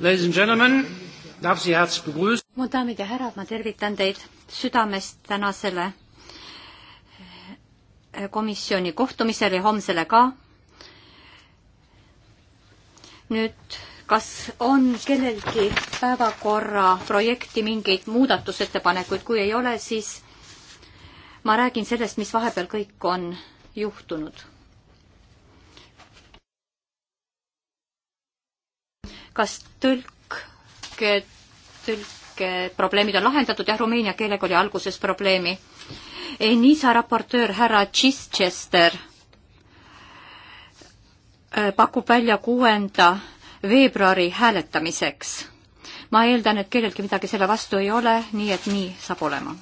Ladies and gentlemen, darf Sie herzlich begrüßen. mu daamid ja härrad, ma tervitan teid südamest tänasele äh, komisjoni kohtumisele ja homsele ka. nüüd, kas on kellelgi päevakorra projekti mingeid muudatusettepanekuid, kui ei ole, siis ma räägin sellest, mis vahepeal kõik on juhtunud kas tõlke, tõlke probleemid on lahendatud, jah, rumeenia keelega oli alguses probleemi. Enisa raportöör härra Chichester äh, pakub välja kuuenda veebruari hääletamiseks. ma eeldan, et kellelgi midagi selle vastu ei ole, nii et nii saab olema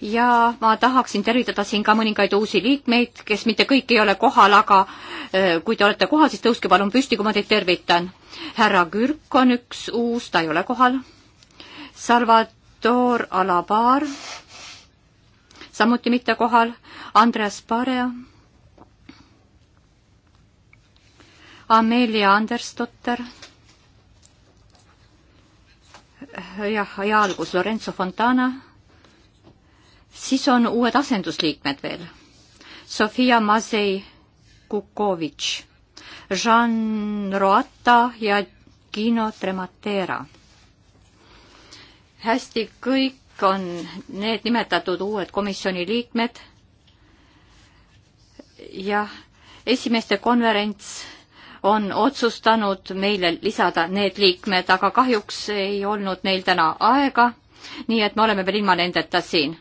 ja ma tahaksin tervitada siin ka mõningaid uusi liikmeid, kes mitte kõik ei ole kohal, aga äh, kui te olete kohal, siis tõuske palun püsti, kui ma teid tervitan. härra Kürk on üks uus, ta ei ole kohal. Salvator Alabar, samuti mitte kohal. Andreas Parea. Amelia Andersdotter. jah, ja algus Lorenzo Fontana siis on uued asendusliikmed veel. Sofia Mazei Kukovitš, Jean Roata ja Gino Trematera. hästi, kõik on need nimetatud uued komisjoni liikmed. jah, esimeeste konverents on otsustanud meile lisada need liikmed, aga kahjuks ei olnud neil täna aega, nii et me oleme veel ilma nendeta siin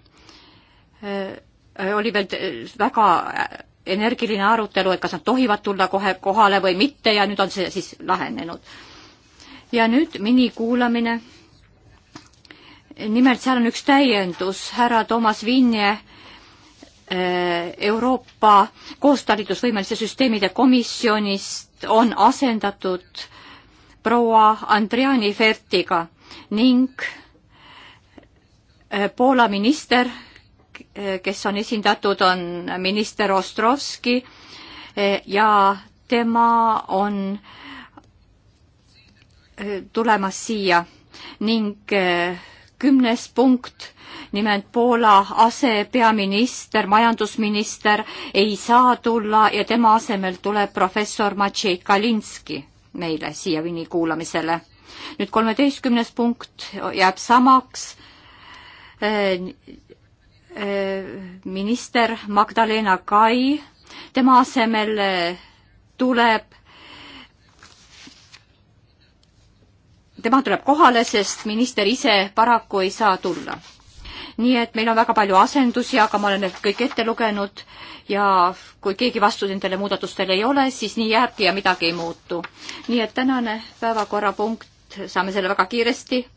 Äh, oli veel äh, väga energiline arutelu, et kas nad tohivad tulla kohe kohale või mitte ja nüüd on see siis lahenenud. ja nüüd minikuulamine. nimelt seal on üks täiendus, härra Toomas Vinje äh, Euroopa koostalitusvõimelise süsteemide komisjonist on asendatud proua Andriani Fertiga ning Poola minister kes on esindatud, on minister Ostrovski eh, ja tema on eh, tulemas siia ning eh, kümnes punkt, nimelt Poola asepeaminister, majandusminister ei saa tulla ja tema asemel tuleb professor Maciej Kalinski meile siia Vini kuulamisele. nüüd kolmeteistkümnes punkt jääb samaks minister Magdalena Kai, tema asemel eh, tuleb, tema tuleb kohale, sest minister ise paraku ei saa tulla. nii et meil on väga palju asendusi, aga ma olen need kõik ette lugenud ja kui keegi vastu nendele muudatustele ei ole, siis nii jääbki ja midagi ei muutu. nii et tänane päevakorrapunkt, saame selle väga kiiresti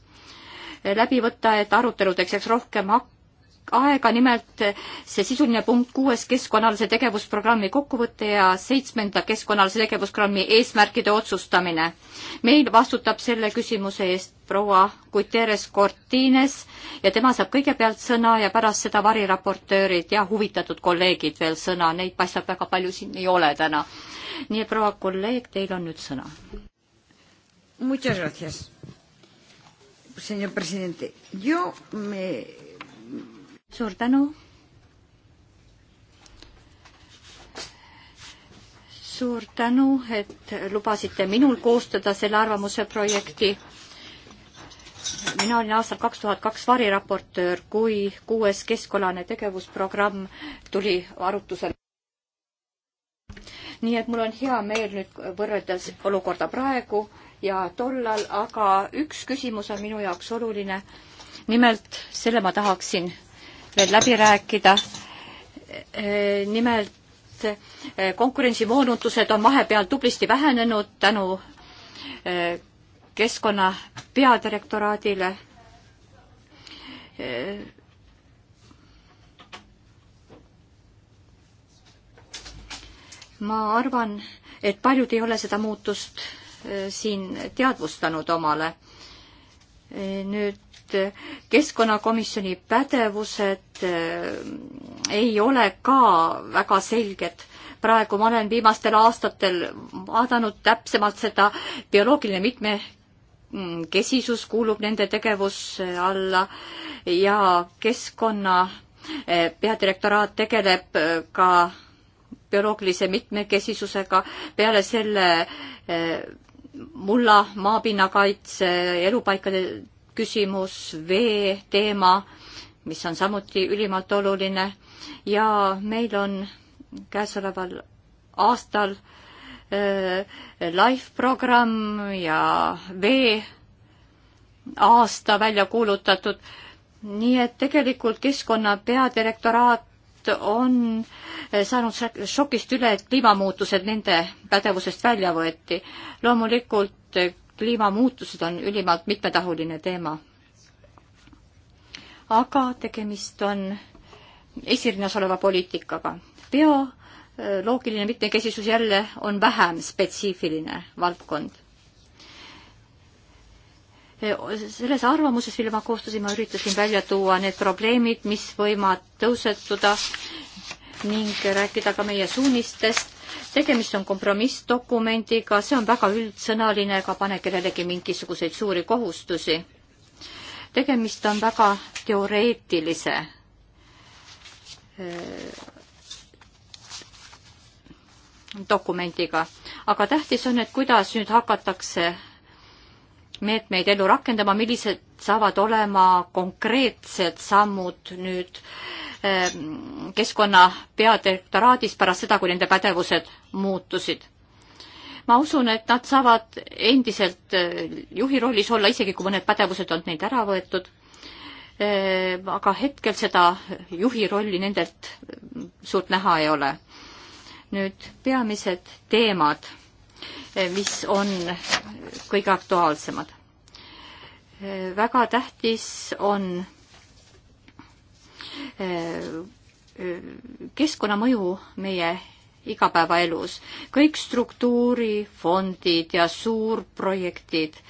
läbi võtta, et aruteludeks jääks rohkem hakka aega, nimelt see sisuline punkt kuues keskkonnaalase tegevusprogrammi kokkuvõte ja seitsmenda keskkonnaalase tegevusprogrammi eesmärkide otsustamine. meil vastutab selle küsimuse eest proua Guterres Cortines ja tema saab kõigepealt sõna ja pärast seda variraportöörid ja huvitatud kolleegid veel sõna, neid paistab väga palju siin ei ole täna. nii et proua kolleeg, teil on nüüd sõna. Muchas gracias, señor presidente. Yo me suur tänu. suur tänu, et lubasite minul koostada selle arvamuse projekti. mina olin aastal kaks tuhat kaks variraportöör, kui kuues keskkonnane tegevusprogramm tuli arutusele. nii et mul on hea meel nüüd võrrelda olukorda praegu ja tollal, aga üks küsimus on minu jaoks oluline. nimelt selle ma tahaksin veel läbi rääkida. nimelt konkurentsimoonutused on vahepeal tublisti vähenenud tänu keskkonna peadirektoraadile. ma arvan, et paljud ei ole seda muutust eh, siin teadvustanud omale. Eh, nüüd et keskkonnakomisjoni pädevused äh, ei ole ka väga selged. praegu ma olen viimastel aastatel vaadanud täpsemalt seda, bioloogiline mitmekesisus mm, kuulub nende tegevuse alla ja keskkonna äh, peadirektoraat tegeleb äh, ka bioloogilise mitmekesisusega, peale selle mulla, maapinnakaitse, elupaikade küsimus, vee teema, mis on samuti ülimalt oluline ja meil on käesoleval aastal äh, live programm ja vee aasta välja kuulutatud. nii et tegelikult keskkonna peadirektoraat on äh, saanud šokist üle, et kliimamuutused nende pädevusest välja võeti. loomulikult äh, kliimamuutused on ülimalt mitmetahuline teema. aga tegemist on esirinnas oleva poliitikaga. bioloogiline äh, mitmekesisus jälle on vähem spetsiifiline valdkond. Äh, selles arvamuses, mille ma koostasin, ma üritasin välja tuua need probleemid, mis võivad tõusetuda ning rääkida ka meie suunistest tegemist on kompromissdokumendiga, see on väga üldsõnaline ega pane kellelegi mingisuguseid suuri kohustusi. tegemist on väga teoreetilise äh, dokumendiga, aga tähtis on, et kuidas nüüd hakatakse meetmeid ellu rakendama, millised saavad olema konkreetsed sammud nüüd äh, Eh, keskkonna peadirektoraadis pärast seda, kui nende pädevused muutusid. ma usun, et nad saavad endiselt eh, juhi rollis olla, isegi kui mõned pädevused on neilt ära võetud. Eh, aga hetkel seda juhi rolli nendelt suurt näha ei ole. nüüd peamised teemad, mis on kõige aktuaalsemad. väga tähtis on Äh, äh, keskkonnamõju meie igapäevaelus. kõik struktuurifondid ja suurprojektid äh,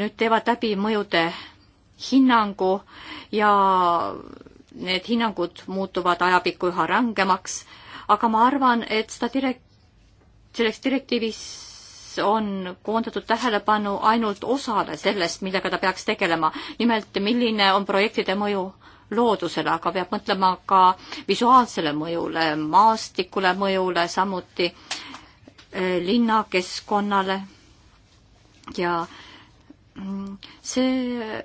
nüüd teevad läbi mõjude hinnangu ja need hinnangud muutuvad ajapikku üha rangemaks, aga ma arvan, et seda direk-, selles direktiivis on koondatud tähelepanu ainult osale sellest, millega ta peaks tegelema. nimelt, milline on projektide mõju loodusele, aga peab mõtlema ka visuaalsele mõjule, maastikule mõjule, samuti eh, linnakeskkonnale ja mm, see,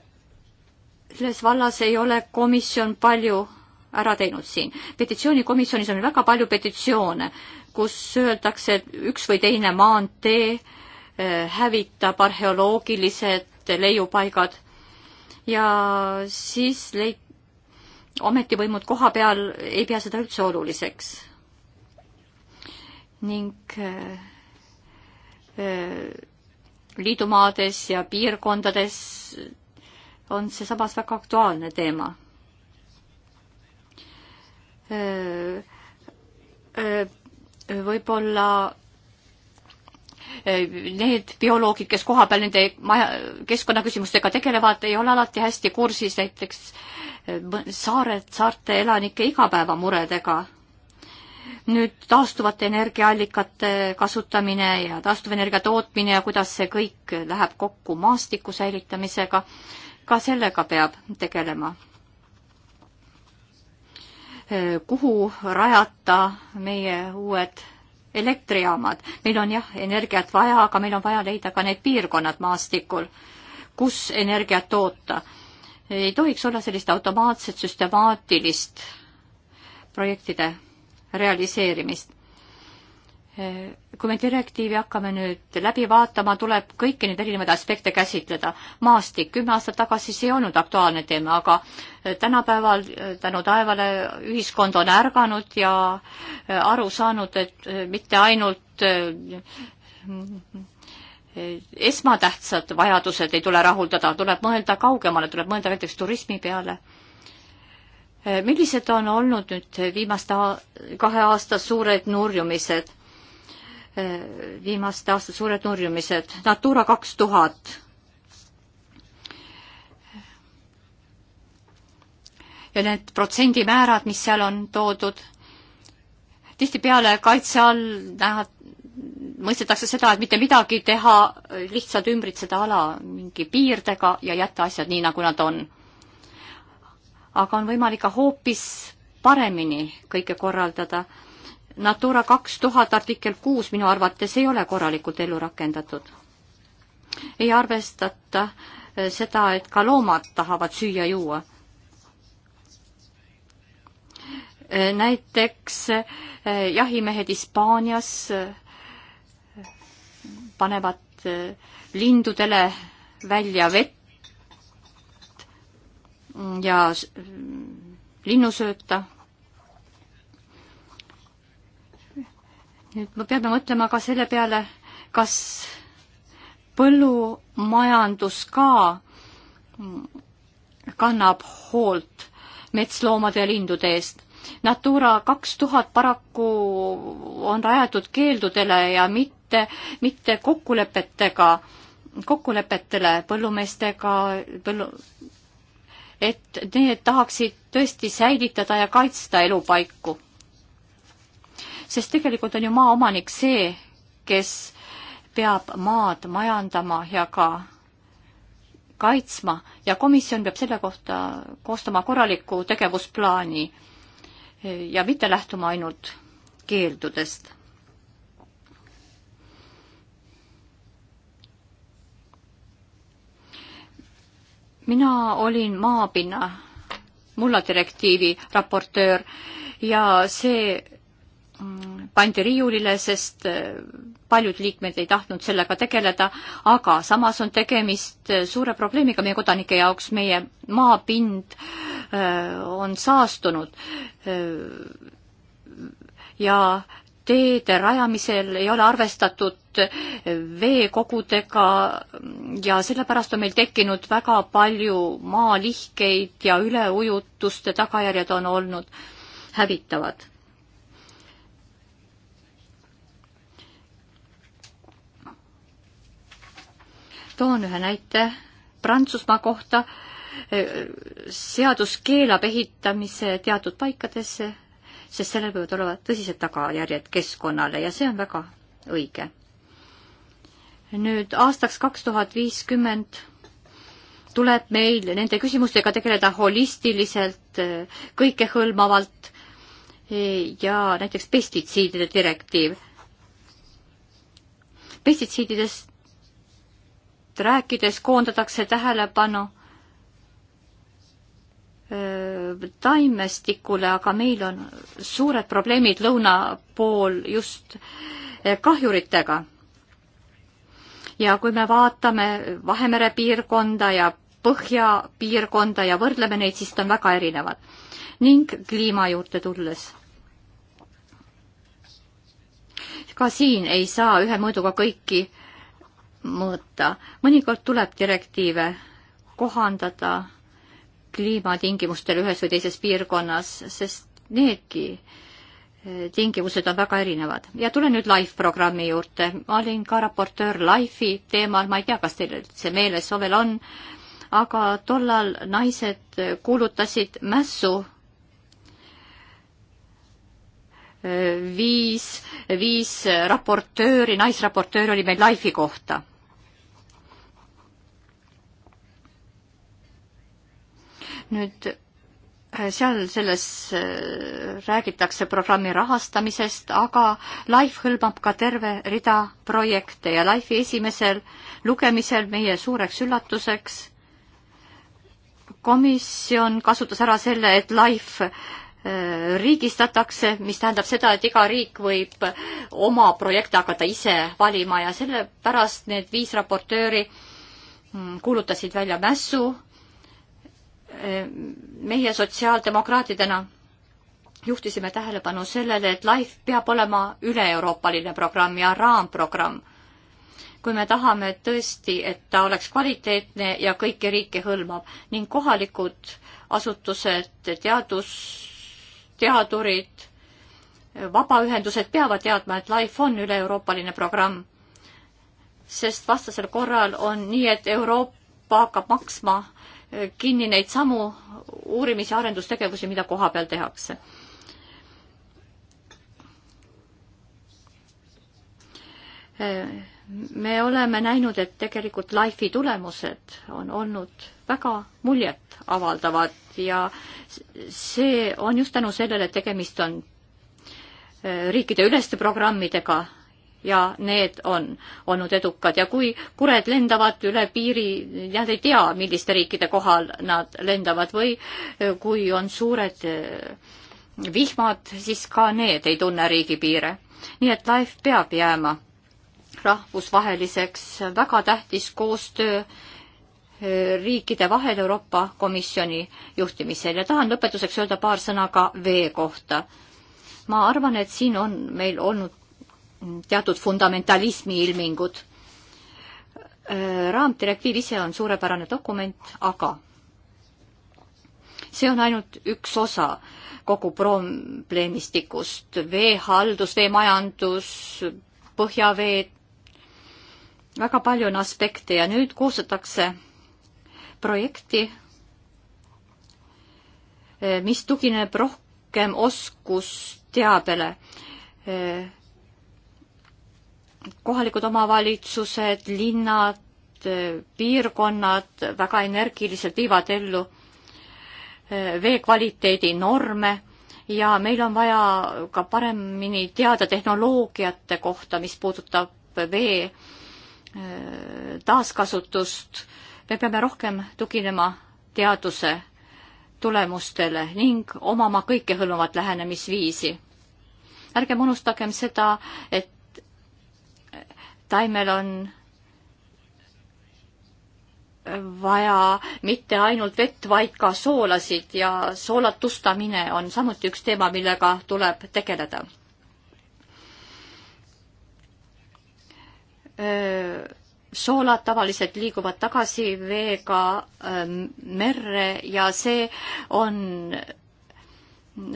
selles vallas ei ole komisjon palju ära teinud siin. petitsioonikomisjonis on väga palju petitsioone äh, kus öeldakse, et üks või teine maantee eh, hävitab arheoloogilised leiupaigad ja siis leid-, ametivõimud koha peal ei pea seda üldse oluliseks. ning eh, eh, liidumaades ja piirkondades on see samas väga aktuaalne teema võib-olla eh, need bioloogid, kes kohapeal nende maja, keskkonnaküsimustega tegelevad, ei ole alati hästi kursis näiteks eh, saared, saarte elanike igapäevamuredega. nüüd taastuvate energiaallikate kasutamine ja taastuvenergia tootmine ja kuidas see kõik läheb kokku maastiku säilitamisega, ka sellega peab tegelema Eh, kuhu rajata meie uued elektrijaamad. meil on jah, energiat vaja, aga meil on vaja leida ka need piirkonnad maastikul, kus energiat toota. ei tohiks olla sellist automaatset süstemaatilist projektide realiseerimist kui me direktiivi hakkame nüüd läbi vaatama, tuleb kõiki neid erinevaid aspekte käsitleda. maastik, kümme aastat tagasi see ei olnud aktuaalne teema, aga eh, tänapäeval eh, tänu taevale ühiskond on ärganud ja eh, aru saanud, et mitte ainult esmatähtsad vajadused ei tule rahuldada, tuleb mõelda kaugemale, tuleb mõelda näiteks turismi peale millised on olnud nüüd viimaste kahe aasta suured nurjumised? Eh, viimaste aastate suured nurjumised. Natura kaks tuhat. ja need protsendimäärad, mis seal on toodud, tihtipeale kaitse all näevad, mõistetakse seda, et mitte midagi teha, lihtsalt ümbritseda ala mingi piirdega ja jätta asjad nii, nagu nad on. aga on võimalik ka hoopis paremini kõike korraldada Natura kaks tuhat artikkel kuus minu arvates ei ole korralikult ellu rakendatud. ei arvestata eh, seda, et ka loomad tahavad süüa-juua. Eh, näiteks eh, jahimehed Hispaanias panevad lindudele välja vett ja mm, linnusööta et me peame mõtlema ka selle peale, kas põllumajandus ka mm, kannab hoolt metsloomade ja lindude eest. Natura kaks tuhat paraku on rajatud keeldudele ja mitte, mitte kokkulepetega, kokkulepetele põllumeestega, põllu-, et need tahaksid tõesti säilitada ja kaitsta elupaiku sest tegelikult on ju maaomanik see, kes peab maad majandama ja ka kaitsma ja komisjon peab selle kohta koostama korraliku tegevusplaani ja mitte lähtuma ainult keeldudest. mina olin maapinna mulla direktiivi raportöör ja see pandi riiulile, sest äh, paljud liikmed ei tahtnud sellega tegeleda, aga samas on tegemist äh, suure probleemiga meie kodanike jaoks, meie maapind äh, on saastunud. ja teede rajamisel ei ole arvestatud veekogudega ja sellepärast on meil tekkinud väga palju maalihkeid ja üleujutuste tagajärjed on olnud hävitavad toon ühe näite Prantsusmaa kohta. seadus keelab ehitamise teatud paikadesse, sest sellel võivad olla tõsised tagajärjed keskkonnale ja see on väga õige. nüüd aastaks kaks tuhat viiskümmend tuleb meil nende küsimustega tegeleda holistiliselt, kõikehõlmavalt ja näiteks pestitsiidide direktiiv. pestitsiididest rääkides koondatakse tähelepanu taimestikule, aga meil on suured probleemid lõuna pool just kahjuritega. ja kui me vaatame Vahemere piirkonda ja põhjapiirkonda ja võrdleme neid, siis ta on väga erinevad. ning kliima juurde tulles. ka siin ei saa ühe mõõduga kõiki mõõta. mõnikord tuleb direktiive kohandada kliimatingimustele ühes või teises piirkonnas, sest needki eh, tingimused on väga erinevad. ja tulen nüüd LIFE programmi juurde. ma olin ka raportöör LIFE-i teemal, ma ei tea, kas teil see meeles veel on, aga tollal naised kuulutasid mässu viis, viis raportööri, naisraportööri oli meil Life'i kohta. nüüd seal selles äh, räägitakse programmi rahastamisest, aga Life hõlmab ka terve rida projekte ja Life'i esimesel lugemisel meie suureks üllatuseks komisjon kasutas ära selle, et Life riigistatakse, mis tähendab seda, et iga riik võib oma projekte hakata ise valima ja sellepärast need viis raportööri mm, kuulutasid välja mässu meie sotsiaaldemokraatidena juhtisime tähelepanu sellele, et LIFE peab olema üle-euroopaline programm ja raamprogramm. kui me tahame tõesti, et ta oleks kvaliteetne ja kõiki riike hõlmab ning kohalikud asutused, teadus, teadurid, vabaühendused peavad teadma, et LIFE on üle-euroopaline programm. sest vastasel korral on nii, et Euroopa hakkab maksma eh, kinni neid samu uurimis- ja arendustegevusi, mida koha peal tehakse. Uh me oleme näinud, et tegelikult Life'i tulemused on olnud väga muljetavaldavad ja see on just tänu sellele, et tegemist on äh, riikide üleste programmidega ja need on olnud edukad ja kui kured lendavad üle piiri, nad ei tea, milliste riikide kohal nad lendavad või äh, kui on suured äh, vihmad, siis ka need ei tunne riigipiire. nii et Life peab jääma rahvusvaheliseks, väga tähtis koostöö eh, riikide vahel Euroopa Komisjoni juhtimisel ja tahan lõpetuseks öelda paar sõna ka vee kohta. ma arvan, et siin on meil olnud teatud fundamentalismi ilmingud. Eh, raamdirektiiv ise on suurepärane dokument, aga see on ainult üks osa kogu probleemistikust, veehaldus, veemajandus, põhjaveed, väga palju on aspekte ja nüüd koostatakse projekti, eh, mis tugineb rohkem oskusteabele. Eh, kohalikud omavalitsused, linnad, eh, piirkonnad väga energiliselt viivad ellu vee kvaliteedi norme ja meil on vaja ka paremini teada tehnoloogiate kohta, mis puudutab vee taaskasutust, me peame rohkem tuginema teaduse tulemustele ning omama kõikehõlmavat lähenemisviisi. ärgem unustagem seda, et taimel on vaja mitte ainult vett, vaid ka soolasid ja soolatustamine on samuti üks teema, millega tuleb tegeleda. soolad tavaliselt liiguvad tagasi veega ähm, merre ja see on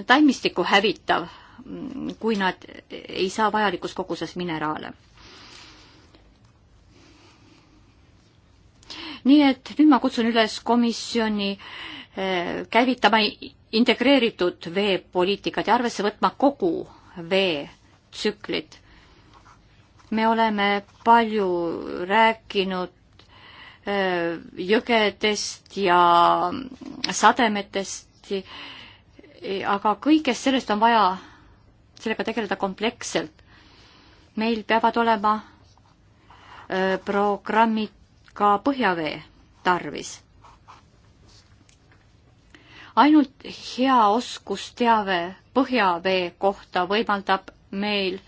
taimmistikku hävitav, kui nad ei saa vajalikus koguses mineraale nii et nüüd ma kutsun üles komisjoni äh, käivitama integreeritud veepoliitikat ja arvesse võtma kogu veetsüklit me oleme palju rääkinud äh, jõgedest ja sademetest, äh, aga kõigest sellest on vaja sellega tegeleda kompleksselt. meil peavad olema äh, programmid ka põhjavee tarvis. ainult hea oskusteave põhjavee kohta võimaldab meil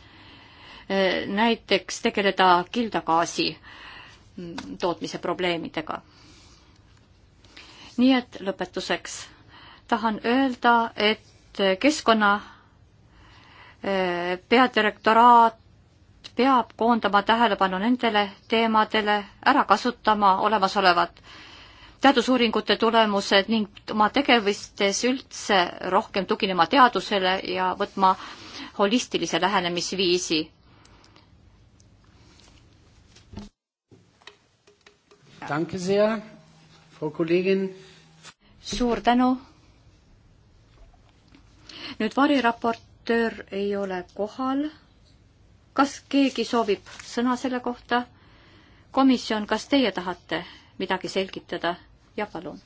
näiteks tegeleda kildagaasi tootmise probleemidega. nii et lõpetuseks tahan öelda, et keskkonna eh, peadirektoraat peab koondama tähelepanu nendele teemadele, ära kasutama olemasolevad teadusuuringute tulemused ning oma tegevistes üldse rohkem tuginema teadusele ja võtma holistilise lähenemisviisi suur tänu. nüüd variraportöör ei ole kohal. kas keegi soovib sõna selle kohta? komisjon, kas teie tahate midagi selgitada? ja palun.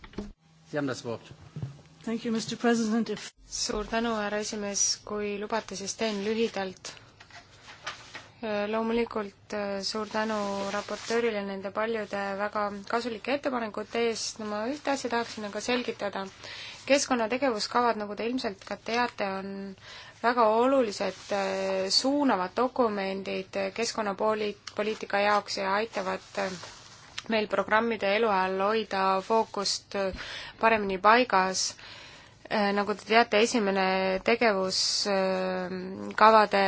suur tänu, härra esimees, kui lubate, siis teen lühidalt loomulikult äh, suur tänu raportöörile nende paljude väga kasulike ettepanekute eest, no ma ühte asja tahaksin aga selgitada. keskkonna tegevuskavad, nagu te ilmselt ka teate, on väga olulised äh, suunavad dokumendid äh, keskkonnapoliitika jaoks ja aitavad meil programmide eluajal hoida fookust paremini paigas Äh, nagu te teate, esimene tegevuskavade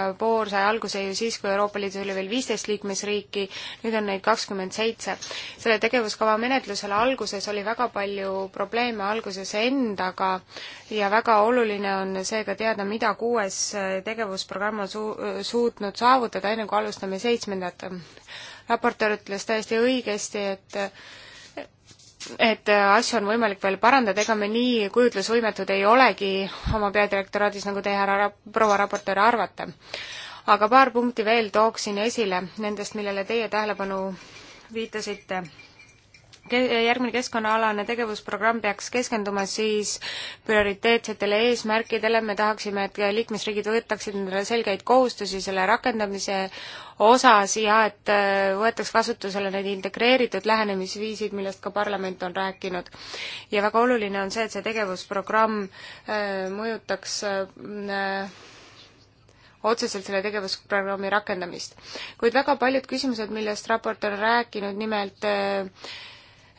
äh, voor äh, sai alguse ju siis, kui Euroopa Liidus oli veel viisteist liikmesriiki, nüüd on neid kakskümmend seitse. selle tegevuskava menetlusele alguses oli väga palju probleeme alguses endaga ja väga oluline on seega teada, mida kuues tegevusprogramm on su-, suutnud saavutada, enne kui alustame seitsmendat. raportöör ütles täiesti õigesti, et et äh, asju on võimalik veel parandada, ega me nii kujutlusvõimetud ei olegi oma peadirektoraadis, nagu teie, härra proua raportöör, arvate. aga paar punkti veel tooksin esile nendest, millele teie tähelepanu viitasite järgmine keskkonnaalane tegevusprogramm peaks keskenduma siis prioriteetsetele eesmärkidele, me tahaksime, et liikmesriigid võtaksid endale selgeid kohustusi selle rakendamise osas ja et äh, võetaks kasutusele need integreeritud lähenemisviisid, millest ka parlament on rääkinud. ja väga oluline on see, et see tegevusprogramm äh, mõjutaks äh, otseselt selle tegevusprogrammi rakendamist. kuid väga paljud küsimused, millest raport on rääkinud, nimelt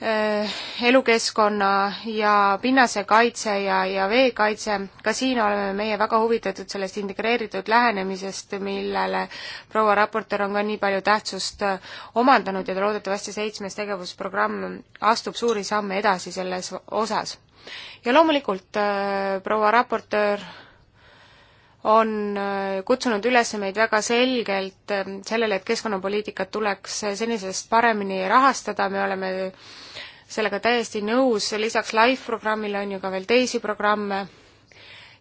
Äh, elukeskkonna ja pinnase kaitse ja, ja veekaitse, ka siin oleme meie väga huvitatud sellest integreeritud lähenemisest, millele proua raportöör on ka nii palju tähtsust äh, omandanud ja loodetavasti seitsmes tegevusprogramm astub suuri samme edasi selles osas. ja loomulikult äh, proua raportöör on äh, kutsunud üles meid väga selgelt äh, sellele, et keskkonnapoliitikat tuleks äh, senisest paremini rahastada, me oleme sellega täiesti nõus, lisaks LIFE programmile on ju ka veel teisi programme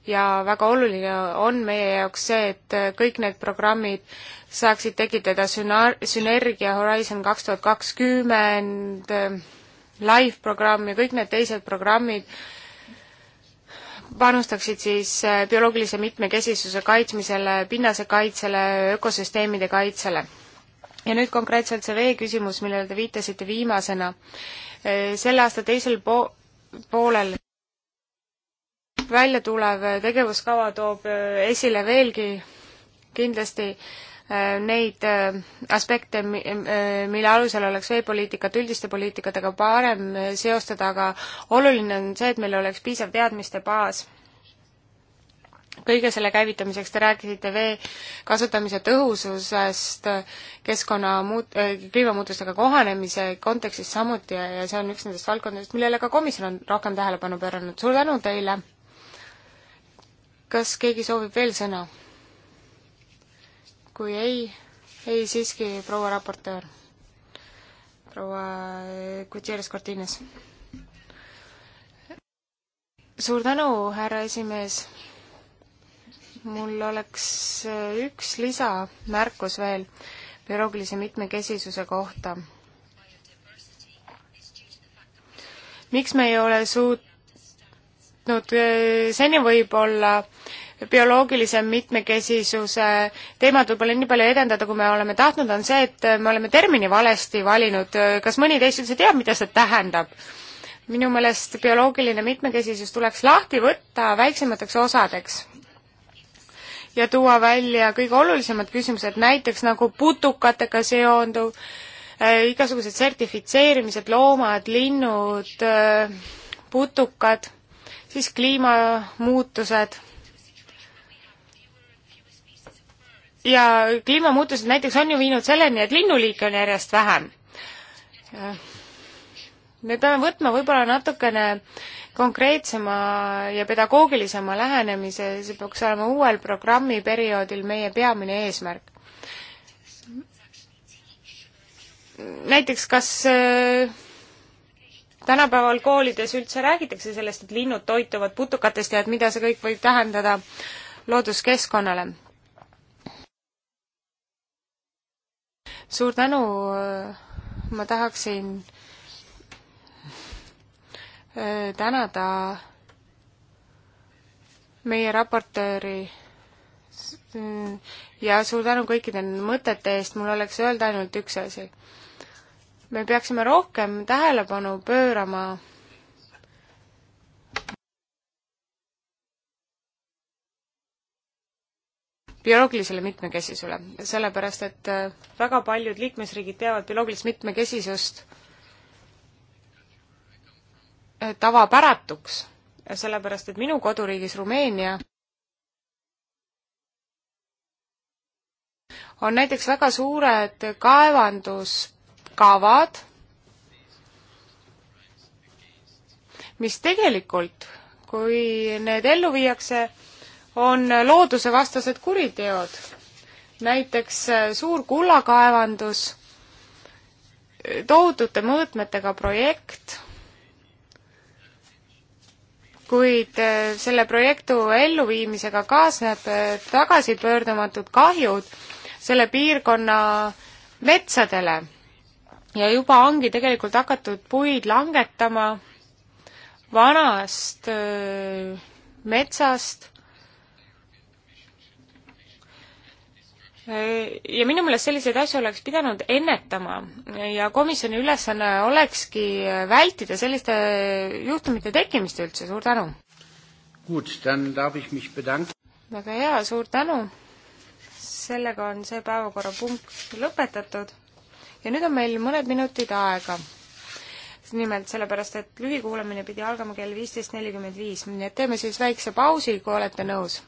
ja väga oluline on meie jaoks see, et kõik need programmid saaksid tekitada süna-, sünergia Horizon kaks tuhat kakskümmend, LIFE programm ja kõik need teised programmid, panustaksid siis äh, bioloogilise mitmekesisuse kaitsmisele, pinnase kaitsele, ökosüsteemide kaitsele. ja nüüd konkreetselt see veeküsimus, millele te viitasite viimasena. Äh, selle aasta teisel po-, poolel välja tulev tegevuskava toob äh, esile veelgi kindlasti Äh, neid äh, aspekte, äh, mille alusel oleks veepoliitikat üldiste poliitikatega parem seostada, aga oluline on see, et meil oleks piisav teadmiste baas. kõige selle käivitamiseks te rääkisite vee kasutamise tõhususest keskkonna muut-, kliimamuutustega kohanemise kontekstis samuti ja, ja see on üks nendest valdkondadest, millele ka komisjon on rohkem tähelepanu pööranud. suur tänu teile! kas keegi soovib veel sõna? kui ei, ei siiski proua raportöör, proua eh, Gutierrez Cortines. suur tänu, härra esimees. mul oleks eh, üks lisamärkus veel bioloogilise mitmekesisuse kohta. miks me ei ole suutnud eh, seni võib-olla bioloogilise mitmekesisuse teemat võib-olla nii palju edendada, kui me oleme tahtnud, on see, et me oleme termini valesti valinud. kas mõni teist üldse teab, mida see tähendab? minu meelest bioloogiline mitmekesisus tuleks lahti võtta väiksemateks osadeks ja tuua välja kõige olulisemad küsimused, näiteks nagu putukatega seonduv äh,, igasugused sertifitseerimised, loomad, linnud äh,, putukad, siis kliimamuutused ja kliimamuutused näiteks on ju viinud selleni, et linnuliike on järjest vähem. me peame võtma võib-olla natukene konkreetsema ja pedagoogilisema lähenemise, see peaks olema uuel programmiperioodil meie peamine eesmärk. näiteks kas äh, tänapäeval koolides üldse räägitakse sellest, et linnud toituvad putukatest ja et mida see kõik võib tähendada looduskeskkonnale. suur tänu, ma tahaksin äh, tänada meie raportööri mm, ja suur tänu kõikide mõtete eest, mul oleks öelda ainult üks asi. me peaksime rohkem tähelepanu pöörama bioloogilisele mitmekesisusele, sellepärast et äh, väga paljud liikmesriigid peavad bioloogilist mitmekesisust äh, tavapäratuks, sellepärast et minu koduriigis Rumeenia on näiteks väga suured kaevanduskavad, mis tegelikult, kui need ellu viiakse, on loodusevastased kuriteod. näiteks äh, suur kullakaevandus, äh, tohutute mõõtmetega projekt, kuid äh, selle projektu elluviimisega kaasneb tagasipöördumatud kahjud selle piirkonna metsadele ja juba ongi tegelikult hakatud puid langetama vanast metsast ja minu meelest selliseid asju oleks pidanud ennetama ja komisjoni ülesanne olekski vältida selliste juhtumite tekkimist üldse, suur tänu! väga hea, suur tänu! sellega on see päevakorrapunkt lõpetatud ja nüüd on meil mõned minutid aega. nimelt sellepärast, et lühikuulamine pidi algama kell viisteist nelikümmend viis, nii et teeme siis väikse pausi, kui olete nõus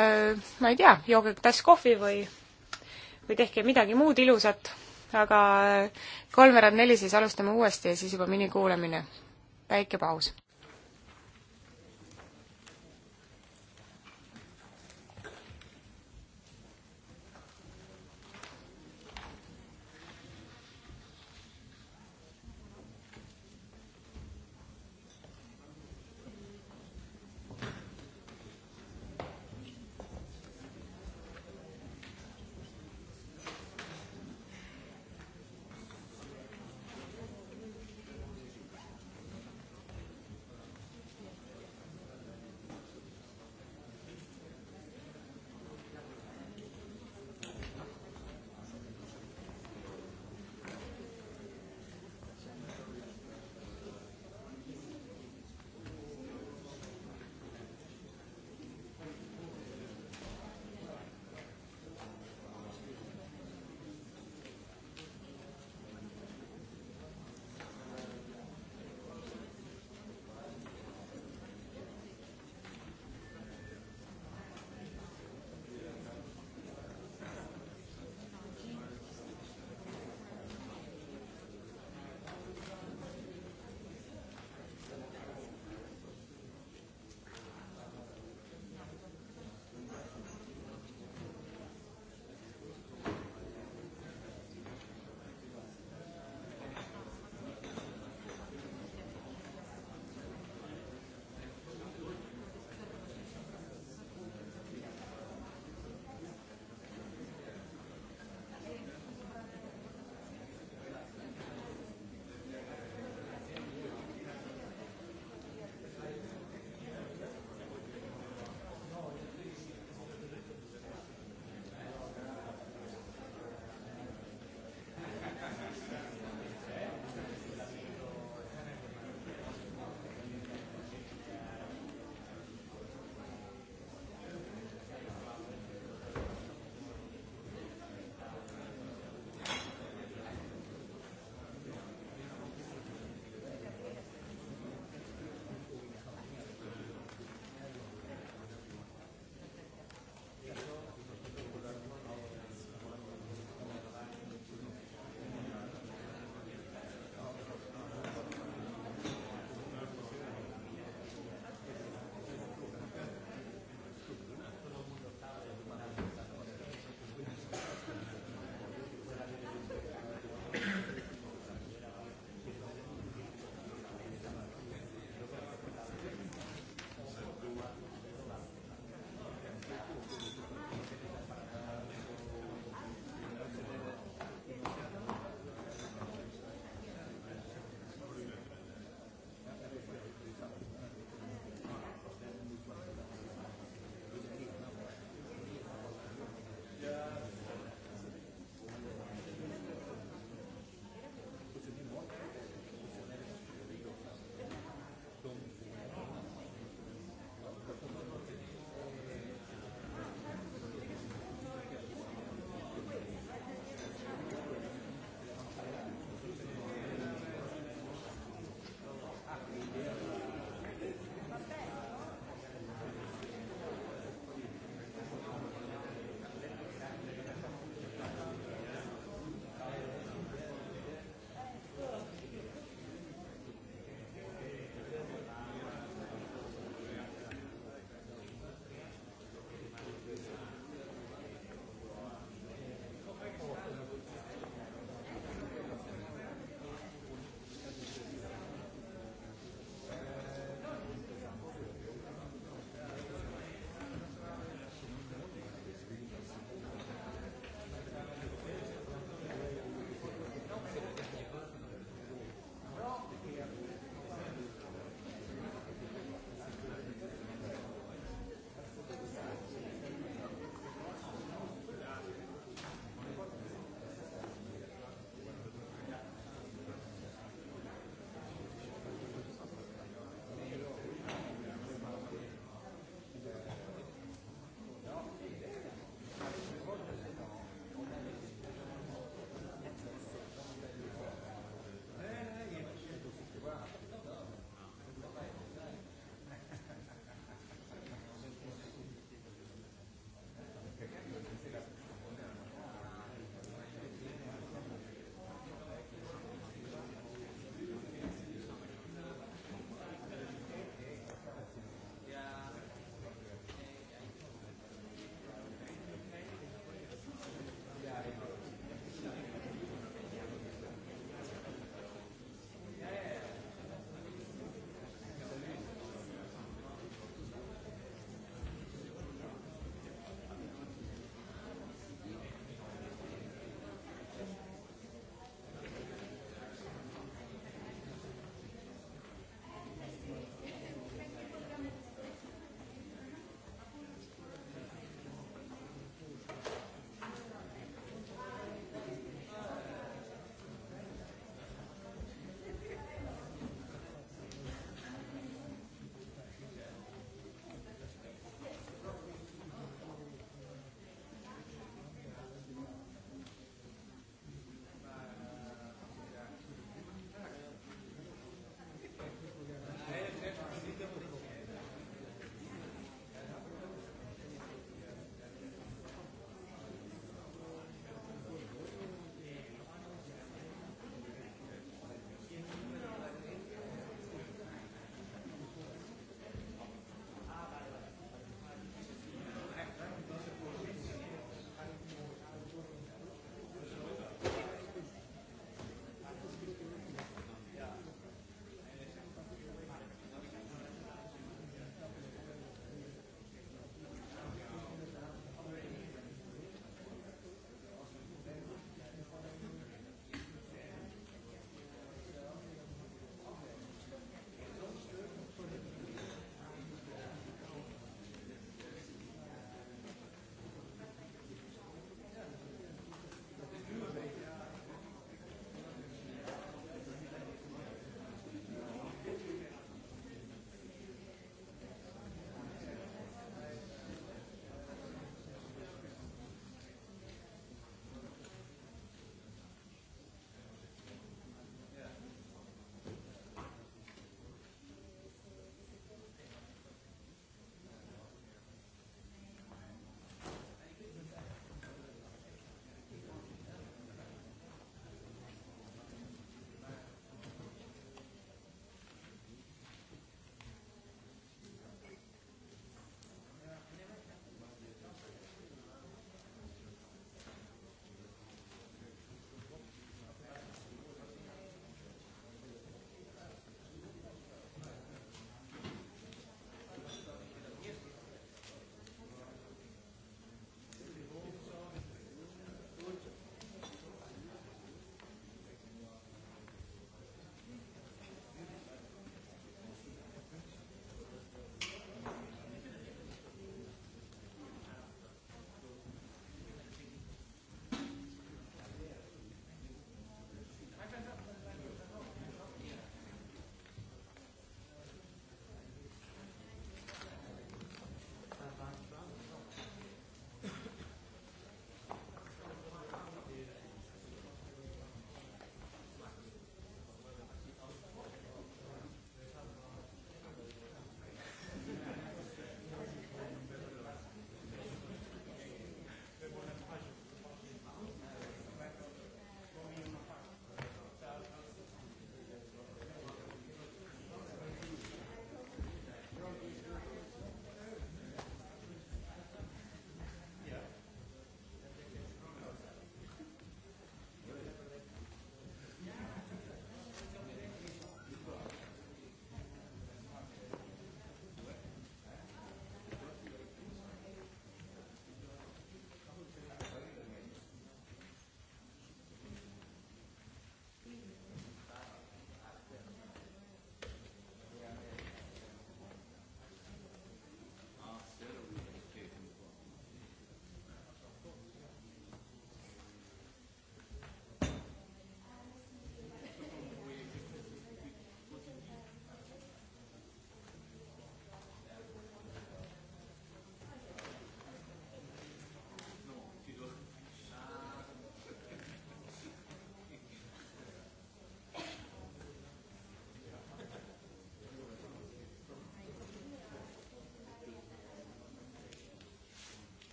Äh, ma ei tea, jooge tass kohvi või, või tehke midagi muud ilusat, aga äh, kolmveerand neli siis alustame uuesti ja siis juba minikuulamine. väike paus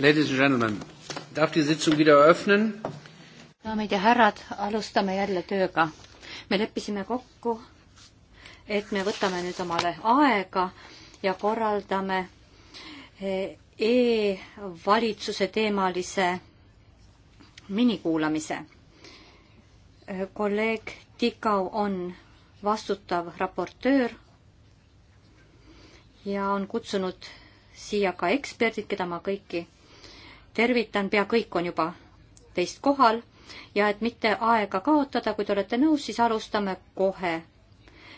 Ladies and gentlemen, darf die Sitzung wieder eröffnen? daamid ja härrad, alustame jälle tööga. me leppisime kokku, et me võtame nüüd omale aega ja korraldame eh, e-valitsuse teemalise minikuulamise. Eh, kolleeg Tikau on vastutav raportöör ja on kutsunud siia ka eksperdid, keda ma kõiki tervitan, pea kõik on juba teist kohal ja et mitte aega kaotada, kui te olete nõus, siis alustame kohe.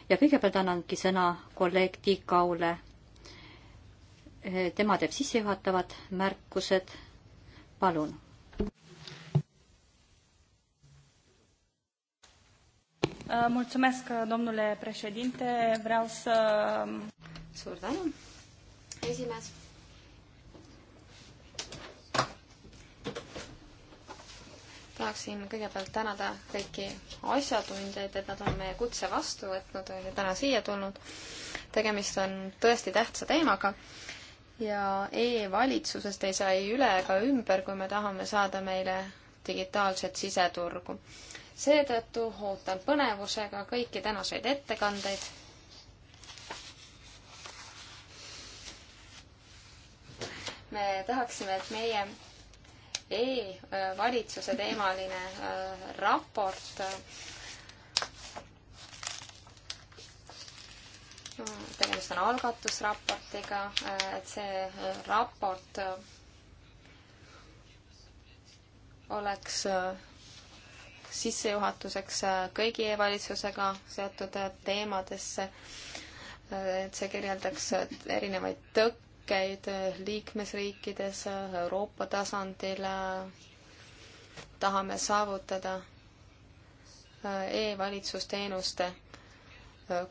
ja kõigepealt annangi sõna kolleeg Tiit Kaule. tema teeb sissejuhatavad märkused. palun. Äh, mulțumesc, domnule președinte, vreau să... Suur tänu, esimees tahaksin kõigepealt tänada kõiki asjatundjaid, et nad on meie kutse vastu võtnud ja täna siia tulnud. tegemist on tõesti tähtsa teemaga ja e-valitsusest ei saa ei üle ega ümber, kui me tahame saada meile digitaalset siseturgu. seetõttu ootan põnevusega kõiki tänaseid ettekandeid me tahaksime, et meie e-valitsuse teemaline äh, raport. tegemist on algatusraportiga, äh, et see äh, raport oleks sissejuhatuseks kõigi e-valitsusega seotud teemadesse, et see kirjeldaks erinevaid tõkke, hankeid liikmesriikides, Euroopa tasandil tahame saavutada äh, e-valitsusteenuste äh,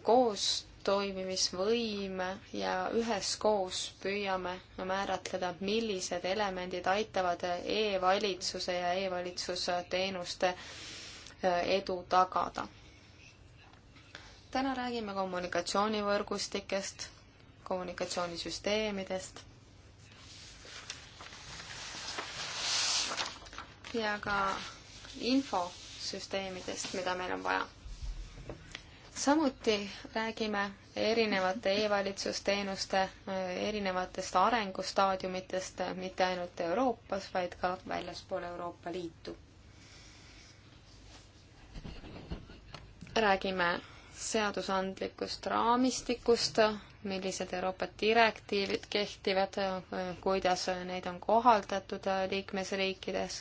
koostoimimisvõime ja üheskoos püüame määratleda, millised elemendid aitavad e-valitsuse ja e-valitsusteenuste äh, edu tagada. täna räägime kommunikatsioonivõrgustikest kommunikatsioonisüsteemidest ja ka infosüsteemidest, mida meil on vaja. samuti räägime erinevate e-valitsusteenuste äh, erinevatest arengustaadiumitest äh, mitte ainult Euroopas, vaid ka väljaspool Euroopa Liitu. räägime seadusandlikust raamistikust millised Euroopa direktiivid kehtivad, kuidas neid on kohaldatud liikmesriikides.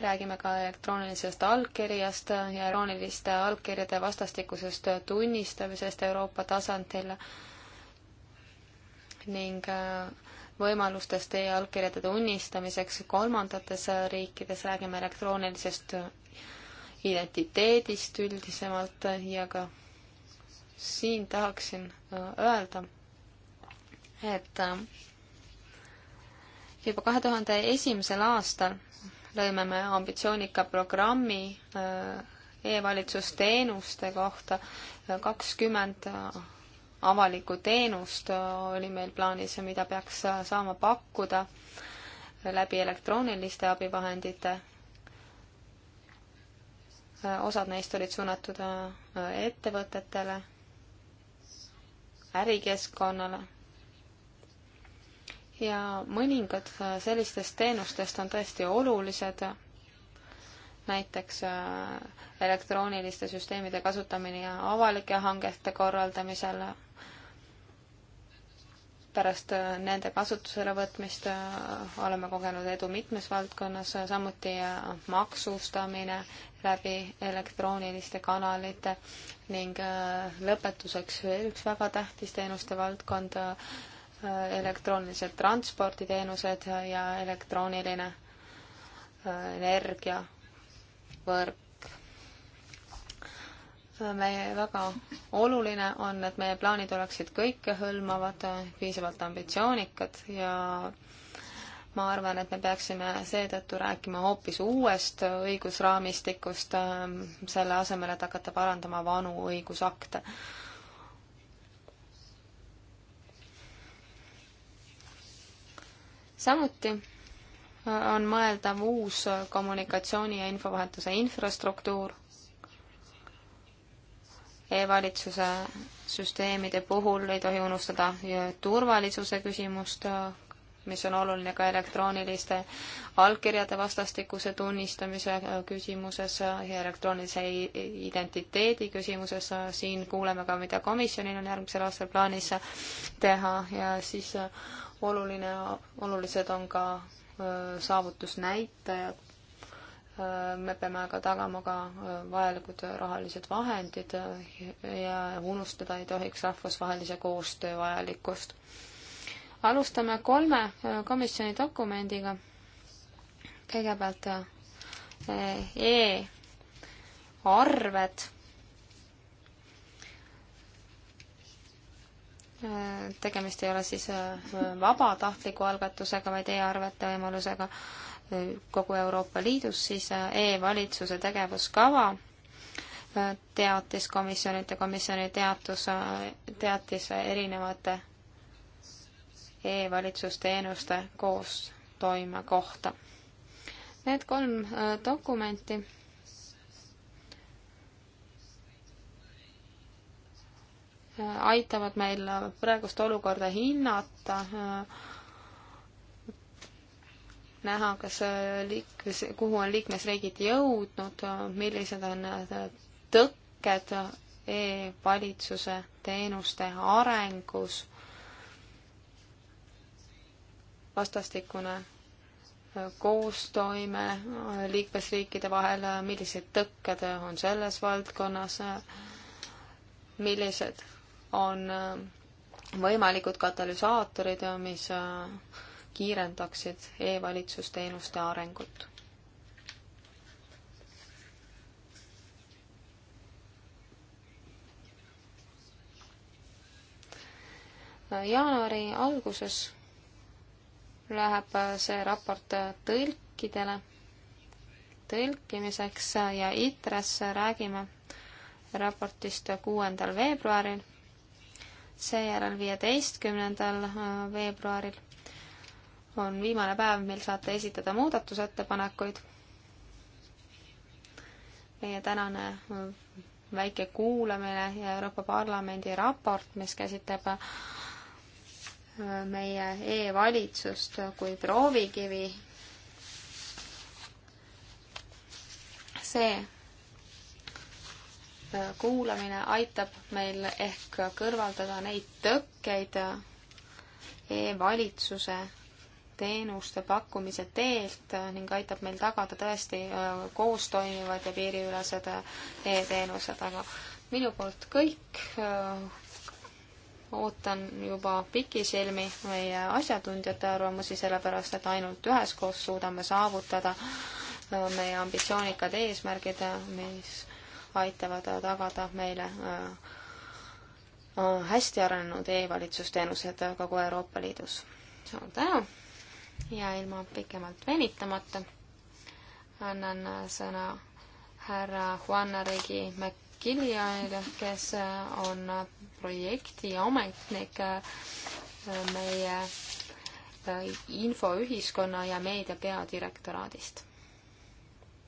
räägime ka elektroonilisest allkirjast ja elektrooniliste allkirjade vastastikusest tunnistamisest Euroopa tasandil ning äh, võimalustest e-allkirjade tunnistamiseks kolmandates riikides, räägime elektroonilisest identiteedist üldisemalt ja ka siin tahaksin äh, öelda, et äh, juba kahe tuhande esimesel aastal lõime me ambitsioonika programmi äh, e-valitsusteenuste kohta, kakskümmend avalikku teenust oli meil plaanis, mida peaks saama pakkuda läbi elektrooniliste abivahendite. osad neist olid suunatud ettevõtetele ärikeskkonnale. ja mõningad äh, sellistest teenustest on tõesti olulised, näiteks äh, elektrooniliste süsteemide kasutamine avalike hangete korraldamisel, äh, pärast nende kasutusele võtmist oleme kogenud edu mitmes valdkonnas, samuti maksustamine, läbi elektrooniliste kanalite ning äh, lõpetuseks üks väga tähtis teenuste valdkond, äh, elektroonilised transporditeenused ja elektrooniline äh, energiavõrk. meie väga oluline on, et meie plaanid oleksid kõikehõlmavad, piisavalt ambitsioonikad ja ma arvan, et me peaksime seetõttu rääkima hoopis uuest õigusraamistikust, ähm, selle asemel, et hakata parandama vanu õigusakte. samuti äh, on mõeldav uus kommunikatsiooni ja infovahetuse infrastruktuur e. E-valitsuse süsteemide puhul ei tohi unustada turvalisuse küsimust, äh, mis on oluline ka elektrooniliste allkirjade vastastikuse tunnistamise äh, küsimuses ja elektroonilise identiteedi küsimuses. siin kuuleme ka, mida komisjonil on järgmisel aastal plaanis teha ja siis äh, oluline, olulised on ka äh, saavutusnäitajad. me peame aga tagama ka vajalikud rahalised vahendid ja unustada ei tohiks rahvusvahelise koostöö vajalikkust alustame kolme äh, komisjoni dokumendiga. kõigepealt äh, e-arved. Äh, tegemist ei ole siis vabatahtliku algatusega, vaid e-arvete võimalusega kogu Euroopa Liidus, siis e-valitsuse tegevuskava teatis komisjonite, komisjoni teatus, teatis erinevate e-valitsusteenuste koostoime kohta. Need kolm äh, dokumenti äh, aitavad meil praegust olukorda hinnata, äh, näha, kas liikmes, kuhu on liikmesriigid jõudnud, millised on tõkked e-valitsuse teenuste arengus vastastikune äh, koostoime äh, liikmesriikide vahel, äh, millised tõkked on selles valdkonnas, millised on võimalikud katalüsaatorid, mis kiirendaksid e-valitsusteenuste arengut. jaanuari alguses läheb äh, see raport äh, tõlkidele, tõlkimiseks äh, ja ITRE-sse räägime raportist kuuendal veebruaril, seejärel viieteistkümnendal veebruaril on viimane päev, mil saate esitada muudatusettepanekuid. meie tänane väike kuulamine ja Euroopa Parlamendi raport, mis käsitleb meie e-valitsust kui proovikivi. see äh, kuulamine aitab meil ehk kõrvaldada neid tõkkeid äh, e-valitsuse teenuste pakkumise teelt äh, ning aitab meil tagada tõesti koos toimivad ja piiriülesed e-teenused, aga minu poolt kõik ootan juba pikisilmi meie asjatundjate arvamusi, sellepärast et ainult üheskoos suudame saavutada äh, meie ambitsioonikad eesmärgid, äh, mis aitavad tagada meile äh, hästi arenenud e-valitsusteenused kogu Euroopa Liidus. suur tänu ja ilma pikemalt venitamata annan sõna härra Juan Regi McGillionile, kes on projekti ametnik äh, meie äh, infoühiskonna ja meedia peadirektoraadist.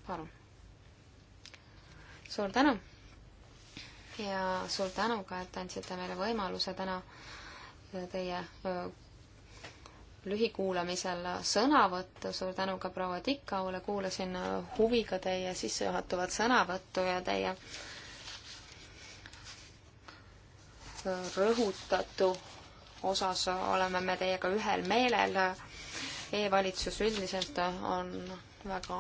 palun. suur tänu ja suur tänu ka, et andsite meile võimaluse täna äh, teie lühikuulamisel sõnavõttu, suur tänu ka proua Tikaule, kuulasin huviga teie sissejuhatavat sõnavõttu ja teie äh, rõhutatu osas oleme me teiega ühel meelel e. E-valitsus üldiselt on väga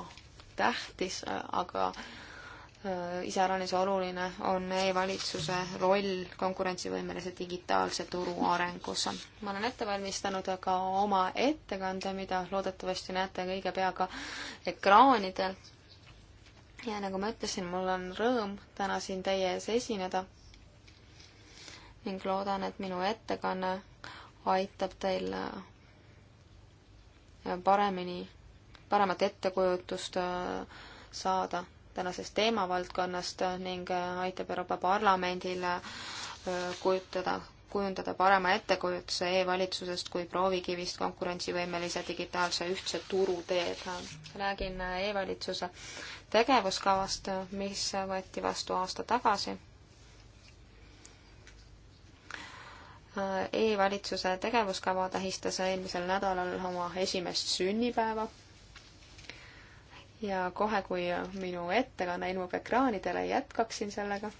tähtis, aga äh, iseäranis oluline on e-valitsuse roll konkurentsivõimelise digitaalse turu arengus. ma olen ette valmistanud ka oma ettekande, mida loodetavasti näete kõige pea ka ekraanidel. ja nagu ma ütlesin, mul on rõõm täna siin teie ees esineda ning loodan, et minu ettekanne aitab teil äh, paremini, paremat ettekujutust äh, saada tänasest teemavaldkonnast ning äh, aitab Euroopa Parlamendil kujutada, kujundada parema ettekujutuse e-valitsusest kui proovikivist konkurentsivõimelise digitaalse ühtse turu teed. räägin e-valitsuse tegevuskavast, mis võeti vastu aasta tagasi E-valitsuse tegevuskava tähistas eelmisel nädalal oma esimest sünnipäeva ja kohe, kui minu ettekanne ilmub ekraanidele, jätkaksin sellega.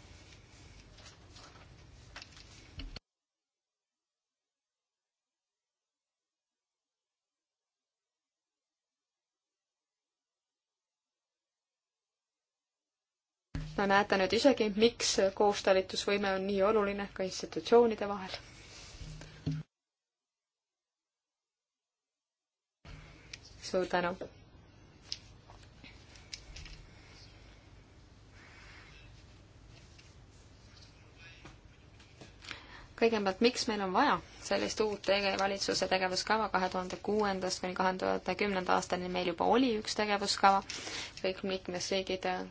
no näete nüüd isegi, miks koostalitusvõime on nii oluline ka institutsioonide vahel suur tänu. kõigepealt, miks meil on vaja sellist uut tege-, valitsuse tegevuskava, kahe tuhande kuuendast kuni kahe tuhande kümnenda aastani meil juba oli üks tegevuskava, kõik liikmesriigid äh,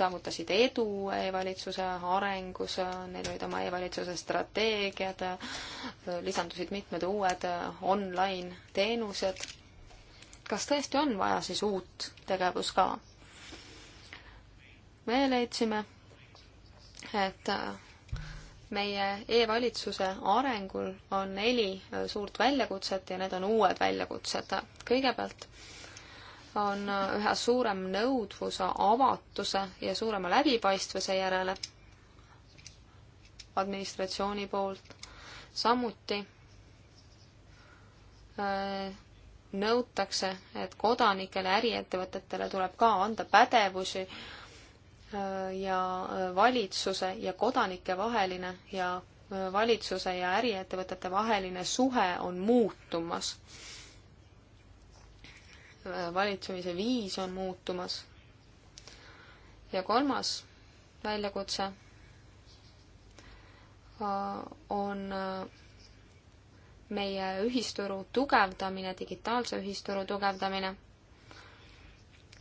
saavutasid edu e-valitsuse arengus, äh, neil olid oma e-valitsuse strateegiad, äh, lisandusid mitmed uued online teenused kas tõesti on vaja siis uut tegevuskava? me leidsime, et äh, meie e-valitsuse arengul on neli äh, suurt väljakutset ja need on uued väljakutsed. kõigepealt on äh, üha suurem nõudvus avatuse ja suurema läbipaistvuse järele administratsiooni poolt, samuti nõutakse, et kodanikele, äriettevõtetele tuleb ka anda pädevusi äh, ja äh, valitsuse ja kodanike vaheline ja äh, valitsuse ja äriettevõtete vaheline suhe on muutumas. valitsemise viis on muutumas. ja kolmas väljakutse on meie ühisturu tugevdamine, digitaalse ühisturu tugevdamine.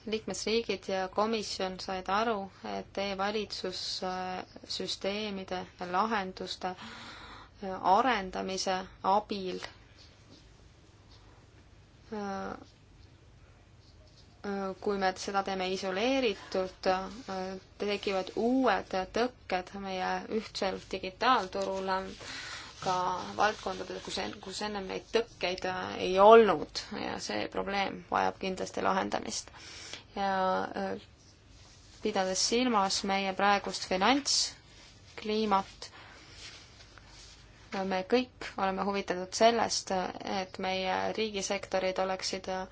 liikmesriigid ja komisjon said aru, et e-valitsussüsteemide ja lahenduste äh, arendamise abil äh, äh, kui me seda teeme isoleeritult, tekivad uued tõkked meie ühtsel digitaalturul ka valdkondadele, kus, kus ennem neid tõkkeid äh, ei olnud ja see probleem vajab kindlasti lahendamist. ja äh, pidades silmas meie praegust finantskliimat, me kõik oleme huvitatud sellest, et meie riigisektorid oleksid äh,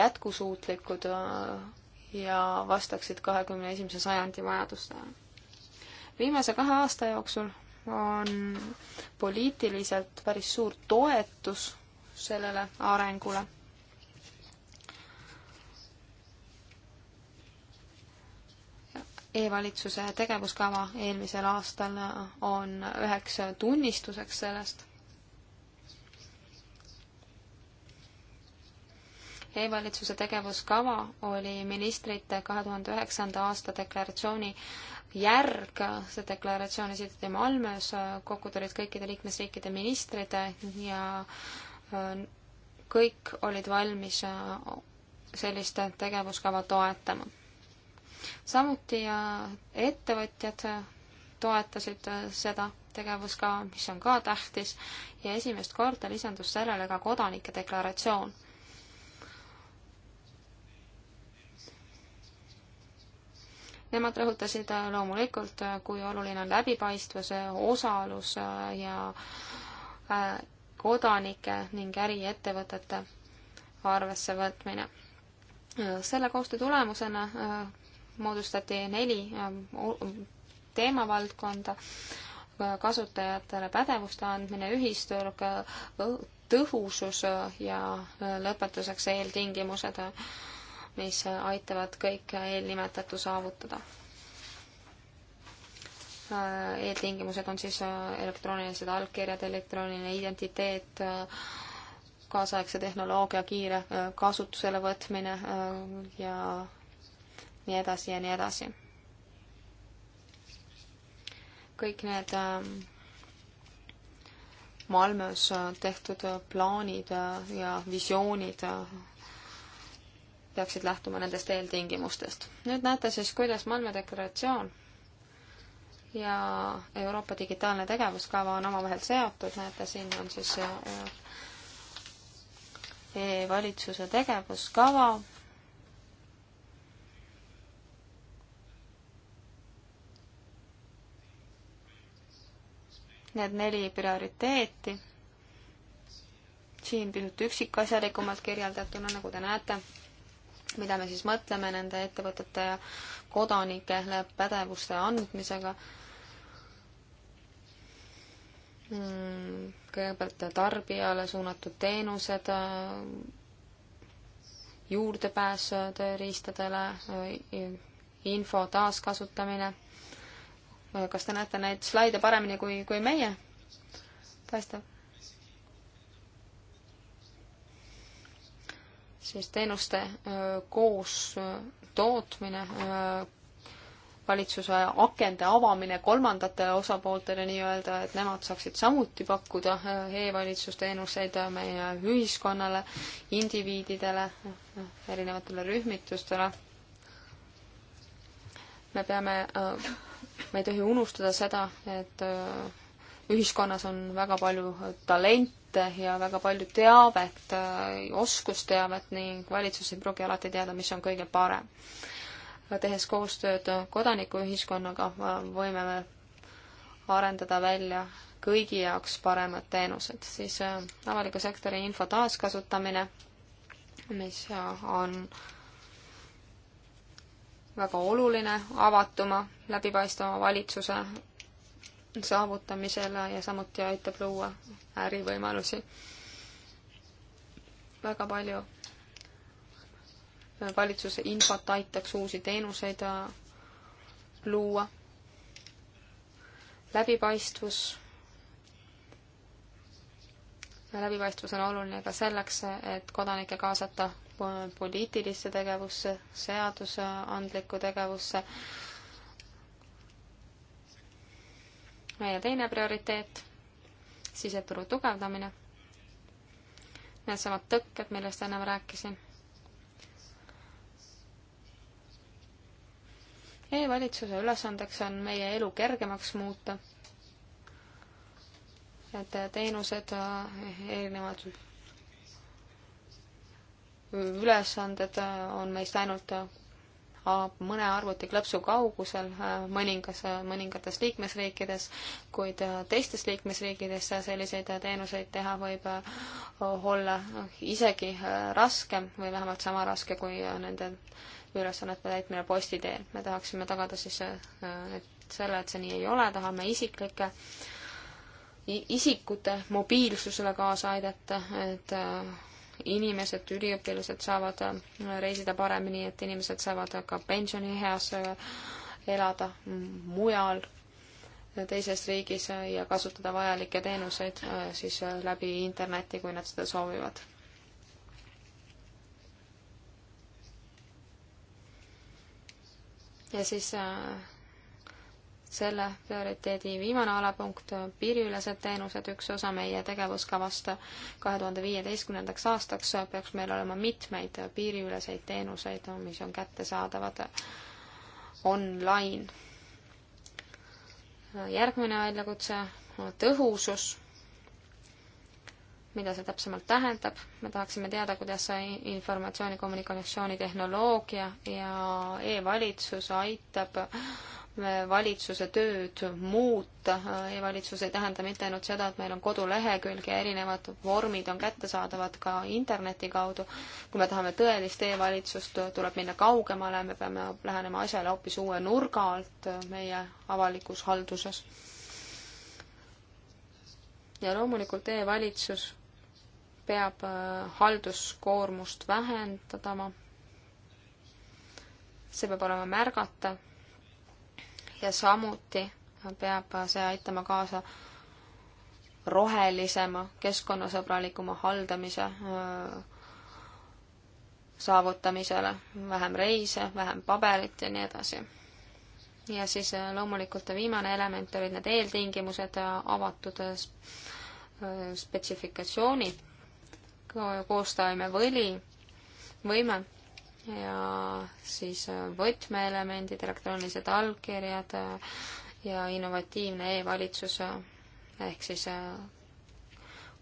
jätkusuutlikud ja vastaksid kahekümne esimese sajandi vajadustele. viimase kahe aasta jooksul on poliitiliselt päris suur toetus sellele arengule. E-valitsuse tegevuskava eelmisel aastal on üheks tunnistuseks sellest. E-valitsuse tegevuskava oli ministrite kahe tuhande üheksanda aasta deklaratsiooni järg, see deklaratsioon esitati Malmös, kokku tulid kõikide liikmesriikide ministrid ja äh, kõik olid valmis äh, sellist tegevuskava toetama. samuti äh, ettevõtjad toetasid seda tegevuskava, mis on ka tähtis, ja esimest korda lisandus sellele ka kodanike deklaratsioon Nemad rõhutasid äh, loomulikult, äh, kui oluline on läbipaistvuse, osalus äh, ja kodanike ning äriettevõtete arvesse võtmine. selle koostöö tulemusena moodustati neli teemavaldkonda, kasutajatele pädevuste andmine, ühisturg, tõhusus ja lõpetuseks eeltingimused mis aitavad kõike eelnimetatu saavutada. Äh, eeltingimused on siis äh, elektroonilised allkirjad, elektrooniline identiteet, äh, kaasaegse tehnoloogia kiire kasutusele võtmine ja nii edasi ja nii edasi. kõik need ähm, Malmös tehtud plaanid ja visioonid peaksid lähtuma nendest eeltingimustest. nüüd näete siis, kuidas Malmö deklaratsioon ja Euroopa digitaalne tegevuskava on omavahel seotud, näete, siin on siis äh, e valitsuse tegevuskava. Need neli prioriteeti siin pisut üksikasjalikumalt kirjeldatuna, nagu te näete mida me siis mõtleme nende ettevõtete ja kodanikele pädevuste andmisega. Hmm, kõigepealt tarbijale suunatud teenused, juurdepääs tööriistadele, info taaskasutamine. kas te näete neid slaide paremini kui, kui meie? paistab siis teenuste koos tootmine, valitsuse akende avamine kolmandatele osapooltele nii-öelda, et nemad saaksid samuti pakkuda e-valitsusteenuseid meie ühiskonnale, indiviididele, erinevatele rühmitustele. me peame, me ei tohi unustada seda, et ühiskonnas on väga palju talente, debatte ja väga palju teavet, oskusteavet ning valitsus ei pruugi alati teada, mis on kõige parem. tehes koostööd kodanikuühiskonnaga võime me arendada välja kõigi jaoks paremad teenused. siis äh, avaliku sektori info taaskasutamine, mis äh, on väga oluline avatuma, läbipaistvama valitsuse saavutamisele ja samuti aitab luua ärivõimalusi. väga palju valitsuse infot aitaks uusi teenuseid äh, luua. läbipaistvus. läbipaistvus on oluline ka selleks, et kodanikke kaasata poliitilisse tegevusse, seadusandlikku tegevusse meie teine prioriteet, siseturu tugevdamine. Needsamad tõkked, millest ennem rääkisin e-valitsuse ülesandeks on meie elu kergemaks muuta. et teenused, erinevad ülesanded on meist ainult mõne arvutiklõpsu kaugusel äh, mõningas, äh, mõningates liikmesriikides, kuid äh, teistes liikmesriikides selliseid teenuseid teha võib olla isegi raskem või vähemalt sama raske kui nende ülesannete täitmine posti teel. me tahaksime tagada siis et selle, et see nii ei ole, tahame isiklikke isikute mobiilsusele kaasa aidata, et inimesed, üliõpilased saavad äh, reisida paremini, et inimesed saavad ka pensionieas äh, elada mujal äh, teises riigis ja kasutada vajalikke teenuseid siis läbi interneti, kui nad seda soovivad. ja siis selle prioriteedi viimane alapunkt, piiriülesed teenused, üks osa meie tegevuskavast kahe tuhande viieteistkümnendaks aastaks peaks meil olema mitmeid piiriüleseid teenuseid, mis on kättesaadavad online. järgmine väljakutse, tõhusus. mida see täpsemalt tähendab, me tahaksime teada, kuidas informatsiooni-kommunikatsioonitehnoloogia ja e-valitsus aitab valitsuse tööd muuta e. e-valitsus ei tähenda mitte ainult seda, et meil on kodulehekülg ja erinevad vormid on kättesaadavad ka interneti kaudu. kui me tahame tõelist e-valitsust, tuleb minna kaugemale, me peame lähenema asjale hoopis uue nurga alt meie avalikus halduses. ja loomulikult e-valitsus peab äh, halduskoormust vähendama. see peab olema märgatav ja samuti peab see aitama kaasa rohelisema, keskkonnasõbralikuma haldamise äh, saavutamisele, vähem reise, vähem paberit ja nii edasi. ja siis äh, loomulikult viimane element olid need eeltingimused, äh, avatud spetsifikatsioonid, koostoimevõli, võime ja siis äh, võtmeelemendid, elektroonilised allkirjad äh, ja innovatiivne e-valitsus äh, ehk siis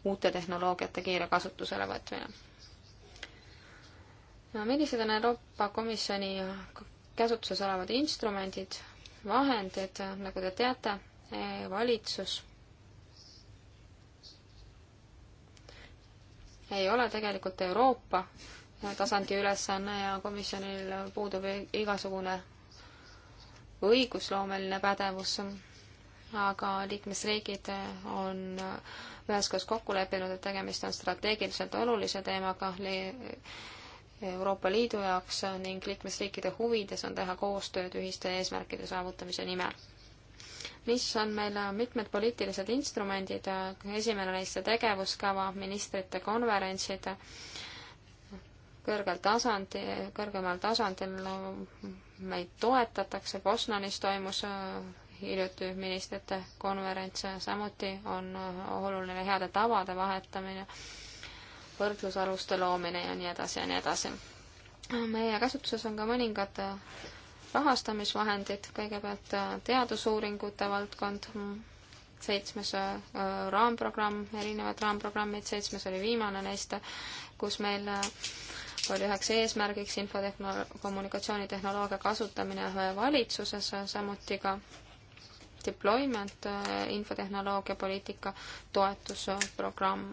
uute tehnoloogiate kiire kasutusele võtmine. millised on Euroopa Komisjoni käsutuses olevad instrumendid, vahendid, nagu te teate e, valitsus ei ole tegelikult Euroopa tasandi ülesanne ja komisjonil puudub igasugune õigusloomeline pädevus, aga liikmesriigid on üheskoos kokku leppinud, et tegemist on strateegiliselt olulise teemaga Euroopa Liidu jaoks ning liikmesriikide huvides on teha koostööd ühiste eesmärkide saavutamise nimel. mis on meil mitmed poliitilised instrumendid, esimene neist see tegevuskava, ministrite konverentsid, kõrgel tasandi, kõrgemal tasandil meid toetatakse, Bosnanis toimus äh, hiljuti ministrite konverents, samuti on äh, oluline heade tavade vahetamine, võrdlusaluste loomine ja nii edasi ja nii edasi. meie käsutuses on ka mõningad äh, rahastamisvahendid, kõigepealt teadusuuringute valdkond, seitsmes raamprogramm, erinevad raamprogrammid, seitsmes oli viimane neist, kus meil oli üheks eesmärgiks infokommunikatsioonitehnoloogia kasutamine valitsuses, samuti ka deployment äh, infotehnoloogia poliitika toetusprogramm.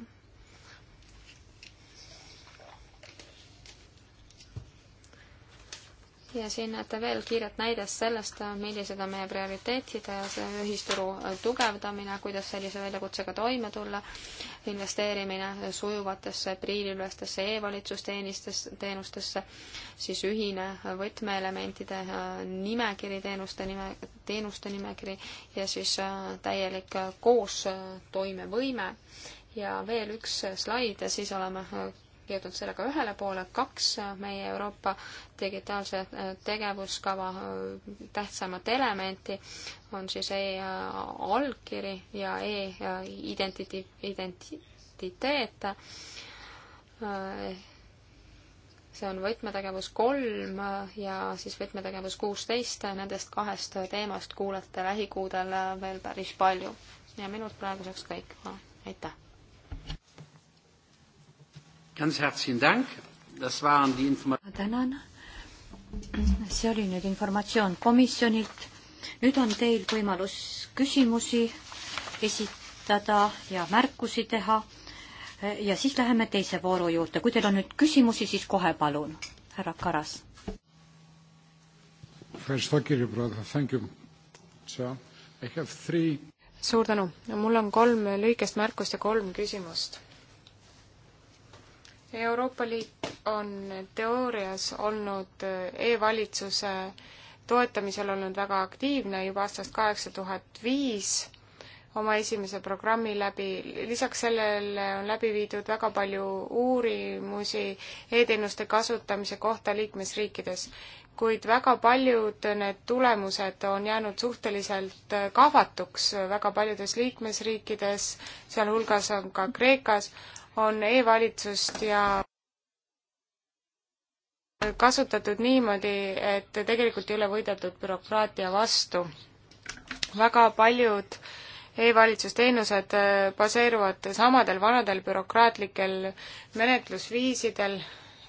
ja siin näete veel kiiret näidest sellest, millised on meie prioriteetid, see ühisturu tugevdamine, kuidas sellise väljakutsega toime tulla, investeerimine sujuvatesse priiriülestesse e-valitsusteenistes, teenustesse, siis ühine võtmeelementide äh, nimekiri, teenuste nime, teenuste nimekiri ja siis äh, täielik koostoimevõime ja veel üks slaid ja siis oleme jõudnud sellega ühele poole, kaks meie Euroopa digitaalse äh, tegevuskava äh, tähtsamat elementi on siis e-allkiri äh, ja e-identiti-, identiteet. see on võtmetegevus kolm ja siis võtmetegevus kuusteist, nendest kahest teemast kuulete lähikuudel veel päris palju. ja minult praeguseks kõik no,, aitäh! Ganz herzlichen Dank. Das waren die Informatsioon. tänan. see oli nüüd informatsioon komisjonilt. nüüd on teil võimalus küsimusi esitada ja märkusi teha. ja siis läheme teise vooru juurde. kui teil on nüüd küsimusi, siis kohe palun, härra Karas. suur tänu. mul on kolm lühikest märkust ja kolm küsimust Euroopa Liit on teoorias olnud äh, e-valitsuse toetamisel olnud väga aktiivne juba aastast kaheksa tuhat viis oma esimese programmi läbi. lisaks sellele on läbi viidud väga palju uurimusi e-teenuste kasutamise kohta liikmesriikides, kuid väga paljud need tulemused on jäänud suhteliselt äh, kahvatuks väga paljudes liikmesriikides, sealhulgas on ka Kreekas, on e-valitsust ja kasutatud niimoodi, et tegelikult ei ole võideldud bürokraatia vastu. väga paljud e-valitsusteenused äh, baseeruvad samadel vanadel bürokraatlikel menetlusviisidel,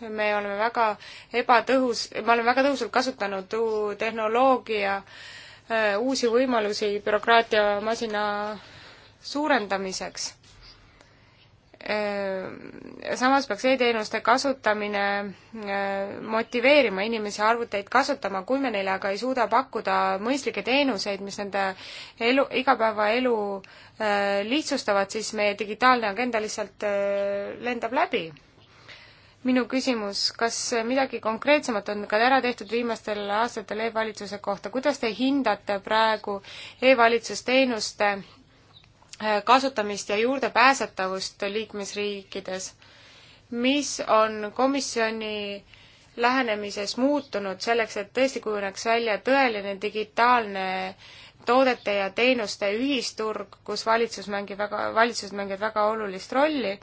me oleme väga ebatõhus, me oleme väga tõhusalt kasutanud tehnoloogia äh, uusi võimalusi bürokraatia masina suurendamiseks Ehm, samas peaks e-teenuste kasutamine ehm, motiveerima inimesi arvuteid kasutama, kui me neile aga ei suuda pakkuda mõistlikke teenuseid, mis nende elu, igapäevaelu ehm, lihtsustavad, siis meie digitaalne agenda lihtsalt lendab läbi. minu küsimus, kas midagi konkreetsemat on ka ära tehtud viimastel aastatel e-valitsuse kohta, kuidas te hindate praegu e-valitsusteenuste Äh, kasutamist ja juurdepääsetavust liikmesriikides. mis on komisjoni lähenemises muutunud selleks, et tõesti kujuneks välja tõeline digitaalne toodete ja teenuste ühisturg, kus valitsus mängib väga, valitsused mängivad väga olulist rolli.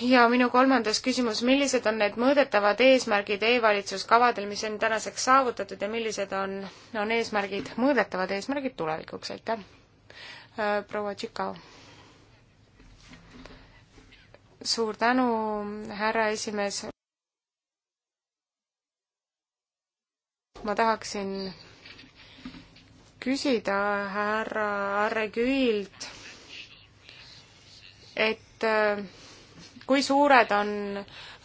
ja minu kolmandas küsimus, millised on need mõõdetavad eesmärgid e-valitsuskavadel, mis on tänaseks saavutatud ja millised on, on eesmärgid, mõõdetavad eesmärgid tulevikuks, aitäh! Äh, proua Tšikau. suur tänu, härra esimees. ma tahaksin küsida härra Arre Küüilt, et äh, kui suured on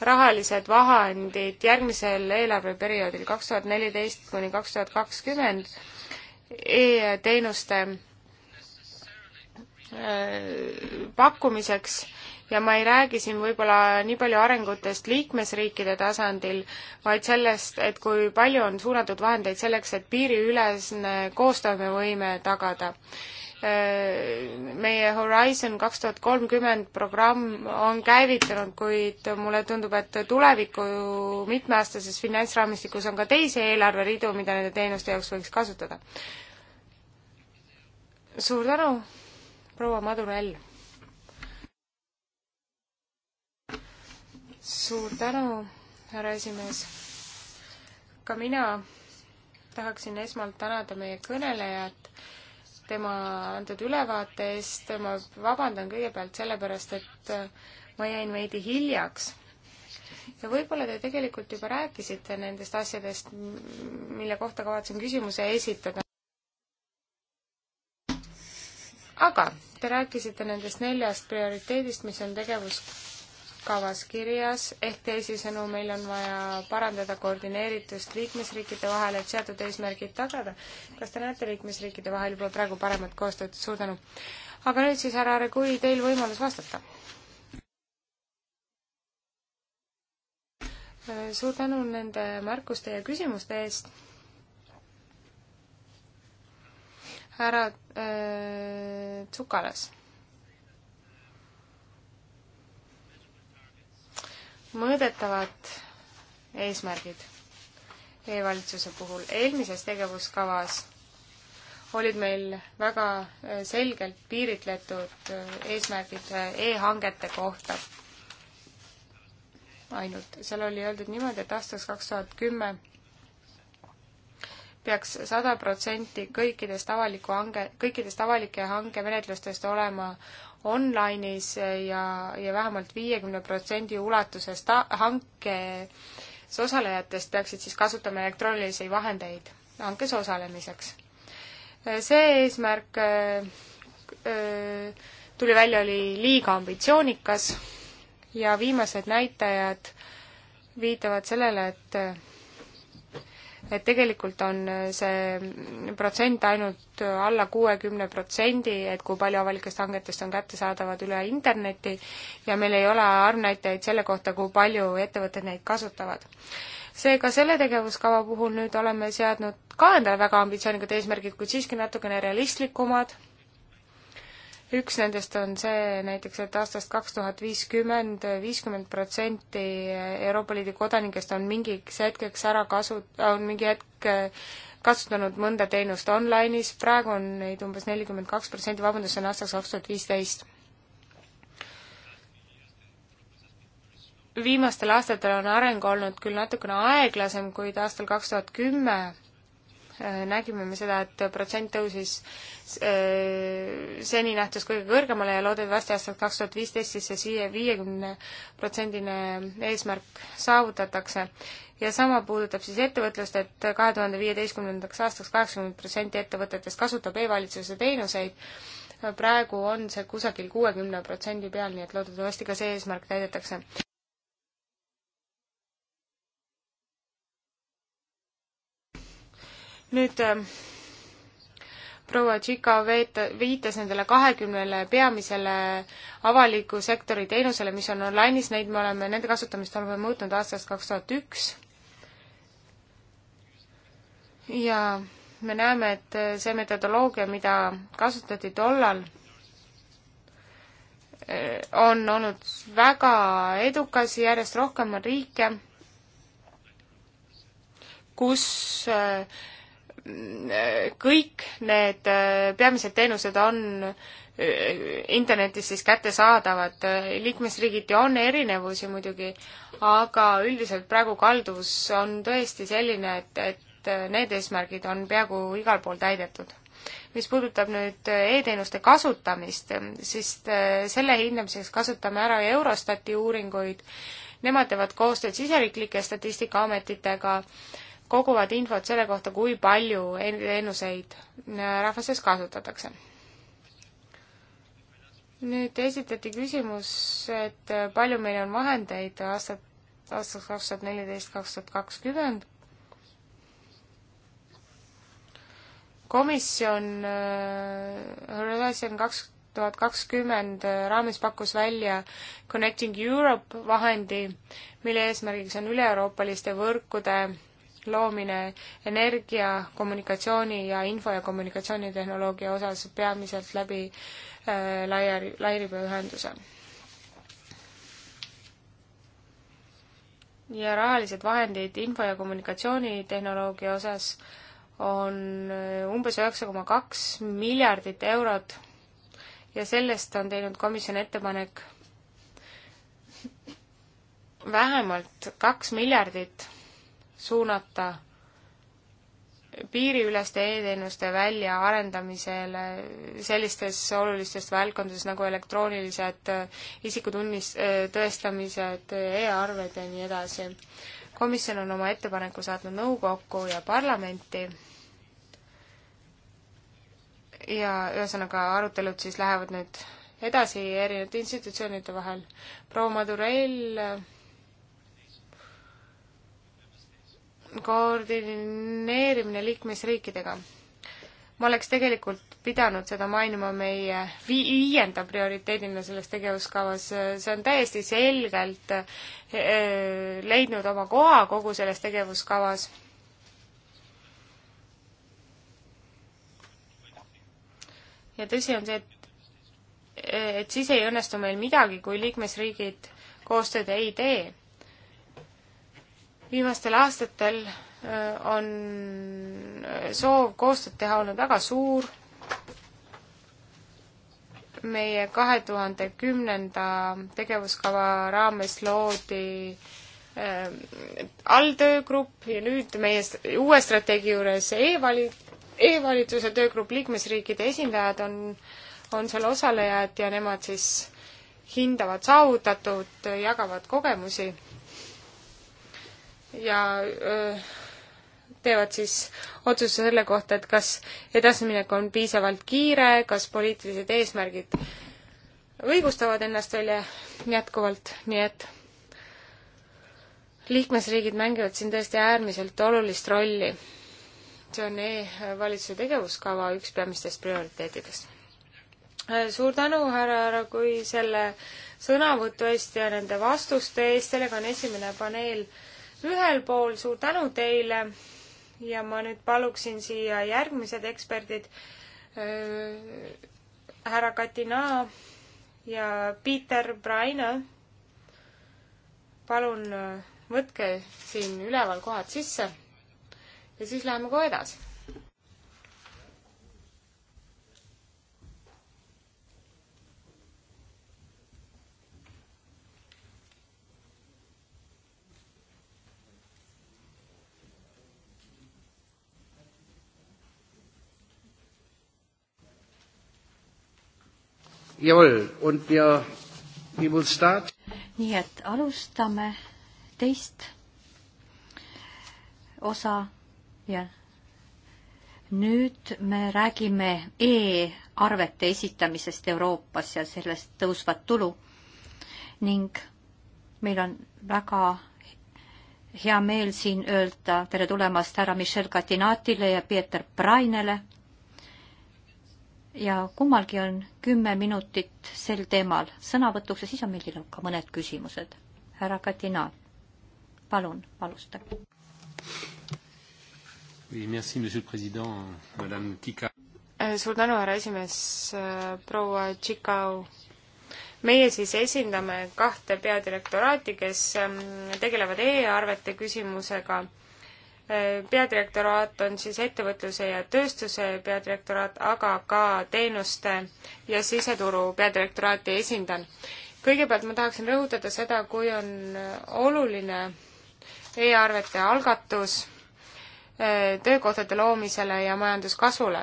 rahalised vahendid järgmisel eelarveperioodil kaks tuhat neliteist kuni kaks tuhat kakskümmend e-teenuste Äh, pakkumiseks ja ma ei räägi siin võib-olla nii palju arengutest liikmesriikide tasandil, vaid sellest, et kui palju on suunatud vahendeid selleks, et piiriülesne koostoimevõime tagada. Äh, meie Horizon kaks tuhat kolmkümmend programm on käivitunud, kuid mulle tundub, et tuleviku mitmeaastases finantsraamistikus on ka teisi eelarveridu, mida nende teenuste jaoks võiks kasutada. suur tänu! proua Madurell. suur tänu, härra esimees. ka mina tahaksin esmalt tänada meie kõnelejat tema antud ülevaate eest. ma vabandan kõigepealt sellepärast, et ma jäin veidi hiljaks. ja võib-olla te tegelikult juba rääkisite nendest asjadest, mille kohta kavatsen küsimuse esitada. aga te rääkisite nendest neljast prioriteedist, mis on tegevuskavas kirjas, ehk teisisõnu, meil on vaja parandada koordineeritust liikmesriikide vahel, et seatud eesmärgid tagada. kas te näete liikmesriikide vahel juba praegu paremat koostööd? suur tänu! aga nüüd siis, härra Regui, teil võimalus vastata. suur tänu nende märkuste ja küsimuste eest härra äh, Tsukalas. mõõdetavad eesmärgid e-valitsuse puhul. eelmises tegevuskavas olid meil väga äh, selgelt piiritletud äh, eesmärgid äh, e-hangete kohta ainult. seal oli öeldud niimoodi, et aastaks kaks tuhat kümme peaks sada protsenti kõikidest avaliku hange, kõikidest avalike hankemenetlustest olema online'is ja, ja vähemalt viiekümne protsendi ulatuses ta-, hankes osalejatest peaksid siis kasutama elektroonilisi vahendeid hankes osalemiseks. see eesmärk öö, äh, äh, tuli välja, oli liiga ambitsioonikas ja viimased näitajad viitavad sellele, et et tegelikult on äh, see protsent ainult äh, alla kuuekümne protsendi, et kui palju avalikest hangetest on kättesaadavad üle interneti ja meil ei ole arvnäitajaid selle kohta, kui palju ettevõtted neid kasutavad. seega selle tegevuskava puhul nüüd oleme seadnud ka endale väga ambitsioonikad eesmärgid, kuid siiski natukene realistlikumad üks nendest on see näiteks, et aastast kaks tuhat viiskümmend, viiskümmend protsenti Euroopa Liidu kodanikest on mingiks hetkeks ära kasu-, on mingi hetk äh, kasutanud mõnda teenust online'is, praegu on neid umbes nelikümmend kaks protsenti, vabandust, see on aastaks kaks tuhat viisteist. viimastel aastatel on areng olnud küll natukene aeglasem, kuid aastal kaks tuhat kümme Äh, nägime me seda, et protsent tõusis äh, seni nähtus kõige kõrgemale ja loodetavasti aastal kaks tuhat viisteist siis see siia viiekümne protsendine eesmärk saavutatakse. ja sama puudutab siis ettevõtlust, et kahe tuhande viieteistkümnendaks aastaks kaheksakümmend protsenti ettevõtetest kasutab e-valitsuse teenuseid, praegu on see kusagil kuuekümne protsendi peal, nii et loodetavasti ka see eesmärk täidetakse. nüüd ähm, proua Tšika viitas nendele kahekümnele peamisele avaliku sektori teenusele, mis on online'is, neid me oleme, nende kasutamist oleme muutnud aastast kaks tuhat üks. ja me näeme, et äh, see metodoloogia, mida kasutati tollal, äh, on olnud väga edukas, järjest rohkem on riike, kus äh, kõik need äh, peamised teenused on äh, internetis siis kättesaadavad, liikmesriigiti on erinevusi muidugi, aga üldiselt praegu kalduvus on tõesti selline, et, et äh, need eesmärgid on peaaegu igal pool täidetud. mis puudutab nüüd e-teenuste kasutamist, siis selle hindamiseks kasutame ära Eurostati uuringuid, nemad teevad koostööd siseriiklike statistikaametitega äh, koguvad infot selle kohta, kui palju teenuseid äh, rahvases kasutatakse. nüüd esitati küsimus, et äh, palju meil on vahendeid aastat, aastaks kaks tuhat neliteist, kaks tuhat kakskümmend. komisjon äh, Horizon kaks tuhat kakskümmend raames pakkus välja Connecting Europe vahendi, mille eesmärgiks on üle-euroopaliste võrkude loomine energia, kommunikatsiooni ja info- ja kommunikatsioonitehnoloogia osas peamiselt läbi äh, laia, lairibeühenduse. ja rahalised vahendid info- ja kommunikatsioonitehnoloogia osas on äh, umbes üheksa koma kaks miljardit eurot ja sellest on teinud komisjon ettepanek vähemalt kaks miljardit suunata piiriüleste e-teenuste väljaarendamisele sellistes olulistes valdkondades nagu elektroonilised äh, isikutunnis-, äh, tõestamised e, e-arved ja nii edasi. komisjon on oma ettepaneku saatnud nõukokku ja parlamenti ja ühesõnaga, arutelud siis lähevad nüüd edasi erinevate institutsioonide vahel. proua Madurell koordineerimine liikmesriikidega. ma oleks tegelikult pidanud seda mainima meie viienda prioriteedina selles tegevuskavas, see on täiesti selgelt eh, leidnud oma koha kogu selles tegevuskavas. ja tõsi on see, et, et siis ei õnnestu meil midagi, kui liikmesriigid koostööd ei tee viimastel aastatel äh, on äh, soov koostööd teha olnud väga suur. meie kahe tuhande kümnenda tegevuskava raames loodi äh, alltöögrupp ja nüüd meie uue strateegia juures e-vali-, e-valitsuse töögrupp, liikmesriikide esindajad on, on seal osalejad ja nemad siis hindavad saavutatud, jagavad kogemusi ja öö, teevad siis otsuse selle kohta, et kas edasiminek on piisavalt kiire, kas poliitilised eesmärgid õigustavad ennast veel jätkuvalt, nii et liikmesriigid mängivad siin tõesti äärmiselt olulist rolli. see on e-valitsuse tegevuskava üks peamistest prioriteetidest. Äh, suur tänu, härra Aragui, selle sõnavõtu eest ja nende vastuste eest, sellega on esimene paneel ühel pool suur tänu teile ja ma nüüd paluksin siia järgmised eksperdid, äh, härra Katina ja Peter Braine. palun äh, võtke siin üleval kohad sisse ja siis läheme kohe edasi. Jawohl, und wir, we will start. nii et alustame teist osa ja nüüd me räägime e-arvete esitamisest Euroopas ja sellest tõusvat tulu ning meil on väga hea meel siin öelda tere tulemast härra Michel Katinatile ja Peeter Brainele ja kummalgi on kümme minutit sel teemal sõnavõtuks ja siis on meil ka mõned küsimused. härra Katina, palun, alustage. Äh, suur tänu, härra esimees, äh, proua Tšikau. meie siis esindame kahte peadirektoraati, kes ähm, tegelevad e-arvete küsimusega peadirektoraat on siis ettevõtluse ja tööstuse peadirektoraat, aga ka teenuste ja siseturu peadirektoraati esindan. kõigepealt ma tahaksin rõhutada seda, kui on oluline e-arvete algatus e, töökohtade loomisele ja majanduskasvule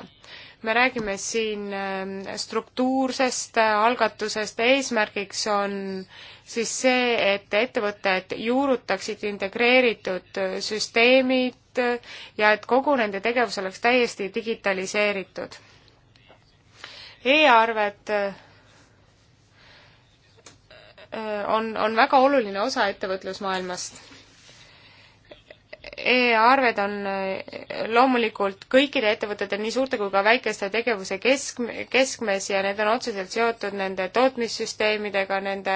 me räägime siin ähm, struktuursest äh, algatusest, eesmärgiks on siis see, et ettevõtted juurutaksid integreeritud äh, süsteemid äh, ja et kogu nende tegevus oleks täiesti digitaliseeritud e. e-arved on, on väga oluline osa ettevõtlusmaailmast e-arved on äh, loomulikult kõikide ettevõtete, nii suurte kui ka väikeste tegevuse kesk, keskmes ja need on otseselt seotud nende tootmissüsteemidega, nende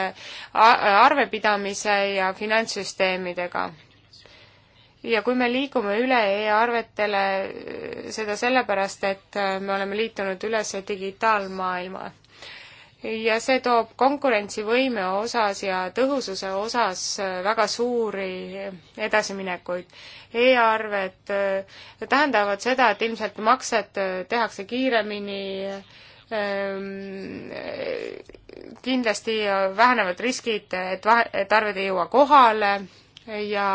arvepidamise ja finantssüsteemidega. ja kui me liigume üle e-arvetele, äh, seda sellepärast, et äh, me oleme liitunud üles digitaalmaailma ja see toob konkurentsivõime osas ja tõhususe osas äh, väga suuri edasiminekuid. E-arved äh, tähendavad seda, et ilmselt maksed äh, tehakse kiiremini, ähm, kindlasti vähenevad riskid, et vahe, et arved ei jõua kohale ja,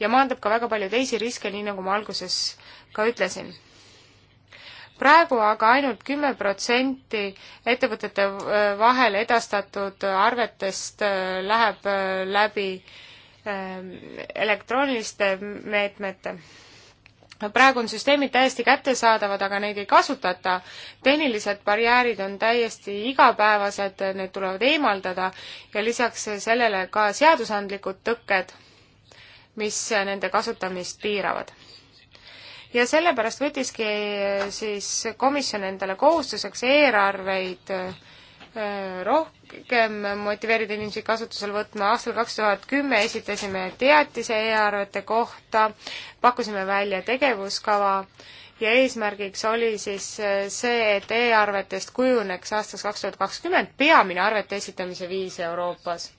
ja maandab ka väga palju teisi riske, nii nagu ma alguses ka ütlesin praegu aga ainult kümme protsenti ettevõtete äh, vahel edastatud arvetest äh, läheb äh, läbi ähm, elektrooniliste meetmete praegu on süsteemid täiesti kättesaadavad, aga neid ei kasutata. tehnilised barjäärid on täiesti igapäevased, need tulevad eemaldada ja lisaks sellele ka seadusandlikud tõkked, mis nende kasutamist piiravad ja sellepärast võttiski eh, siis komisjon endale kohustuseks eelarveid eh, rohkem motiveerida inimesi kasutusele võtma. aastal kaks tuhat kümme esitasime teatise eelarvete kohta, pakkusime välja tegevuskava ja eesmärgiks oli siis eh, see, et e-arvetest kujuneks aastaks kaks tuhat kakskümmend peamine arvete esitamise viis Euroopas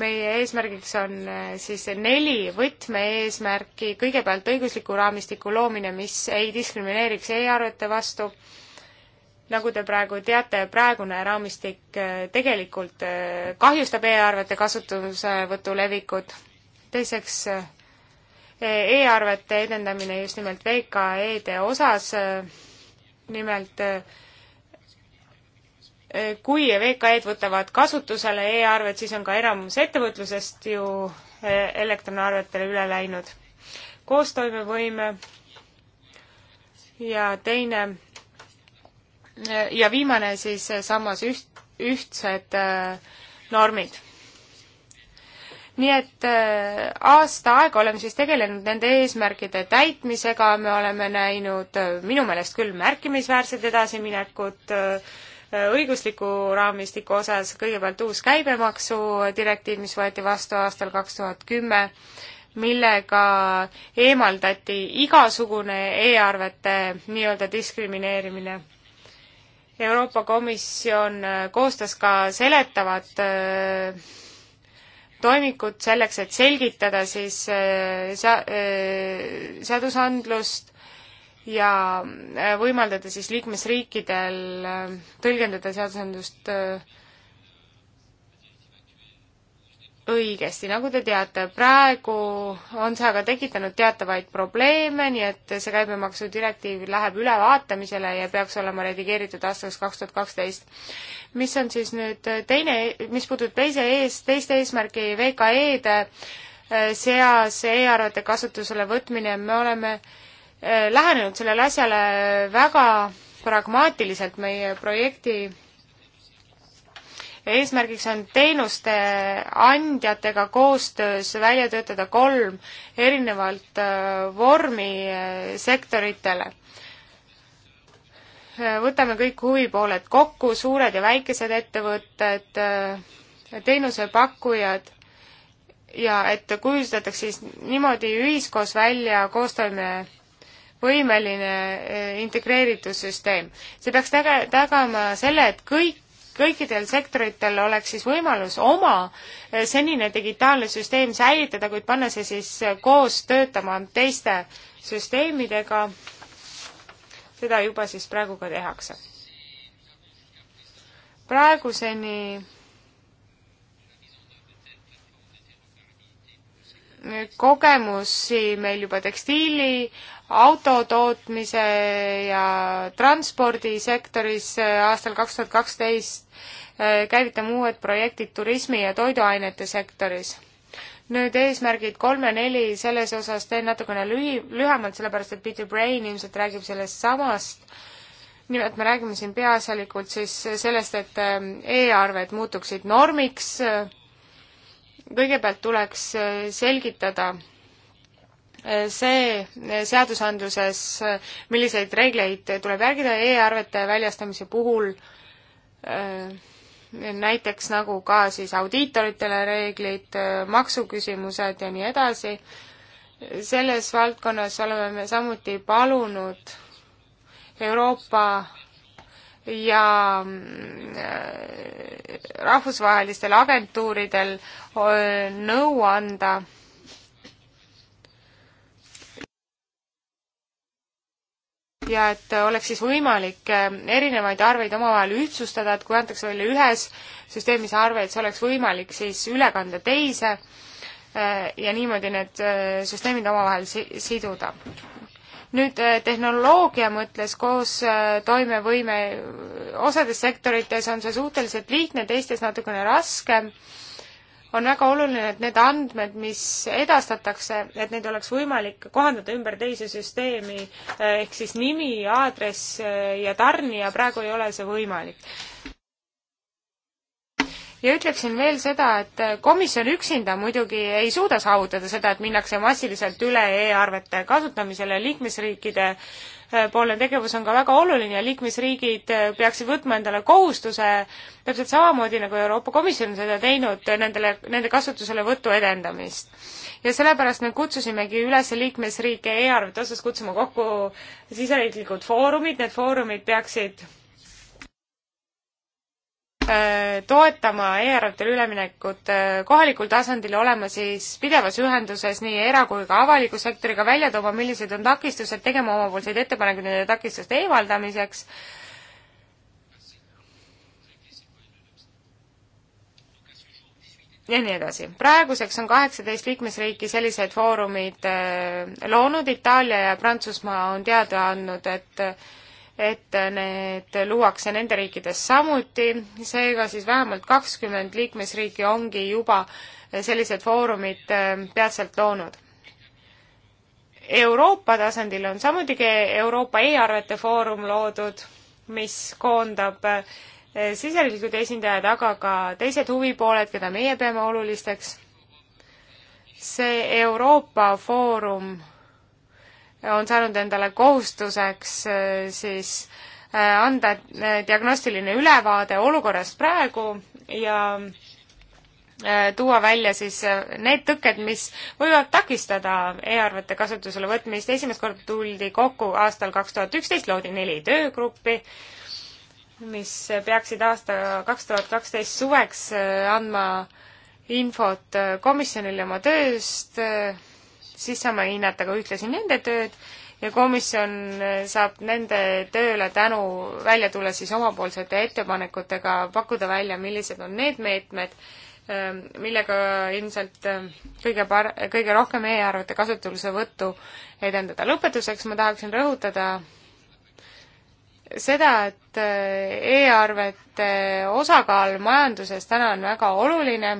meie eesmärgiks on eh, siis neli võtme-eesmärki, kõigepealt õigusliku raamistiku loomine, mis ei diskrimineeriks e-arvete vastu, nagu te praegu teate, praegune raamistik eh, tegelikult eh, kahjustab e-arvete kasutusevõtu levikut, teiseks e-arvete edendamine just nimelt VKE-de osas, nimelt kui VKE-d võtavad kasutusele e-arved, siis on ka enamus ettevõtlusest ju e, elektronarvetele üle läinud. koostoimevõime ja teine e, ja viimane siis samas üht, ühtsed e, normid nii et aasta aega oleme siis tegelenud nende eesmärkide täitmisega, me oleme näinud minu meelest küll märkimisväärset edasiminekut äh, õigusliku raamistiku osas kõigepealt uus käibemaksudirektiiv, mis võeti vastu aastal kaks tuhat kümme, millega eemaldati igasugune e-arvete nii-öelda diskrimineerimine. Euroopa Komisjon koostas ka seletavad äh, toimikud selleks, et selgitada siis äh, sea-, äh, seadusandlust ja äh, võimaldada siis liikmesriikidel äh, tõlgendada seadusandlust äh, õigesti, nagu te teate, praegu on see aga tekitanud teatavaid probleeme, nii et see käibemaksudirektiiv läheb ülevaatamisele ja peaks olema redigeeritud aastaks kaks tuhat kaksteist. mis on siis nüüd teine, mis puudutab teise ees, teist eesmärki VKE-de seas e-arvete kasutusele võtmine, me oleme äh, Äh, lähenenud sellele asjale väga pragmaatiliselt, meie projekti eesmärgiks on teenuste andjatega koostöös välja töötada kolm erinevalt äh, vormi äh, sektoritele. võtame kõik huvipooled kokku, suured ja väikesed ettevõtted, teenusepakkujad ja et kujundatakse siis niimoodi ühiskoos välja koostoime võimeline eh, integreeritud süsteem. see peaks taga, tagama selle, et kõik kõikidel sektoritel oleks siis võimalus oma eh, senine digitaalne süsteem säilitada, kuid panna see siis eh, koos töötama teiste süsteemidega. seda juba siis praegu ka tehakse. praeguseni kogemusi meil juba tekstiili, autotootmise ja transpordisektoris äh, aastal kaks tuhat kaksteist äh, käivitame uued projektid turismi ja toiduainete sektoris. nüüd eesmärgid kolm ja neli, selles osas teen natukene lühi, lühemalt, sellepärast et Peter Brain ilmselt räägib sellest samast. nimelt me räägime siin peaasjalikult siis sellest, et äh, e-arved muutuksid normiks kõigepealt tuleks äh, selgitada äh, see äh, seadusandluses, milliseid reegleid tuleb järgida e-arvete väljastamise puhul, näiteks nagu ka siis audiitoritele reeglid, maksuküsimused ja nii edasi. selles valdkonnas oleme me samuti palunud Euroopa ja mm, äh, rahvusvahelistel agentuuridel äh, nõu anda ja et oleks siis võimalik äh, erinevaid arveid omavahel ühtsustada, et kui antakse välja ühes süsteemis arve, et see oleks võimalik siis üle kanda teise ja niimoodi need süsteemid omavahel si-, siduda nüüd äh, tehnoloogia mõttes koos äh, toimevõime, osades sektorites on see suhteliselt lihtne, teistes natukene raskem. on väga oluline, et need andmed, mis edastatakse, et neid oleks võimalik kohandada ümber teise süsteemi äh, ehk siis nimi, aadress ja tarnija, praegu ei ole see võimalik ja ütleksin veel seda, et komisjon üksinda muidugi ei suuda saavutada seda, et minnakse massiliselt üle e-arvete kasutamisele liikmesriikide äh, poolne tegevus on ka väga oluline ja liikmesriigid äh, peaksid võtma endale kohustuse täpselt samamoodi, nagu Euroopa Komisjon on seda teinud, nendele, nende kasutuselevõtu edendamist. ja sellepärast me kutsusimegi üles liikmesriike e-arvete osas kutsuma kokku siseriiklikud foorumid, need foorumid peaksid Äh, toetama e-arvetele üleminekut äh, kohalikul tasandil, olema siis pidevas ühenduses nii era- kui ka avaliku sektoriga, välja tooma, millised on takistused, tegema omapoolseid ettepanekuid nende takistuste eemaldamiseks. ja nii edasi. praeguseks on kaheksateist liikmesriiki sellised foorumid äh, loonud, Itaalia ja Prantsusmaa on teada andnud, et et need luuakse nende riikides samuti, seega siis vähemalt kakskümmend liikmesriiki ongi juba sellised foorumid äh, peatselt loonud. Euroopa tasandil on samuti Euroopa e-arvete foorum loodud, mis koondab äh, siseriiklikud esindajad, aga ka teised huvipooled, keda meie peame olulisteks. see Euroopa Foorum on saanud endale kohustuseks äh, siis äh, anda äh, diagnostiline ülevaade olukorrast praegu ja tuua välja siis need tõkked, mis võivad takistada e-arvete kasutusele võtmist. esimest korda tuldi kokku aastal kaks tuhat üksteist, loodi neli töögruppi, mis peaksid aasta kaks tuhat kaksteist suveks andma infot komisjonile oma tööst siis saame hinnata ka ühtlasi nende tööd ja komisjon äh, saab nende tööle tänu välja tulla siis omapoolsete ettepanekutega, pakkuda välja, millised on need meetmed, ähm, millega ilmselt äh, kõige par-, kõige rohkem e-arvete kasutuselevõttu edendada. lõpetuseks ma tahaksin rõhutada seda, et äh, e-arvete osakaal majanduses täna on väga oluline.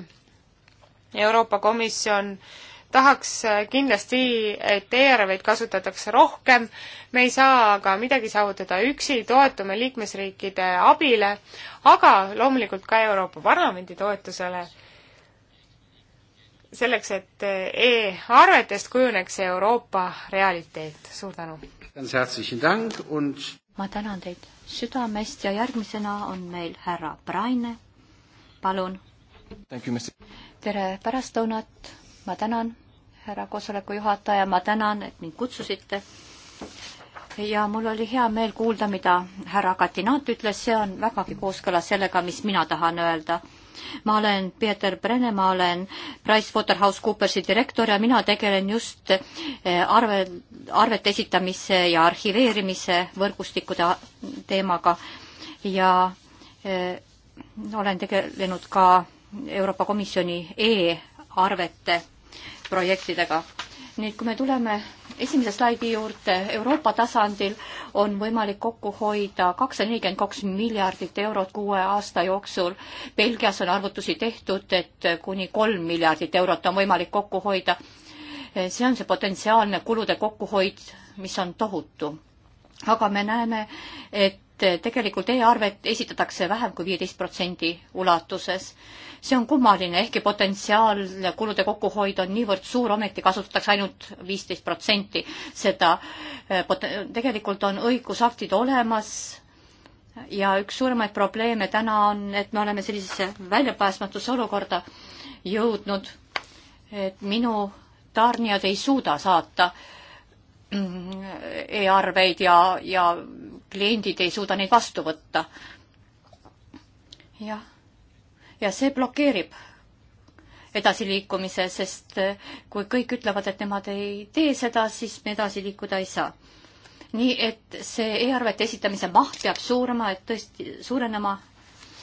Euroopa Komisjon äh, tahaks kindlasti, et e-arveid kasutatakse rohkem, me ei saa aga midagi saavutada üksi, toetume liikmesriikide abile, aga loomulikult ka Euroopa Parlamendi toetusele, selleks, et e-arvetest kujuneks Euroopa realiteet. suur tänu! ma tänan teid südamest ja järgmisena on meil härra Braine, palun! tere pärastlõunat, ma tänan! härra koosoleku juhataja, ma tänan, et mind kutsusite. ja mul oli hea meel kuulda, mida härra Katinat ütles, see on vägagi kooskõlas sellega, mis mina tahan öelda. ma olen Peeter Brenne, ma olen PricewaterhouseCoopersi direktor ja mina tegelen just eh, arve, arvete esitamise ja arhiveerimise võrgustikude teemaga ja eh, olen tegelenud ka Euroopa Komisjoni e-arvete projektidega. nüüd, kui me tuleme esimese slaidi juurde, Euroopa tasandil on võimalik kokku hoida kakssada nelikümmend kaks miljardit eurot kuue aasta jooksul. Belgias on arvutusi tehtud, et kuni kolm miljardit eurot on võimalik kokku hoida. see on see potentsiaalne kulude kokkuhoid, mis on tohutu. aga me näeme, et tegelikult e-arvet esitatakse vähem kui viieteist protsendi ulatuses. see on kummaline, ehkki potentsiaalne kulude kokkuhoid on niivõrd suur, ometi kasutatakse ainult viisteist protsenti seda. Eh, tegelikult on õigusaktid olemas ja üks suuremaid probleeme täna on, et me oleme sellisesse väljapääsmatusse olukorda jõudnud, et minu tarnijad ei suuda saata mm, e-arveid ja, ja kliendid ei suuda neid vastu võtta. jah, ja see blokeerib edasiliikumise, sest eh, kui kõik ütlevad, et nemad ei tee seda, siis me edasi liikuda ei saa. nii et see e-arvete esitamise maht peab suurema, et tõesti suurenema,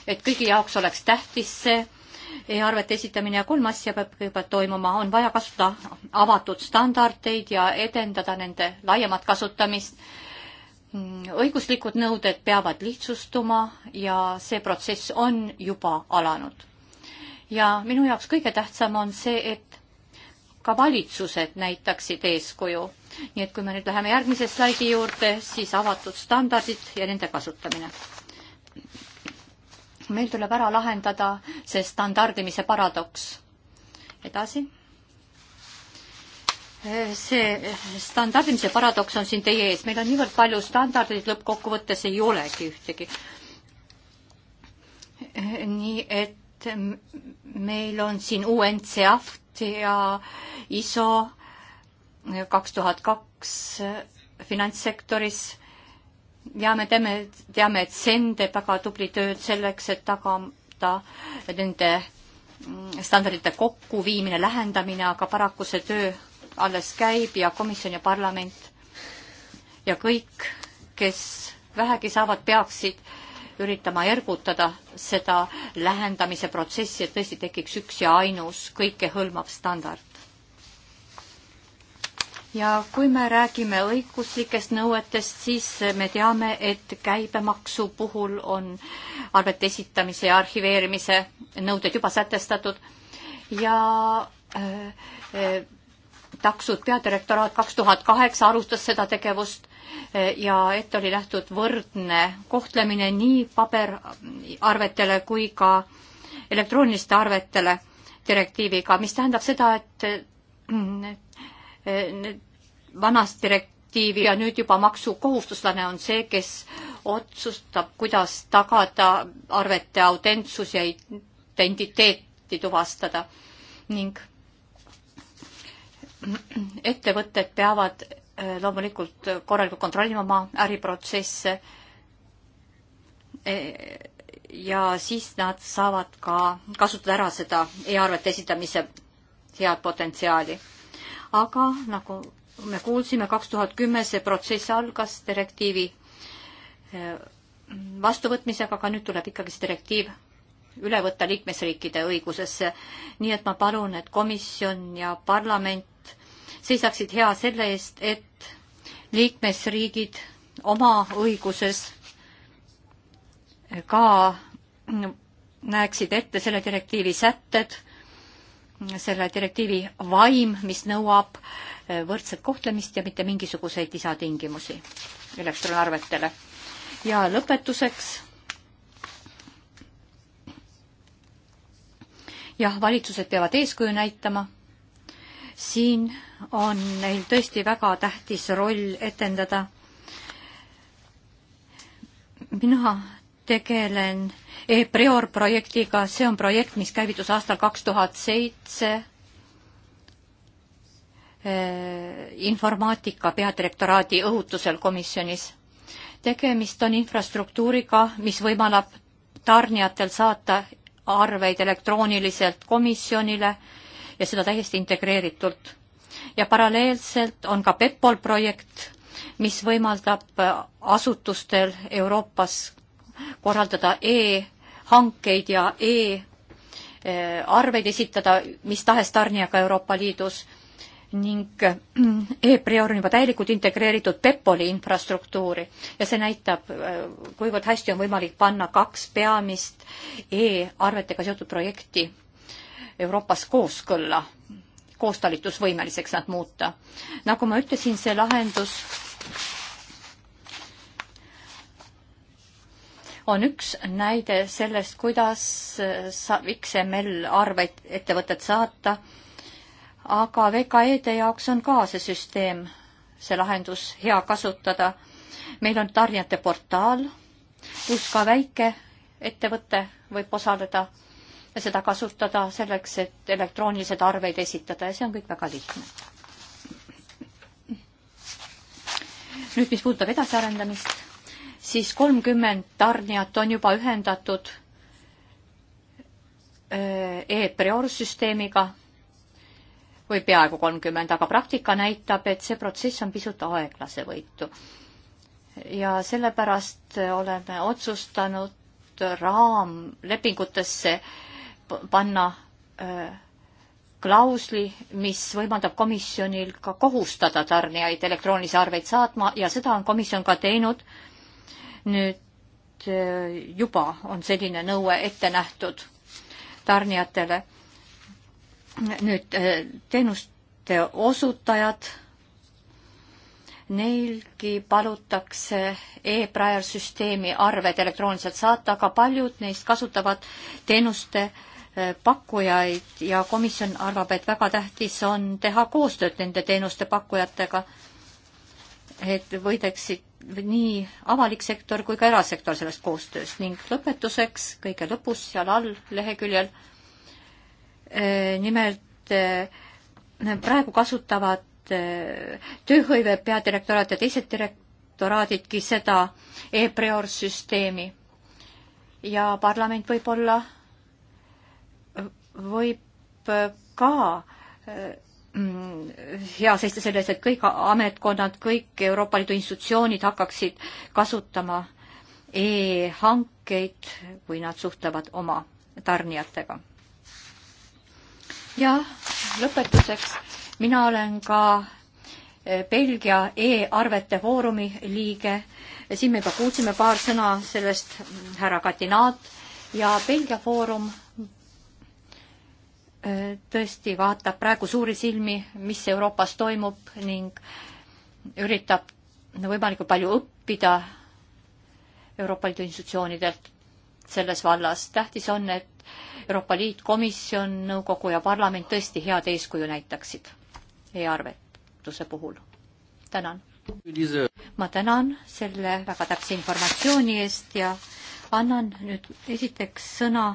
et kõigi jaoks oleks tähtis see e-arvete esitamine ja kolm asja peab kõigepealt toimuma, on vaja kasutada avatud standardeid ja edendada nende laiemat kasutamist Mm, õiguslikud nõuded peavad lihtsustuma ja see protsess on juba alanud. ja minu jaoks kõige tähtsam on see, et ka valitsused näitaksid eeskuju. nii et kui me nüüd läheme järgmise slaidi juurde, siis avatud standardid ja nende kasutamine. meil tuleb ära lahendada see standardimise paradoks. edasi see standardimise paradoks on siin teie ees, meil on niivõrd palju standardeid, lõppkokkuvõttes ei olegi ühtegi. nii et meil on siin UNCEAF ja ISO kaks tuhat kaks finantssektoris ja me teeme, teame, et SEN teeb väga tubli tööd selleks, et tagada nende standardite kokkuviimine, lähendamine, aga paraku see töö alles käib ja komisjon ja parlament ja kõik, kes vähegi saavad, peaksid üritama ergutada seda lähendamise protsessi, et tõesti tekiks üks ja ainus kõikehõlmav standard. ja kui me räägime õiguslikest nõuetest, siis me teame, et käibemaksu puhul on arvete esitamise ja arhiveerimise nõuded juba sätestatud ja äh, äh, taksud peadirektoraat kaks tuhat kaheksa alustas seda tegevust e, ja ette oli nähtud võrdne kohtlemine nii paberarvetele kui ka elektrooniliste arvetele direktiiviga, mis tähendab seda, et e, vanas direktiivi ja nüüd juba maksukohustuslane on see, kes otsustab, kuidas tagada arvete autentsus ja identiteeti tuvastada ning ettevõtted peavad äh, loomulikult korralikult kontrollima oma äriprotsesse äh, ja siis nad saavad ka kasutada ära seda e-arvete esitamise head potentsiaali. aga nagu me kuulsime, kaks tuhat kümme see protsess algas direktiivi äh, vastuvõtmisega, aga nüüd tuleb ikkagi see direktiiv üle võtta liikmesriikide õigusesse. nii et ma palun, et komisjon ja parlament seisaksid hea selle eest, et liikmesriigid oma õiguses ka näeksid ette selle direktiivi sätted, selle direktiivi vaim, mis nõuab võrdset kohtlemist ja mitte mingisuguseid lisatingimusi elektronarvetele. ja lõpetuseks. jah, valitsused peavad eeskuju näitama siin on neil tõesti väga tähtis roll etendada. mina tegelen e-Prior projektiga, see on projekt, mis käivitus aastal kaks tuhat seitse äh, informaatika peadirektoraadi õhutusel komisjonis. tegemist on infrastruktuuriga, mis võimalab tarnijatel saata arveid elektrooniliselt komisjonile ja seda täiesti integreeritult. ja paralleelselt on ka PEPOL projekt, mis võimaldab asutustel Euroopas korraldada e-hankeid ja e-arveid esitada mis tahes tarnijaga Euroopa Liidus ning e-prior on juba täielikult integreeritud PEPOL-i infrastruktuuri ja see näitab, kuivõrd hästi on võimalik panna kaks peamist e-arvetega seotud projekti Euroopas kooskõlla, koostalitusvõimeliseks nad muuta. nagu ma ütlesin, see lahendus on üks näide sellest, kuidas saab XML arveid ettevõtet saata, aga VKE-de jaoks on ka see süsteem, see lahendus hea kasutada. meil on tarnijate portaal, kus ka väike ettevõte võib osaleda seda kasutada selleks, et elektroonilised arveid esitada ja see on kõik väga lihtne. nüüd, mis puudutab edasiarendamist, siis kolmkümmend tarnijat on juba ühendatud äh, e-prior süsteemiga või peaaegu kolmkümmend, aga praktika näitab, et see protsess on pisut aeglasevõitu. ja sellepärast oleme otsustanud raamlepingutesse panna klausli, mis võimaldab komisjonil ka kohustada tarnijaid elektroonilisi arveid saatma ja seda on komisjon ka teinud. nüüd juba on selline nõue ette nähtud tarnijatele. nüüd teenuste osutajad, neilgi palutakse e-prior süsteemi arved elektrooniliselt saata, aga paljud neist kasutavad teenuste äh, pakkujaid ja komisjon arvab, et väga tähtis on teha koostööd nende teenuste pakkujatega, et võideksid nii avalik sektor kui ka erasektor sellest koostööst ning lõpetuseks kõige lõpus seal all leheküljel eh, nimelt eh, praegu kasutavad eh, tööhõive peadirektoraat ja teised direktoraadidki seda e-preor süsteemi ja parlament võib olla võib äh, ka äh, mm, hea seista selle eest, et kõik ametkonnad, kõik Euroopa Liidu institutsioonid hakkaksid kasutama e-hankeid, kui nad suhtlevad oma tarnijatega. ja lõpetuseks, mina olen ka äh, Belgia e-arvete foorumi liige, siin me juba kuulsime paar sõna sellest, härra Katinaat, ja Belgia foorum tõesti vaatab praegu suuri silmi, mis Euroopas toimub ning üritab võimalikult palju õppida Euroopa Liidu institutsioonidelt selles vallas. tähtis on, et Euroopa Liit, komisjon, nõukogu ja parlament tõesti head eeskuju näitaksid e-arvetuse puhul. tänan. ma tänan selle väga täpse informatsiooni eest ja annan nüüd esiteks sõna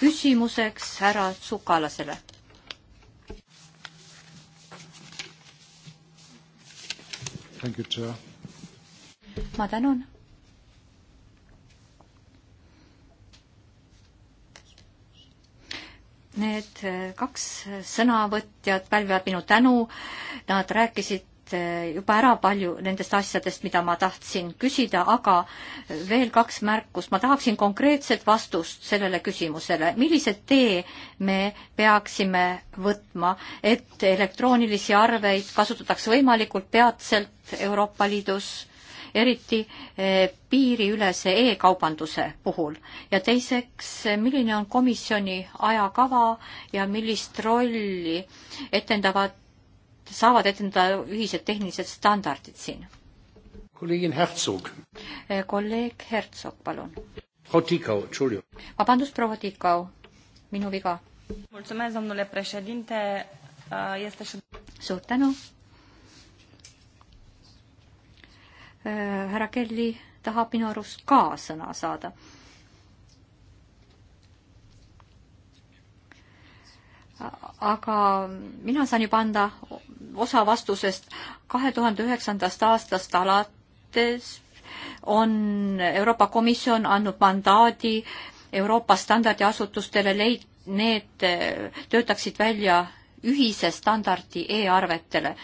küsimuseks härra Tsukalasele. ma tänan. Need eh, kaks sõnavõtjat pälvivad minu tänu, nad rääkisid Eh, juba ära palju nendest asjadest, mida ma tahtsin küsida, aga veel kaks märkust. ma tahaksin konkreetset vastust sellele küsimusele, millise tee me peaksime võtma, et elektroonilisi arveid kasutatakse võimalikult peatselt Euroopa Liidus, eriti eh, piiriülese e-kaubanduse puhul. ja teiseks, milline on komisjoni ajakava ja millist rolli etendavad saavad etendada ühised tehnilised standardid siin. kolleegin Herzog. Eh, kolleeg Herzog, palun. vabandust, proua Tikau, minu viga. Eh, suur tänu. Eh, härra Kelly tahab minu arust ka sõna saada aga mina saan juba anda osa vastusest. kahe tuhande üheksandast aastast alates on Euroopa Komisjon andnud mandaadi Euroopa standardiasutustele leid-, need äh, töötaksid välja ühise standardi e-arvetele.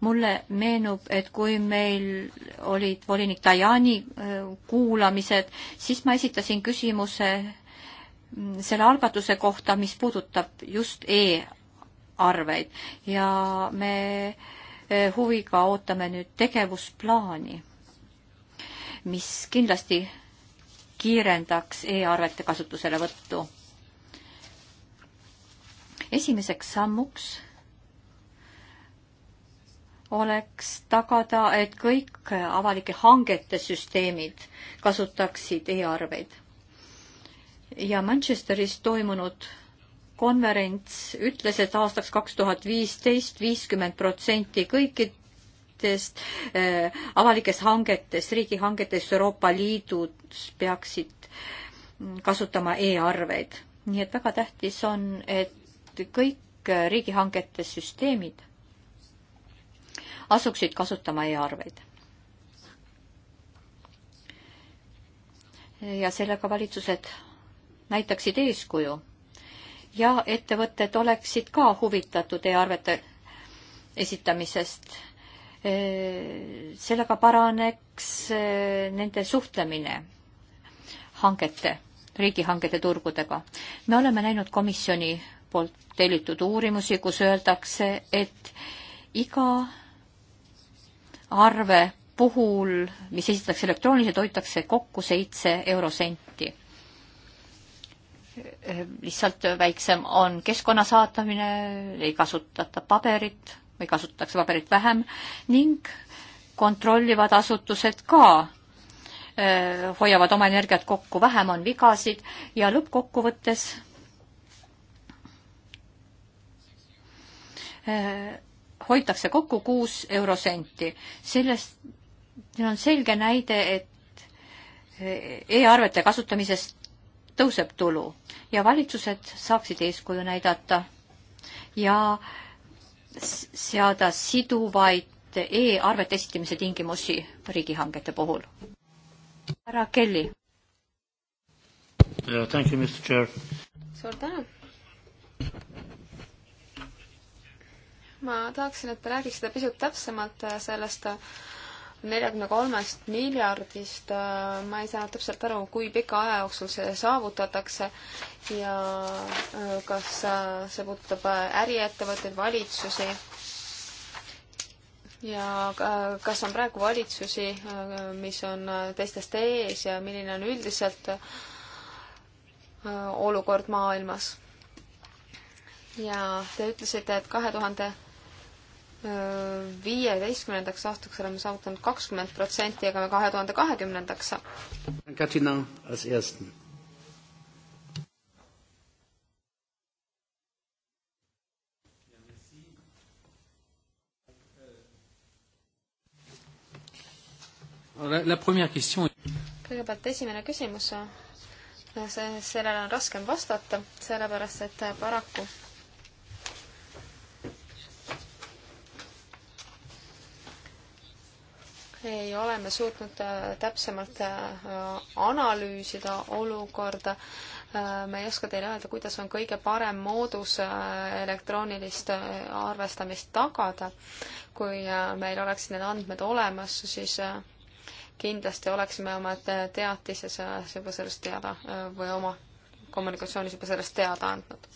mulle meenub, et kui meil olid volinik Tajani äh, kuulamised, siis ma esitasin küsimuse mm, selle algatuse kohta, mis puudutab just e arveid ja me eh, huviga ootame nüüd tegevusplaani, mis kindlasti kiirendaks e-arvete kasutuselevõttu. esimeseks sammuks oleks tagada, et kõik avalike hangete süsteemid kasutaksid e-arveid. ja Manchesteris toimunud konverents ütles, et aastaks kaks tuhat viisteist viiskümmend protsenti kõikidest äh, avalikest hangetest, riigihangetest Euroopa Liidus peaksid mm, kasutama e-arveid. nii et väga tähtis on, et kõik riigihangete süsteemid asuksid kasutama e-arveid. ja sellega valitsused näitaksid eeskuju ja ettevõtted oleksid ka huvitatud e-arvete esitamisest. sellega paraneks eh, nende suhtlemine hangete, riigihangete turgudega. me oleme näinud komisjoni poolt tellitud uurimusi, kus öeldakse, et iga arve puhul, mis esitatakse elektrooniliselt, hoitakse kokku seitse eurosenti lihtsalt väiksem on keskkonna saatamine, ei kasutata paberit või kasutatakse paberit vähem ning kontrollivad asutused ka öö, hoiavad oma energiat kokku, vähem on vigasid ja lõppkokkuvõttes hoitakse kokku kuus eurosenti. sellest on selge näide, et e-arvete kasutamisest tõuseb tulu ja valitsused saaksid eeskuju näidata ja seada siduvaid e-arvete esitamise tingimusi riigihangete puhul. härra Kelly. suur tänu. ma tahaksin, et te räägiksite pisut täpsemalt sellest neljakümne kolmest miljardist, äh, ma ei saa täpselt aru, kui pika aja jooksul see saavutatakse ja äh, kas äh, see puudutab äriettevõtteid, valitsusi ja kas on praegu valitsusi, mis on teistest ees ja milline on üldiselt olukord maailmas? ja te ütlesite, et kahe tuhande viieteistkümnendaks aastaks oleme saavutanud kakskümmend protsenti, aga me kahe tuhande kahekümnendaks. Katina, als ersten. kõigepealt esimene küsimus, sellele on raskem vastata, sellepärast et paraku ei ole me suutnud äh, täpsemalt äh, analüüsida olukorda. Äh, ma ei oska teile öelda, kuidas on kõige parem moodus elektroonilist arvestamist tagada. kui meil oleksid need andmed olemas, siis kindlasti oleksime oma teatises juba sellest teada või oma kommunikatsioonis juba sellest teada andnud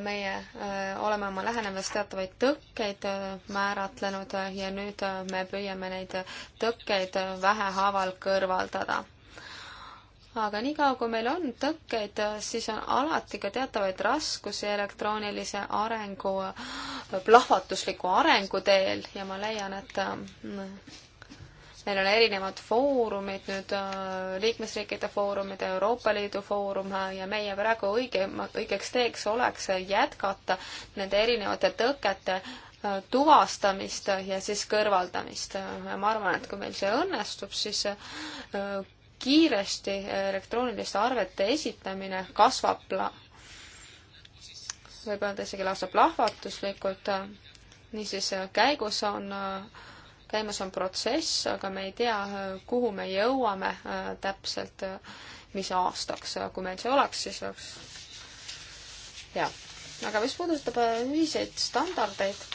meie äh, oleme oma lähenemas teatavaid tõkkeid äh, määratlenud äh, ja nüüd me püüame neid tõkkeid vähehaaval kõrvaldada. aga niikaua, kui meil on tõkkeid, siis on alati ka teatavaid raskusi elektroonilise arengu, plahvatusliku arengu teel ja ma leian, et meil on erinevad foorumid nüüd, äh, liikmesriikide foorumid, Euroopa Liidu foorum äh, ja meie praegu õige, õigeks teeks oleks jätkata nende erinevate tõkete äh, tuvastamist ja siis kõrvaldamist. ma arvan, et kui meil see õnnestub, siis kiiresti elektrooniliste arvete esitamine kasvab võib öelda isegi lausa plahvatuslikult. niisiis käigus on äh, käimas on protsess, aga me ei tea, kuhu me jõuame äh, täpselt, äh, mis aastaks, kui meil see oleks, siis oleks hea. aga mis puudutab äh, ühiseid standardeid,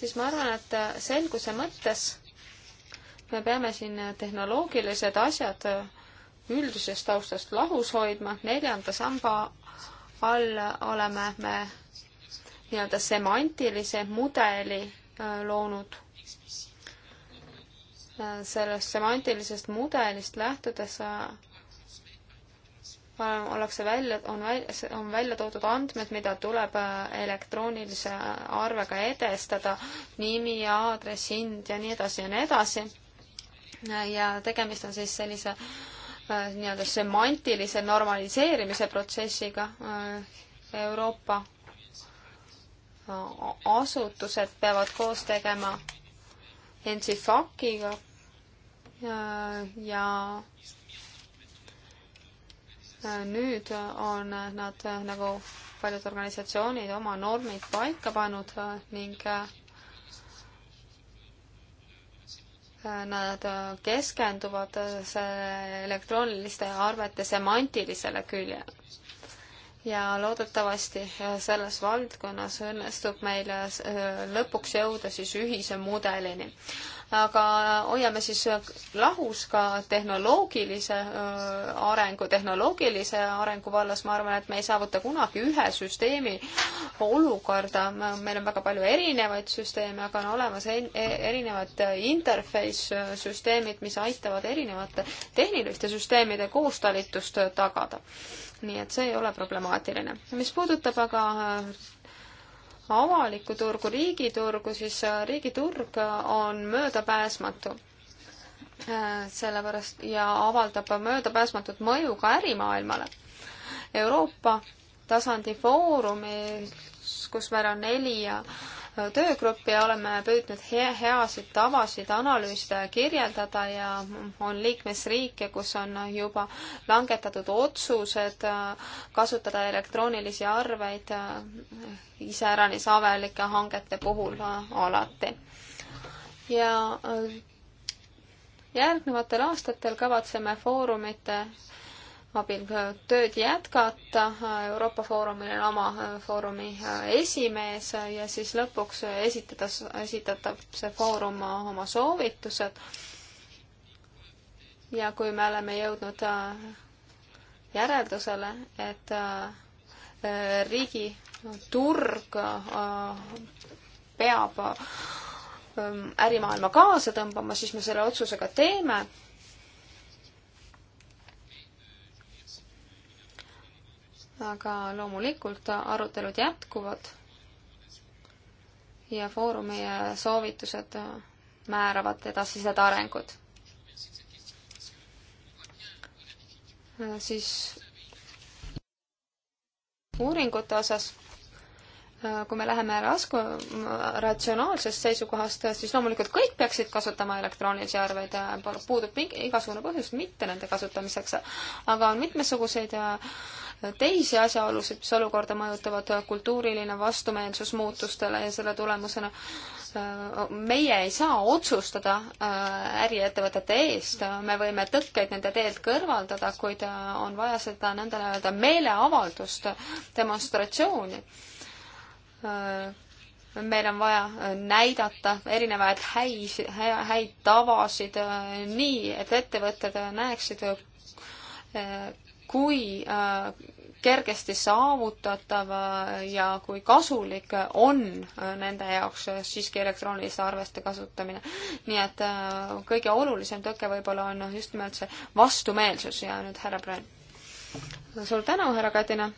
siis ma arvan, et selguse mõttes me peame siin tehnoloogilised asjad üldisest taustast lahus hoidma, neljanda samba all oleme me nii-öelda semantilise mudeli äh, loonud. Äh, sellest semantilisest mudelist lähtudes äh, ollakse välja, on välja, on välja toodud andmed, mida tuleb elektroonilise arvega edestada, nimi, aadress, hind ja nii edasi ja nii edasi. ja tegemist on siis sellise nii-öelda semantilise normaliseerimise protsessiga Euroopa asutused peavad koos tegema NCFAC-iga ja, ja nüüd on nad nagu paljud organisatsioonid oma normid paika pannud ning äh, nad keskenduvad selle elektrooniliste arvete semantilisele külje, ja loodetavasti äh, selles valdkonnas õnnestub meil äh, lõpuks jõuda siis ühise mudelini aga hoiame siis lahus ka tehnoloogilise arengu, tehnoloogilise arengu vallas ma arvan, et me ei saavuta kunagi ühe süsteemi olukorda, meil on väga palju erinevaid süsteeme, aga on olemas e-, erinevad interface süsteemid, mis aitavad erinevate tehniliste süsteemide koostalitust tagada nii et see ei ole problemaatiline. mis puudutab aga avalikku turgu, riigiturgu, siis äh, riigiturg äh, on möödapääsmatu. Äh, sellepärast ja avaldab möödapääsmatut mõju ka ärimaailmale. Euroopa tasandi foorumi kus meil on neli töögruppi ja oleme püüdnud hea, heasid tavasid analüüsida ja kirjeldada ja on liikmesriike, kus on juba langetatud otsused kasutada elektroonilisi arveid iseäranis avalike hangete puhul alati. ja äh, järgnevatel aastatel kavatseme foorumite abil tööd jätkata. Euroopa Foorumil on oma foorumi esimees ja siis lõpuks esitada, esitatab see foorum oma soovitused. ja kui me oleme jõudnud äh, järeldusele, et äh, riigiturg äh, peab ärimaailma kaasa tõmbama, siis me selle otsuse ka teeme aga loomulikult arutelud jätkuvad ja Foorumi soovitused määravad edasised arengud. siis uuringute osas, kui me läheme rasku-, ratsionaalsest seisukohast, siis loomulikult kõik peaksid kasutama elektroonilisi arveid, puudub mingi, igasugune põhjus mitte nende kasutamiseks, aga on mitmesuguseid teisi asjaolusid, mis olukorda mõjutavad, kultuuriline vastumeelsus muutustele ja selle tulemusena äh, meie ei saa otsustada äh, äriettevõtete eest, me võime tõkkeid nende teelt kõrvaldada, kuid äh, on vaja seda nõnda öelda meeleavaldust, demonstratsiooni meil on vaja näidata erinevaid häis, häid tavasid nii, et ettevõtted näeksid, kui äh, kergesti saavutatav äh, ja kui kasulik on äh, nende jaoks siiski elektrooniliste arveste kasutamine. nii et kõige olulisem tõke võib-olla on just nimelt see vastumeelsus ja nüüd härra Brön. suur tänu, härra Kadina.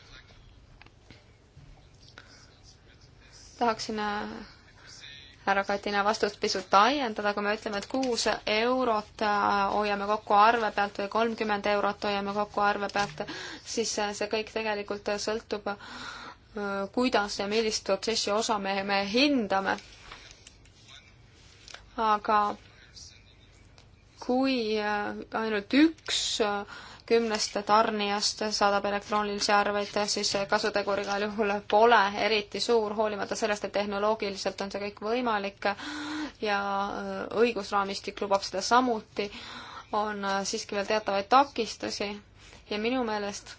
tahaksin härra Katina vastust pisut laiendada, kui me ütleme, et kuus eurot äh, hoiame kokku arve pealt või kolmkümmend eurot hoiame kokku arve pealt, siis äh, see kõik tegelikult sõltub, äh, kuidas ja millist protsessi osa me, me hindame. aga kui ainult üks kümnest tarnijast saadab elektroonilisi arveid, siis kasutegur igal juhul pole eriti suur, hoolimata sellest, et tehnoloogiliselt on see kõik võimalik ja õigusraamistik lubab seda samuti, on siiski veel teatavaid takistusi ja minu meelest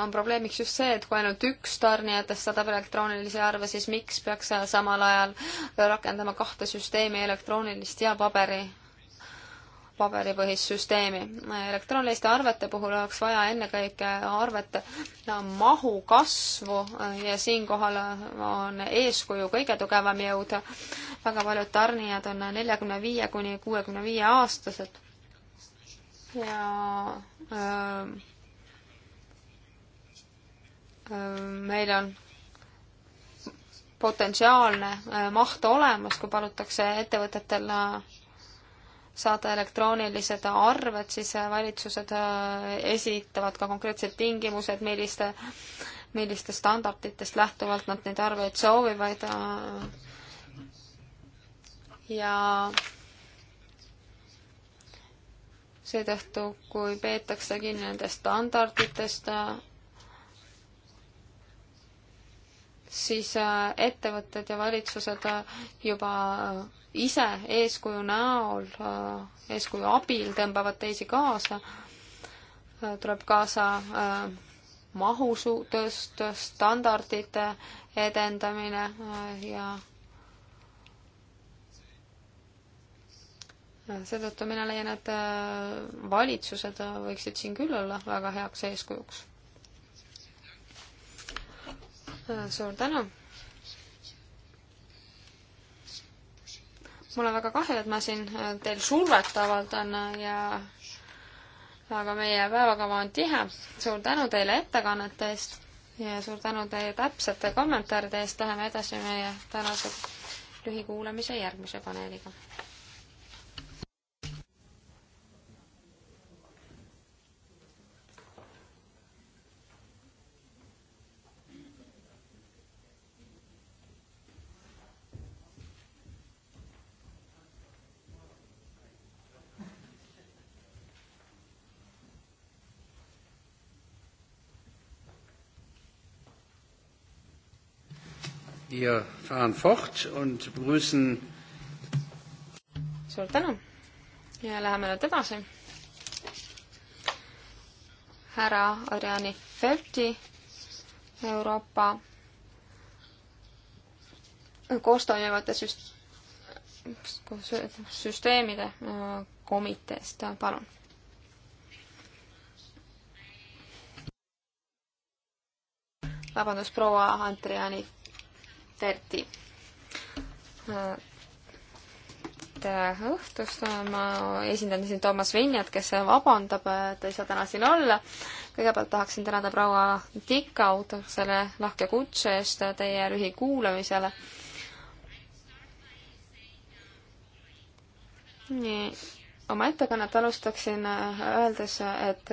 on probleemiks just see, et kui ainult üks tarnijatest saadab elektroonilisi arve, siis miks peaks samal ajal rakendama kahte süsteemi, elektroonilist ja paberi paberipõhist süsteemi. elektrooniliste arvete puhul oleks vaja ennekõike arvete mahu kasvu ja siinkohal on eeskuju kõige tugevam jõud. väga paljud tarnijad on neljakümne viie kuni kuuekümne viie aastased ja öö, öö, meil on potentsiaalne maht olemas, kui palutakse ettevõtetel saada elektroonilised arved, siis äh, valitsused äh, esitavad ka konkreetsed tingimused, milliste, milliste standarditest lähtuvalt nad neid arveid soovivad. Äh, ja seetõttu, kui peetakse kinni nendest standarditest, siis ettevõtted ja valitsused juba ise eeskuju näol, äh, eeskuju abil tõmbavad teisi kaasa, äh, tuleb kaasa äh, mahu tõst, standardite edendamine ja seetõttu mina leian, et valitsused võiksid siin küll olla väga heaks eeskujuks. suur tänu! mul on väga kahju, et ma siin äh, teil survet avaldan äh, ja aga meie päevakava on tihe. suur tänu teile ettekannete eest ja suur tänu teie täpsete kommentaaride eest. Läheme edasi meie tänase lühikuulamise järgmise paneeliga. Wir fahren fort und begrüßen suur tänu ja läheme nüüd edasi. härra Ariani Felti, Euroopa koos toimivate süst-, süsteemide äh, komiteest, palun. vabandust, proua Antriani Terti. tere õhtust, ma esindan siin Toomas Vinjat, kes vabandab, et ei saa täna siin olla. kõigepealt tahaksin tänada proua Tikaud selle lahke kutse eest teie lühikuulamisele. nii, oma ettekannet alustaksin öeldes, et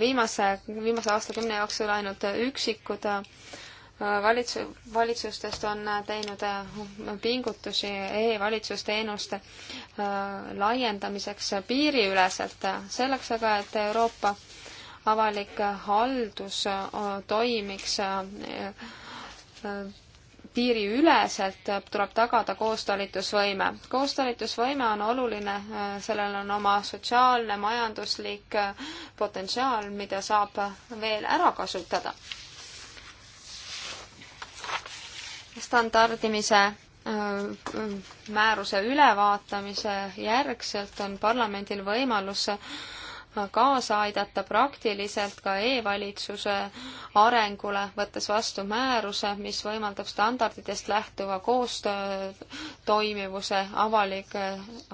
viimase, viimase aastakümne jooksul ainult üksikud äh, valitsu-, valitsustest on äh, teinud äh, pingutusi e-valitsusteenuste äh, laiendamiseks piiriüleselt, selleks aga, et Euroopa avalik haldus toimiks piiriüleselt tuleb tagada koostalitusvõime. koostalitusvõime on oluline, sellel on oma sotsiaalne, majanduslik potentsiaal, mida saab veel ära kasutada standardimise määruse ülevaatamise järgselt on parlamendil võimalus kaasa aidata praktiliselt ka e-valitsuse arengule, võttes vastu määruse, mis võimaldab standarditest lähtuva koostöö toimivuse avalike,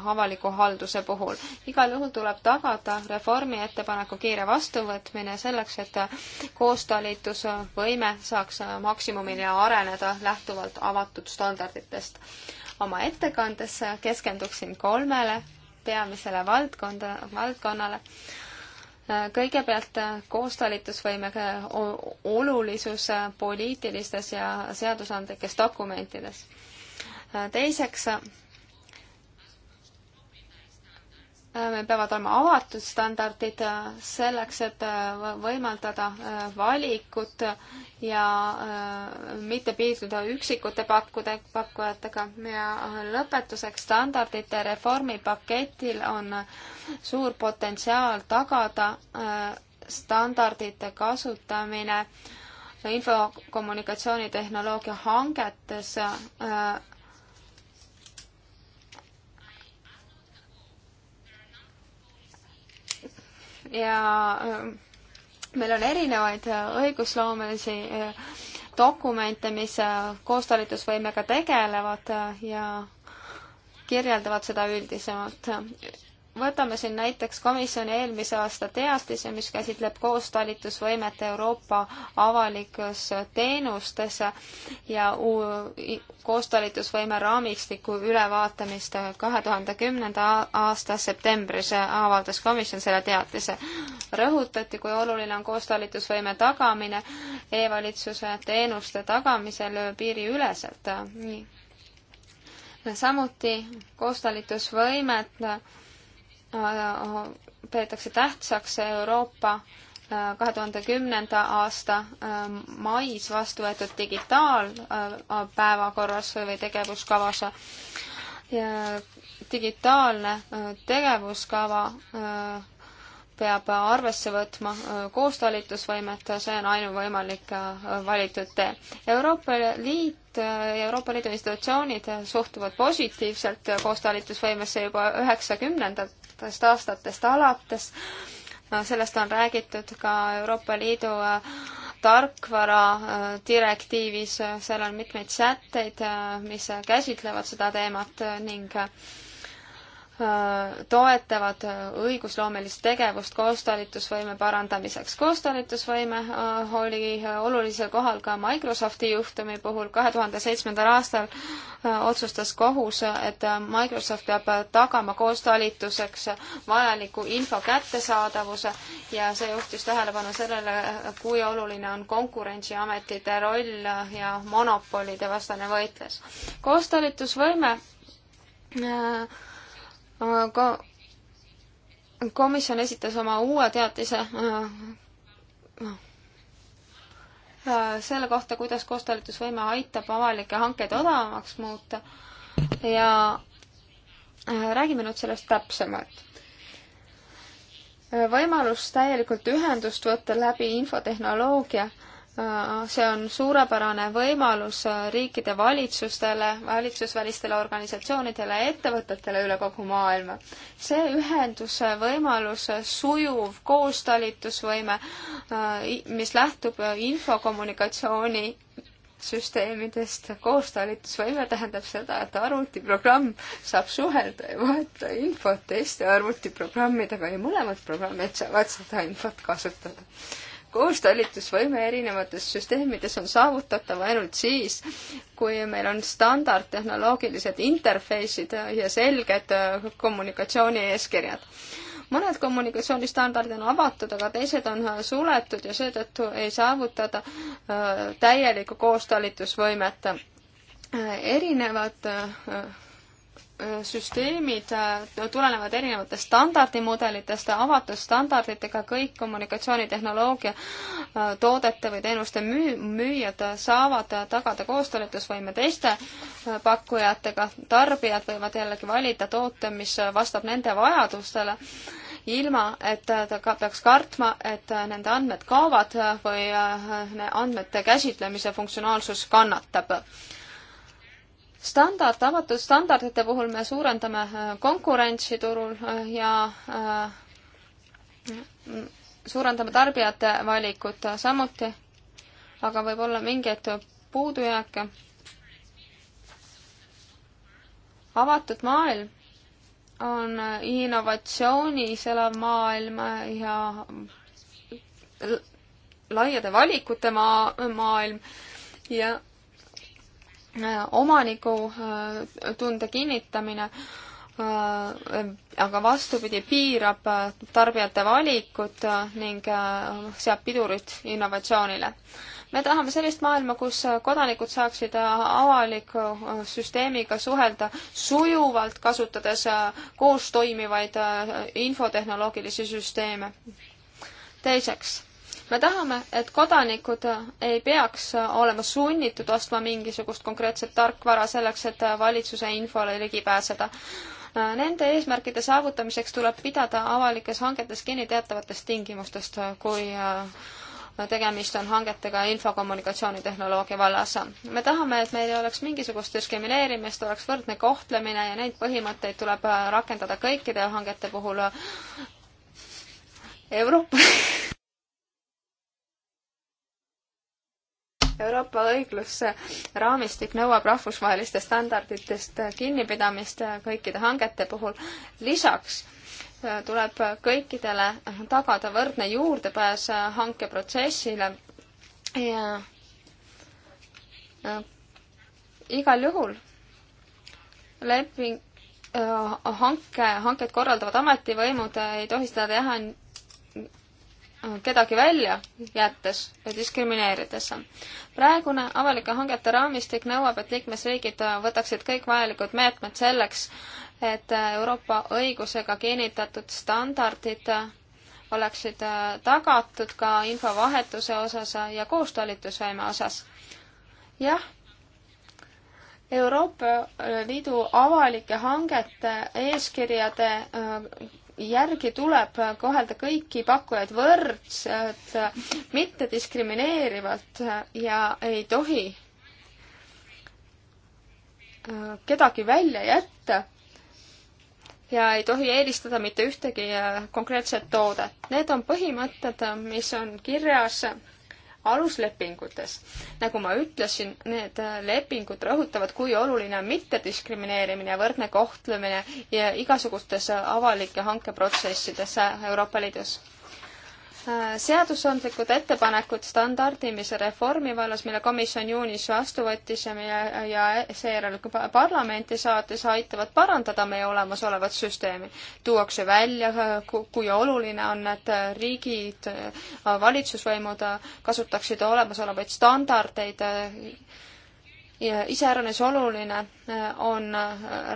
avaliku halduse puhul. igal juhul tuleb tagada reformi ettepaneku kiire vastuvõtmine selleks, et koostalitusvõime saaks maksimumini areneda lähtuvalt avatud standarditest. oma ettekandes keskenduksin kolmele peamisele valdkonda, valdkonnale. kõigepealt koostalitusvõime olulisus poliitilistes ja seadusandlikes dokumentides. teiseks meil peavad olema avatud standardid äh, selleks, et äh, võimaldada äh, valikut ja mitte piirduda üksikute pakkude, pakkujatega. ja lõpetuseks standardite reformipaketil on suur potentsiaal tagada standardite kasutamine infokommunikatsioonitehnoloogia hangetes ja äh, meil on erinevaid äh, õigusloomelisi äh, dokumente, mis koostalitusvõimega tegelevad ja kirjeldavad seda üldisemalt võtame siin näiteks komisjoni eelmise aasta teatise, mis käsitleb koostalitusvõimet Euroopa avalikus teenustes ja koostalitusvõime raamistiku ülevaatamist kahe tuhande kümnenda aasta septembris avaldas komisjon selle teatise. rõhutati, kui oluline on koostalitusvõime tagamine e-valitsuse teenuste tagamisel piiriüleselt. samuti koostalitusvõimet Äh, peetakse tähtsaks Euroopa äh, kahe tuhande kümnenda aasta äh, mais vastu võetud digitaalpäevakorras või tegevuskavas. digitaalne tegevuskava peab arvesse võtma äh, koostalitusvõimet, see on ainuvõimalik äh, valitud tee. Euroopa Liit, äh, Euroopa Liidu institutsioonid suhtuvad positiivselt koostalitusvõimesse juba üheksakümnendatest aastatest alates. sellest on räägitud ka Euroopa Liidu tarkvara direktiivis, seal on mitmeid sätteid, mis käsitlevad seda teemat ning Äh, toetavad õigusloomelist tegevust koostalitusvõime parandamiseks. koostalitusvõime äh, oli äh, olulisel kohal ka Microsofti juhtumi puhul. kahe tuhande seitsmendal aastal otsustas kohus, et Microsoft peab tagama koostalituseks vajaliku info kättesaadavuse ja see juhtis tähelepanu sellele, kui oluline on konkurentsiametite roll ja monopolide vastane võitlus. koostalitusvõime äh, ka komisjon esitas oma uue teatise äh, äh, selle kohta, kuidas koostalitusvõime aitab avalikke hankeid odavamaks muuta ja äh, räägime nüüd sellest täpsemalt. võimalus täielikult ühendust võtta läbi infotehnoloogia Äh, see on suurepärane võimalus äh, riikide valitsustele, valitsusvälistele organisatsioonidele ja ettevõtetele üle kogu maailma. see ühenduse äh, võimalus, sujuv koostalitusvõime, mis lähtub infokommunikatsiooni süsteemidest koostalitusvõime tähendab seda, et arvutiprogramm saab suhelda ja vahetada infot teiste arvutiprogrammidega ja mõlemad programmid saavad seda infot kasutada koostalitusvõime erinevates süsteemides on saavutatav ainult siis, kui meil on standardtehnoloogilised interface'id ja selged kommunikatsioonieeskirjad mõned kommunikatsioonistandardid on avatud, aga teised on suletud ja seetõttu ei saavutada äh, täielikku koostalitusvõimet. Äh, erinevad äh, süsteemid äh, tulenevad erinevatest standardimudelitest, avatud standarditega kõik kommunikatsioonitehnoloogia äh, toodete või teenuste müü-, müüjad saavad tagada koostööletusvõime teiste äh, pakkujatega, tarbijad võivad jällegi valida toote, mis vastab nende vajadustele, ilma et ta ka peaks kartma, et nende andmed kaovad või andmete käsitlemise funktsionaalsus kannatab standard, avatud standardite puhul me suurendame äh, konkurentsi turul äh, ja äh, suurendame tarbijate valikut samuti, aga võib olla mingeid puudujääke. avatud maailm on innovatsioonis elav maailm ja laiade valikute maa, maailm ja Äh, omanikutunde äh, kinnitamine äh, aga vastupidi, piirab tarbijate valikut ning seab pidurit innovatsioonile. me tahame sellist maailma, kus kodanikud saaksid avaliku süsteemiga suhelda sujuvalt, kasutades koos toimivaid infotehnoloogilisi süsteeme. teiseks, me tahame, et kodanikud ei peaks olema sunnitud ostma mingisugust konkreetset tarkvara selleks, et valitsuse infole ligi pääseda. Nende eesmärkide saavutamiseks tuleb pidada avalikes hangetes kinni teatavatest tingimustest, kui äh, tegemist on hangetega infokommunikatsioonitehnoloogia vallas. me tahame, et meil ei oleks mingisugust diskrimineerimist, oleks võrdne kohtlemine ja neid põhimõtteid tuleb äh, rakendada kõikide hangete puhul Euroopa Euroopa õiglusraamistik nõuab rahvusvaheliste standarditest kinnipidamist kõikide hangete puhul. lisaks äh, tuleb kõikidele tagada võrdne juurdepääs äh, hankeprotsessile ja äh, igal juhul leping, hanke, hanked korraldavad ametivõimud ei tohi seda teha kedagi välja jättes ja diskrimineerides. praegune avalike hangete raamistik nõuab, et liikmesriigid võtaksid kõik vajalikud meetmed selleks, et Euroopa õigusega kinnitatud standardid oleksid tagatud ka infovahetuse osas ja koostalitusvõime osas. jah, Euroopa Liidu avalike hangete eeskirjade järgi tuleb kohelda kõiki pakkujaid võrdselt, mitte diskrimineerivalt ja ei tohi äh, kedagi välja jätta ja ei tohi eelistada mitte ühtegi äh, konkreetset toodet. Need on põhimõtted, mis on kirjas aluslepingutes. nagu ma ütlesin, need lepingud rõhutavad, kui oluline on mittediskrimineerimine, võrdne kohtlemine ja igasugustes avalike hankeprotsessides Euroopa Liidus seadusandlikud ettepanekud standardimise reformi vallas, mille komisjon juunis vastu võttis ja meie ja seejärel ka parlamenti saates, aitavad parandada meie olemasolevat süsteemi. tuuakse välja, kui oluline on, et riigid, valitsusvõimud kasutaksid olemasolevaid standardeid ja iseäranis oluline on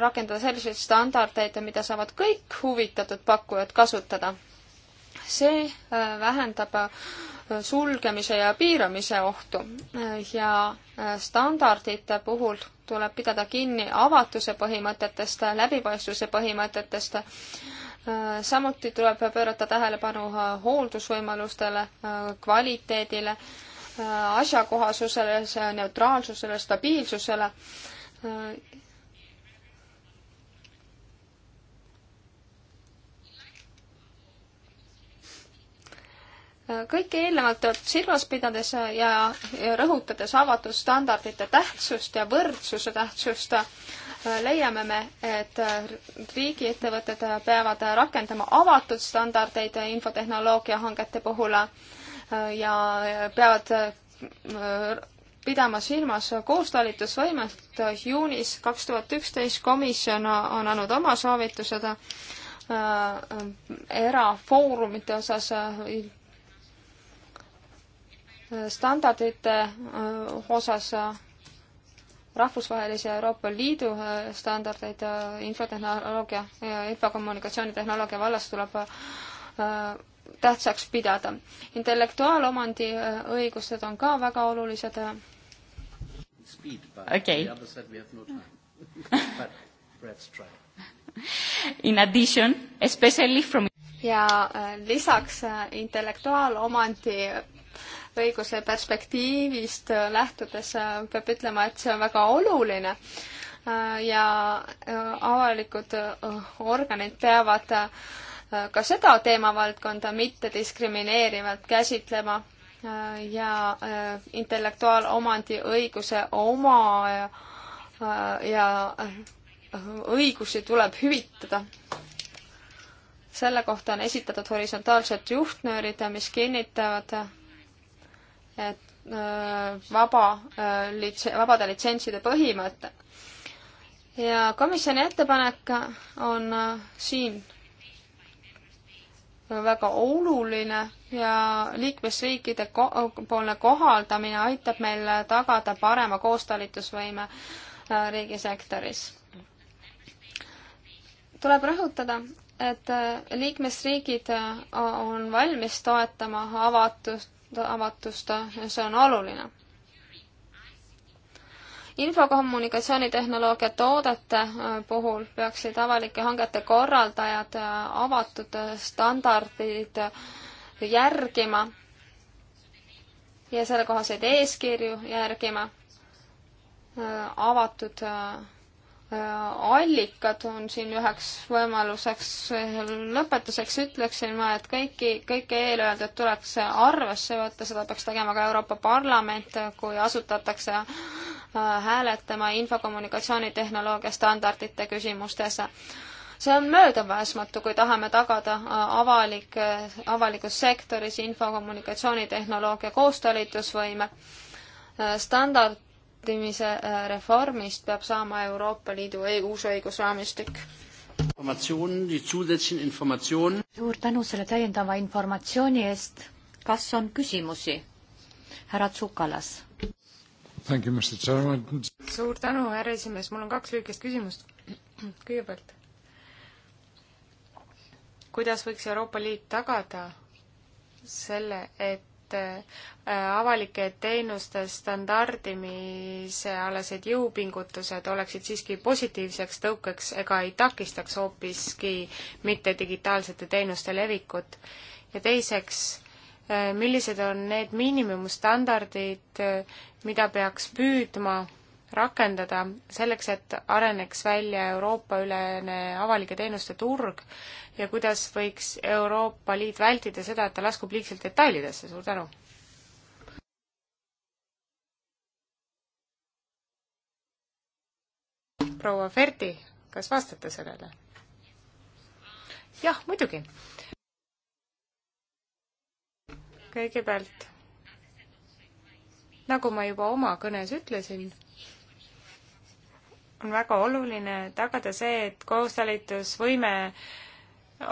rakendada selliseid standardeid, mida saavad kõik huvitatud pakkujad kasutada see äh, vähendab äh, sulgemise ja piiramise ohtu äh, ja standardite puhul tuleb pidada kinni avatuse põhimõtetest, läbipaistvuse põhimõtetest, samuti tuleb pöörata tähelepanu hooldusvõimalustele, kvaliteedile, asjakohasusele, neutraalsusele, stabiilsusele kõike eelnevalt silmas pidades ja rõhutades avatud standardite tähtsust ja võrdsuse tähtsust, leiame me, et riigiettevõtted peavad rakendama avatud standardeid infotehnoloogia hangete puhul ja peavad äh, pidama silmas koostalitusvõimet. juunis kaks tuhat üksteist komisjon on andnud oma soovitused äh, äh, erafoorumite osas standardite äh, osas äh, rahvusvahelise Euroopa Liidu äh, standardeid infotehnoloogia ja infokommunikatsioonitehnoloogia vallas tuleb tähtsaks pidada. intellektuaalomandi õigused on ka väga olulised. okei. In addition, especially from ja lisaks intellektuaalomandi õiguse perspektiivist lähtudes äh, peab ütlema, et see on väga oluline äh, ja äh, avalikud organid peavad ka seda teemavaldkonda mittediskrimineerivalt käsitlema ja intellektuaalomandi õiguse oma ja, ja õigusi tuleb hüvitada. selle kohta on esitatud horisontaalsed juhtnöörid, mis kinnitavad et äh, vaba äh, litse-, vabade litsentside põhimõte. ja komisjoni ettepanek on äh, siin väga oluline ja liikmesriikide ko-, poolne kohaldamine aitab meil tagada parema koostalitusvõime riigisektoris. tuleb rõhutada, et liikmesriigid on valmis toetama avatud avatust, see on oluline. infokommunikatsioonitehnoloogia toodete äh, puhul peaksid avalike hangete korraldajad äh, avatud standardid äh, järgima ja sellekohaseid eeskirju järgima avatud Äh, allikad on siin üheks võimaluseks. lõpetuseks ütleksin ma, et kõiki, kõike eelöeldut tuleks arvesse võtta, seda peaks tegema ka Euroopa Parlament, kui asutatakse äh, hääletama infokommunikatsioonitehnoloogia standardite küsimustes. see on möödapääsmatu, kui tahame tagada äh, avalik, avalikus sektoris infokommunikatsioonitehnoloogia koostalitusvõime standard juhtimise äh, reformist peab saama Euroopa Liidu uus õigusraamistik. suur tänu selle täiendava informatsiooni eest. kas on küsimusi? härra Tsukalas. suur tänu, härra esimees, mul on kaks lühikest küsimust. kõigepealt, kuidas võiks Euroopa Liit tagada selle, et et äh, avalike teenuste standardimise alased jõupingutused oleksid siiski positiivseks tõukeks ega ei takistaks hoopiski mitte digitaalsete teenuste levikut. ja teiseks, äh, millised on need miinimumstandardid, äh, mida peaks püüdma rakendada selleks, et areneks välja Euroopa-ülene avalike teenuste turg ja kuidas võiks Euroopa Liit vältida seda, et ta laskub liigselt detailidesse, suur tänu! proua Ferdi, kas vastate sellele? jah, muidugi. kõigepealt, nagu ma juba oma kõnes ütlesin on väga oluline tagada see, et koostalitusvõime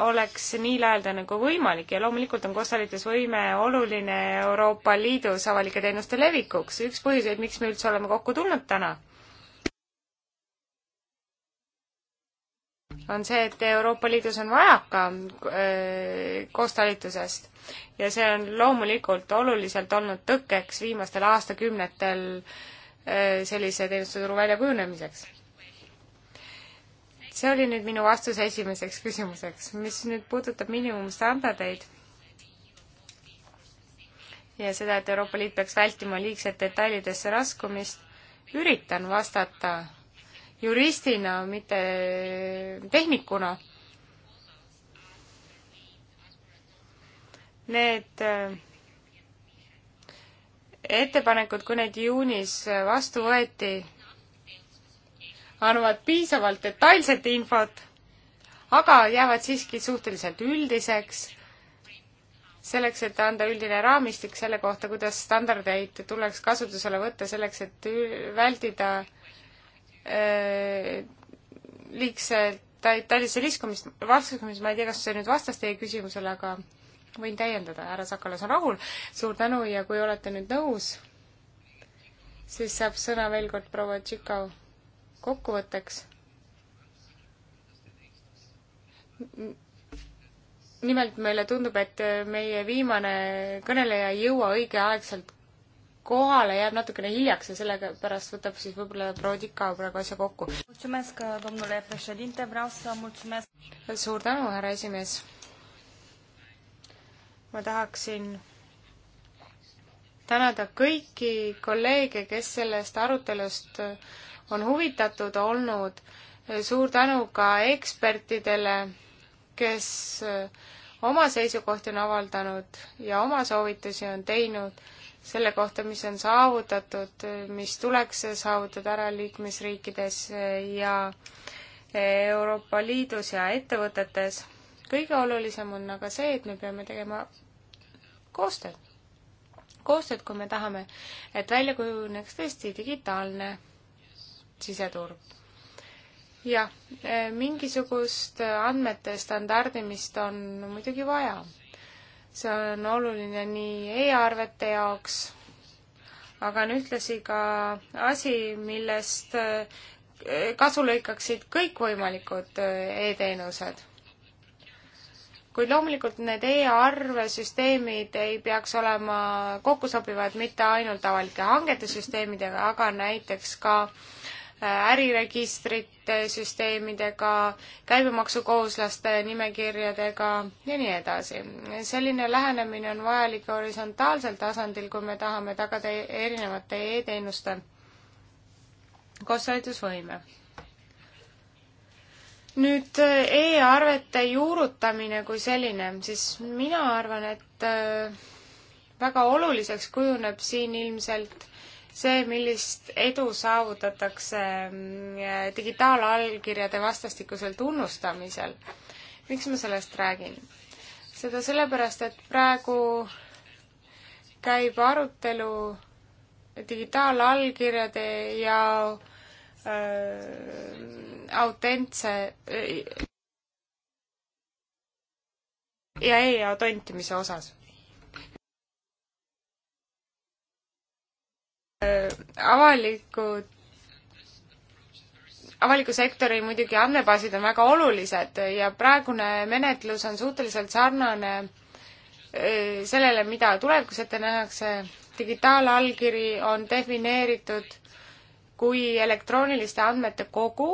oleks nii lähedane kui võimalik ja loomulikult on koostalitusvõime oluline Euroopa Liidus avalike teenuste levikuks. üks põhjuseid, miks me üldse oleme kokku tulnud täna, on see, et Euroopa Liidus on vajaka koostalitusest ja see on loomulikult oluliselt olnud tõkkeks viimastel aastakümnetel sellise teenusteturu väljakujunemiseks see oli nüüd minu vastus esimeseks küsimuseks, mis nüüd puudutab miinimumstandardeid ja seda, et Euroopa Liit peaks vältima liigset detailidesse raskumist, üritan vastata juristina, mitte tehnikuna. Need äh, ettepanekud, kui need juunis vastu võeti, annavad piisavalt detailset infot, aga jäävad siiski suhteliselt üldiseks, selleks, et anda üldine raamistik selle kohta, kuidas standardeid tuleks kasutusele võtta, selleks et vältida äh, liigselt talise liskumist, vastuskumist, ma ei tea, kas see nüüd vastas teie küsimusele, aga võin täiendada, härra Sakalas on rahul, suur tänu ja kui olete nüüd nõus, siis saab sõna veel kord proua Tšikau kokkuvõtteks. nimelt meile tundub, et meie viimane kõneleja ei jõua õigeaegselt kohale, jääb natukene hiljaks ja sellepärast võtab siis võib-olla Prodik ka praegu asja kokku. suur tänu, härra esimees. ma tahaksin tänada kõiki kolleege, kes sellest arutelust on huvitatud olnud. suur tänu ka ekspertidele, kes eh, oma seisukohti on avaldanud ja oma soovitusi on teinud selle kohta, mis on saavutatud, mis tuleks saavutada ära liikmesriikides ja Euroopa Liidus ja ettevõtetes. kõige olulisem on aga see, et me peame tegema koostööd. koostööd, kui me tahame, et välja kujuneks tõesti digitaalne siseturg. jah, e, mingisugust andmete standardimist on muidugi vaja. see on oluline nii e-arvete jaoks, aga on ühtlasi ka asi, millest e, kasu lõikaksid kõikvõimalikud e, e-teenused kuid loomulikult need e-arvesüsteemid ei peaks olema kokkusobivad mitte ainult avalike hangete süsteemidega, aga näiteks ka äriregistrite süsteemidega, käibemaksukohuslaste nimekirjadega ja nii edasi. selline lähenemine on vajalik horisontaalsel tasandil, kui me tahame tagada erinevate e-teenuste koostoimetusvõime nüüd e-arvete juurutamine kui selline, siis mina arvan, et äh, väga oluliseks kujuneb siin ilmselt see, millist edu saavutatakse mm, digitaalallkirjade vastastikusel tunnustamisel. miks ma sellest räägin? seda sellepärast, et praegu käib arutelu digitaalallkirjade ja äh, autentse äh, ja e-autontimise osas Äh, avalikud avaliku sektori muidugi andmebaasid on väga olulised ja praegune menetlus on suhteliselt sarnane äh, sellele, mida tulevikus ette nähakse. digitaalallkiri on defineeritud kui elektrooniliste andmete kogu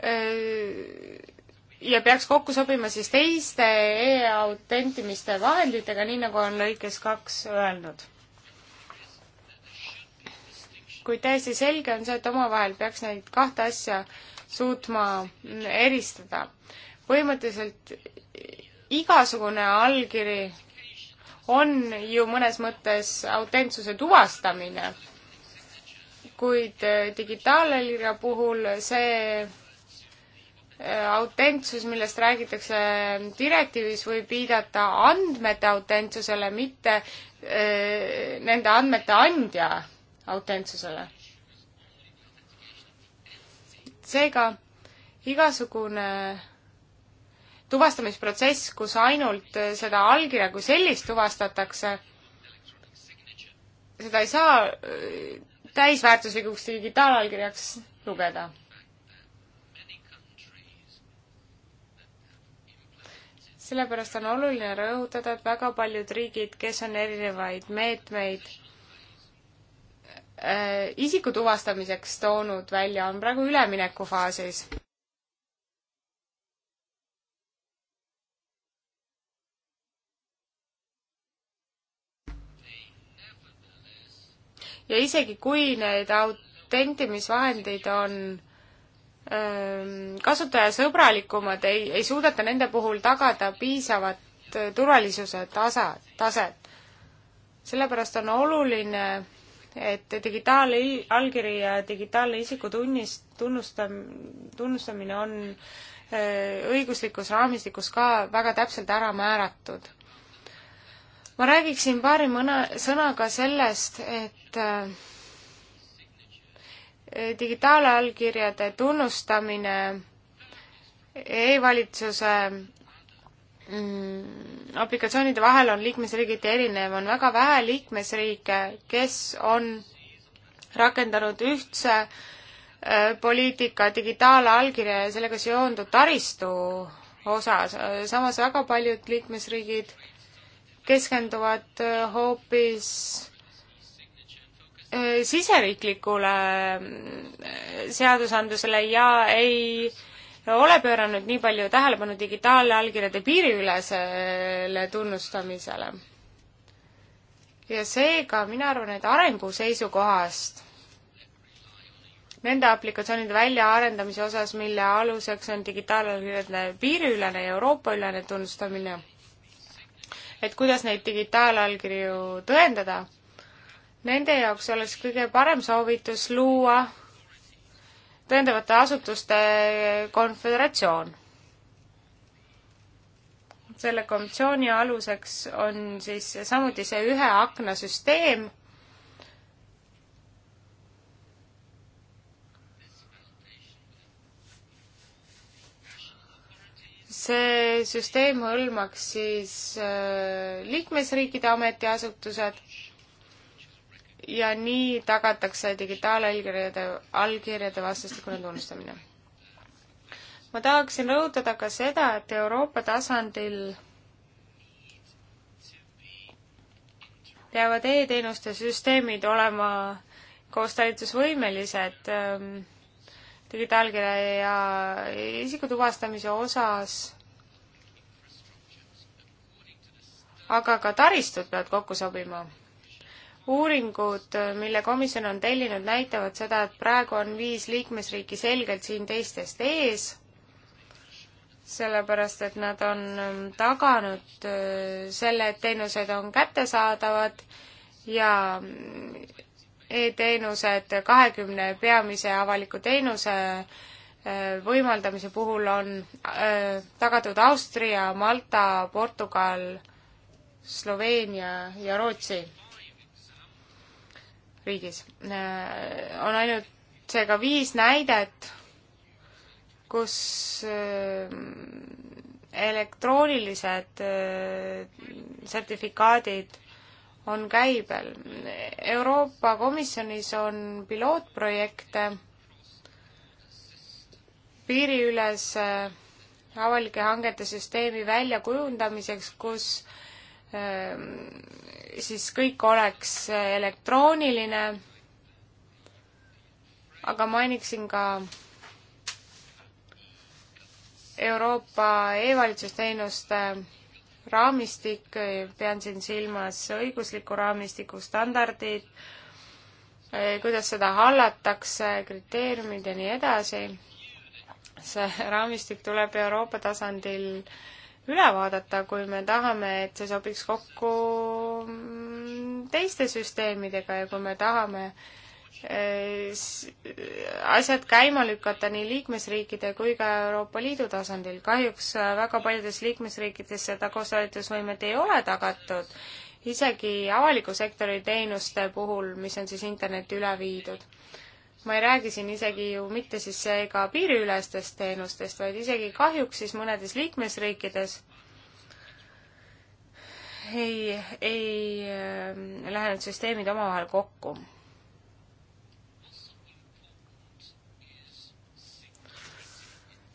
Äh, ja peaks kokku sobima siis teiste e-autentimiste vahenditega, nii nagu on lõikes kaks öelnud. kuid täiesti selge on see, et omavahel peaks neid kahte asja suutma eristada. põhimõtteliselt igasugune allkiri on ju mõnes mõttes autentsuse tuvastamine, kuid digitaalallkirja puhul see autentsus, millest räägitakse direktiivis, võib viidata andmete autentsusele, mitte öö, äh, nende andmete andja autentsusele. seega igasugune tuvastamisprotsess, kus ainult seda allkirja kui sellist tuvastatakse, seda ei saa äh, täisväärtuslikuks digitaalallkirjaks lugeda sellepärast on oluline rõhutada, et väga paljud riigid, kes on erinevaid meetmeid äh, isiku tuvastamiseks toonud välja, on praegu üleminekufaasis. ja isegi, kui need autentimisvahendid on kasutajasõbralikumad, ei, ei suudeta nende puhul tagada piisavat turvalisuse tasa, taset. sellepärast on oluline, et digitaalallkiri ja digitaalne isikutunnist, tunnustam-, tunnustamine on õiguslikus raamistikus ka väga täpselt ära määratud. ma räägiksin paari mõne sõnaga sellest, et äh, digitaalallkirjade tunnustamine e-valitsuse mm, aplikatsioonide vahel on liikmesriigiti erinev, on väga vähe liikmesriike, kes on rakendanud ühtse äh, poliitika digitaalallkirja ja sellega seonduv taristu osas, samas väga paljud liikmesriigid keskenduvad äh, hoopis Äh, siseriiklikule äh, seadusandlusele ja ei ole pööranud nii palju tähelepanu digitaalallkirjade piiriülesele tunnustamisele. ja seega mina arvan, et arengu seisukohast nende aplikatsioonide väljaarendamise osas, mille aluseks on digitaalallkirjade piiriülene ja Euroopa-ülene tunnustamine, et kuidas neid digitaalallkirju tõendada Nende jaoks oleks kõige parem soovitus luua tõendavate asutuste konföderatsioon. selle konventsiooni aluseks on siis samuti see ühe akna süsteem see süsteem hõlmaks siis äh, liikmesriikide ametiasutused ja nii tagatakse digitaalallkirjade, allkirjade vastastikune tunnustamine. ma tahaksin rõhutada ka seda, et Euroopa tasandil peavad e-teenuste süsteemid olema koostalitusvõimelised ähm, digitaalkirja ja isikutuvastamise osas, aga ka taristud peavad kokku sobima uuringud, mille komisjon on tellinud, näitavad seda, et praegu on viis liikmesriiki selgelt siin teistest ees, sellepärast et nad on ähm, taganud äh, selle, et teenused on kättesaadavad ja mm, e-teenused kahekümne peamise avaliku teenuse äh, võimaldamise puhul on äh, tagatud Austria, Malta, Portugal, Sloveenia ja Rootsi riigis. Äh, on ainult seega viis näidet, kus äh, elektroonilised äh, sertifikaadid on käibel. Euroopa Komisjonis on pilootprojekte piiriülese avalike hangete süsteemi väljakujundamiseks, kus Ehm, siis kõik oleks elektrooniline, aga mainiksin ka Euroopa e-valitsusteenuste raamistik, pean siin silmas õigusliku raamistiku standardid, eh, kuidas seda hallatakse, kriteeriumid ja nii edasi. see raamistik tuleb Euroopa tasandil äh, üle vaadata, kui me tahame, et see sobiks kokku mm, teiste süsteemidega ja kui me tahame eh, asjad käima lükata nii liikmesriikide kui ka Euroopa Liidu tasandil. kahjuks äh, väga paljudes liikmesriikides seda koostööõigusvõimet ei ole tagatud, isegi avaliku sektori teenuste puhul, mis on siis internetti üle viidud ma ei räägi siin isegi ju mitte siis seega piiriülestest teenustest, vaid isegi kahjuks siis mõnedes liikmesriikides ei, ei äh, lähe need süsteemid omavahel kokku.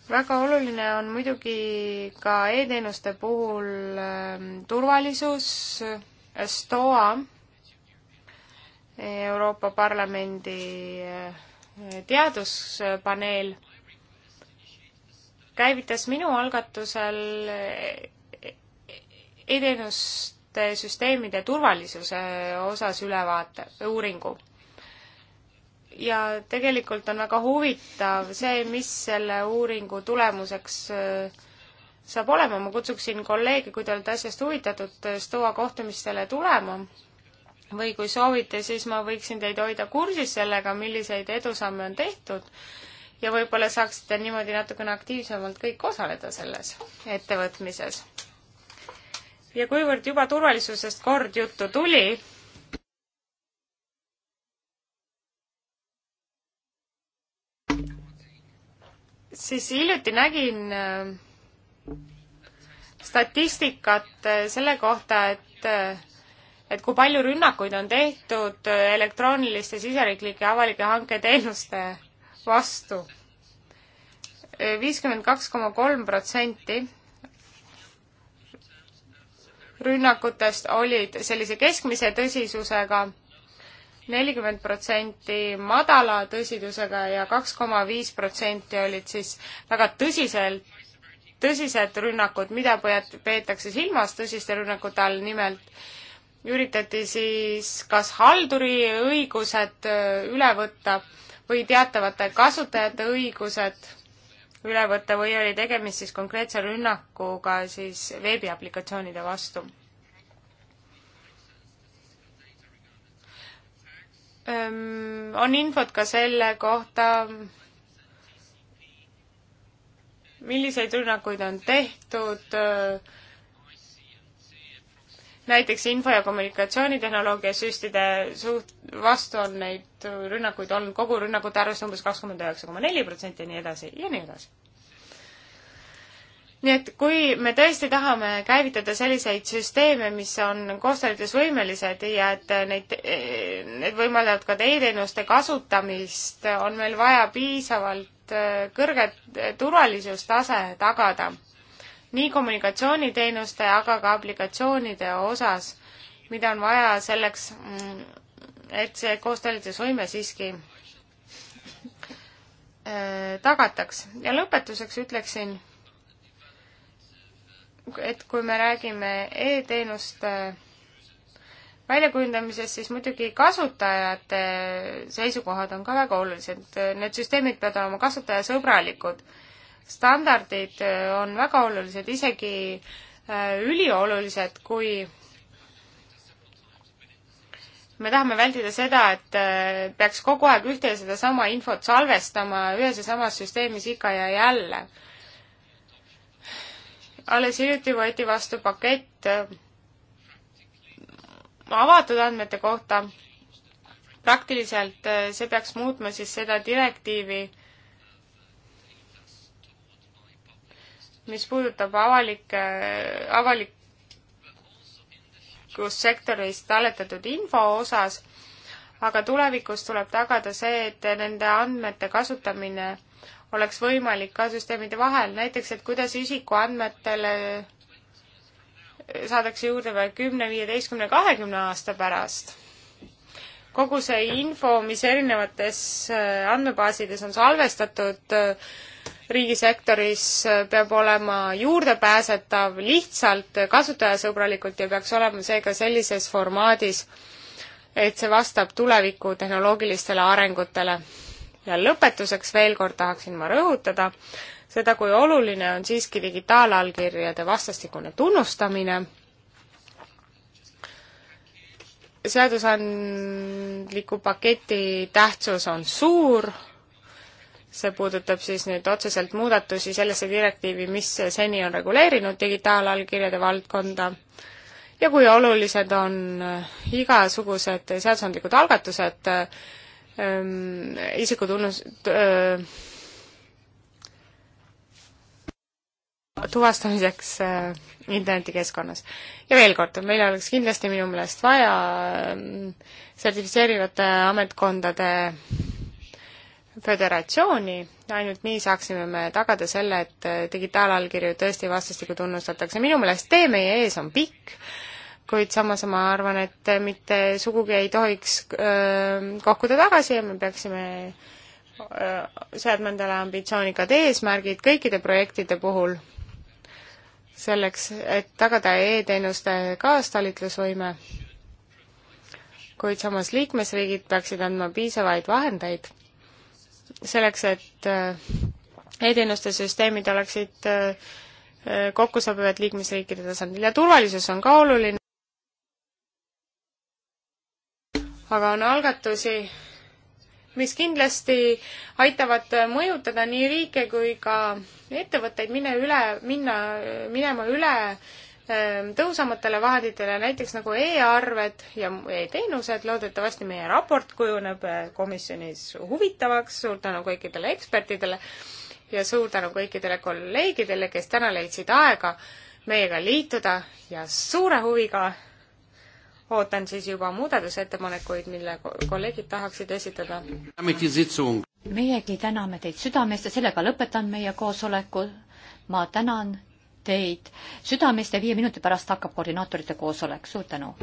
väga oluline on muidugi ka e-teenuste puhul äh, turvalisus, äh, STOA Euroopa Parlamendi eh, teaduspaneel käivitas minu algatusel edenduste eh, süsteemide turvalisuse osas ülevaate, uuringu. ja tegelikult on väga huvitav see, mis selle uuringu tulemuseks eh, saab olema, ma kutsuksin kolleege, kui te olete asjast huvitatud, STOA kohtumistele tulema või kui soovite, siis ma võiksin teid hoida kursis sellega, milliseid edusamme on tehtud ja võib-olla saaksite niimoodi natukene aktiivsemalt kõik osaleda selles ettevõtmises. ja kuivõrd juba turvalisusest kord juttu tuli, siis hiljuti nägin äh, statistikat äh, selle kohta, et äh, et kui palju rünnakuid on tehtud äh, elektrooniliste siseriiklike avalike hanketeenuste vastu. viiskümmend kaks koma kolm protsenti rünnakutest olid sellise keskmise tõsisusega, nelikümmend protsenti madala tõsidusega ja kaks koma viis protsenti olid siis väga tõsiselt tõsised rünnakud, mida peetakse silmas tõsiste rünnakute all, nimelt üritati siis kas halduri õigused äh, üle võtta või teatavate kasutajate õigused üle võtta või oli tegemist siis konkreetse rünnakuga siis veebiaplikatsioonide vastu? on infot ka selle kohta, milliseid rünnakuid on tehtud, äh, näiteks info- ja kommunikatsioonitehnoloogia süstide suht-, vastu on neid rünnakuid olnud kogu rünnakute arvest umbes kakskümmend üheksa koma neli protsenti ja nii edasi ja nii edasi. nii et kui me tõesti tahame käivitada selliseid süsteeme, mis on koostöödes võimelised ja et neid, need võimaldavad ka e-teenuste kasutamist, on meil vaja piisavalt äh, kõrget turvalisustase tagada nii kommunikatsiooniteenuste, aga ka aplikatsioonide osas, mida on vaja selleks, mm, et see koostalitusvõime siiski äh, tagataks. ja lõpetuseks ütleksin, et kui me räägime e-teenuste väljakujundamisest, siis muidugi kasutajate seisukohad on ka väga olulised. Need süsteemid peavad olema kasutajasõbralikud standardid äh, on väga olulised, isegi äh, üliolulised, kui me tahame vältida seda, et äh, peaks kogu aeg ühte ja sedasama infot salvestama ühes ja samas süsteemis ikka ja jälle. alles hiljuti võeti vastu pakett avatud andmete kohta. praktiliselt see peaks muutma siis seda direktiivi, mis puudutab avalike, avalikus sektoris talletatud info osas, aga tulevikus tuleb tagada see, et nende andmete kasutamine oleks võimalik ka süsteemide vahel, näiteks et kuidas isikuandmetele saadakse juurde veel kümne, viieteistkümne, kahekümne aasta pärast kogu see info, mis erinevates andmebaasides on salvestatud, riigisektoris äh, peab olema juurdepääsetav lihtsalt äh, kasutajasõbralikult ja peaks olema seega sellises formaadis, et see vastab tuleviku tehnoloogilistele arengutele. ja lõpetuseks veel kord tahaksin ma rõhutada seda, kui oluline on siiski digitaalallkirjade vastastikune tunnustamine seadusandliku paketi tähtsus on suur see puudutab siis nüüd otseselt muudatusi sellesse direktiivi, mis seni on reguleerinud digitaalallkirjade valdkonda ja kui olulised on äh, igasugused seadusandlikud algatused ähm, isikutunnus äh, tuvastamiseks äh, internetikeskkonnas. ja veel kord, meil oleks kindlasti minu meelest vaja äh, sertifitseerivate ametkondade äh, föderatsiooni, ainult nii saaksime me tagada selle, et digitaalallkirju tõesti vastastikku tunnustatakse. minu meelest tee meie ees on pikk, kuid samas ma arvan, et mitte sugugi ei tohiks öö, kohkuda tagasi ja me peaksime seadma endale ambitsioonikad eesmärgid kõikide projektide puhul, selleks, et tagada e-teenuste kaastalitlusvõime, kuid samas liikmesriigid peaksid andma piisavaid vahendeid selleks, et äh, e-teenuste süsteemid oleksid äh, äh, kokkusobivad liikmesriikide tasandil ja turvalisus on ka oluline. aga on algatusi, mis kindlasti aitavad mõjutada nii riike kui ka ettevõtteid, mine üle, minna, minema üle äh, Ehm, tõusamatele vahenditele, näiteks nagu e-arved ja e-teenused, loodetavasti meie raport kujuneb eh, komisjonis huvitavaks, suur tänu kõikidele ekspertidele ja suur tänu kõikidele kolleegidele, kes täna leidsid aega meiega liituda ja suure huviga ootan siis juba muudatusettepanekuid, mille kolleegid tahaksid esitada. meiegi täname teid südamest ja sellega lõpetan meie koosoleku. ma tänan teid südamest ja viie minuti pärast hakkab koordinaatorite koosolek. suur tänu!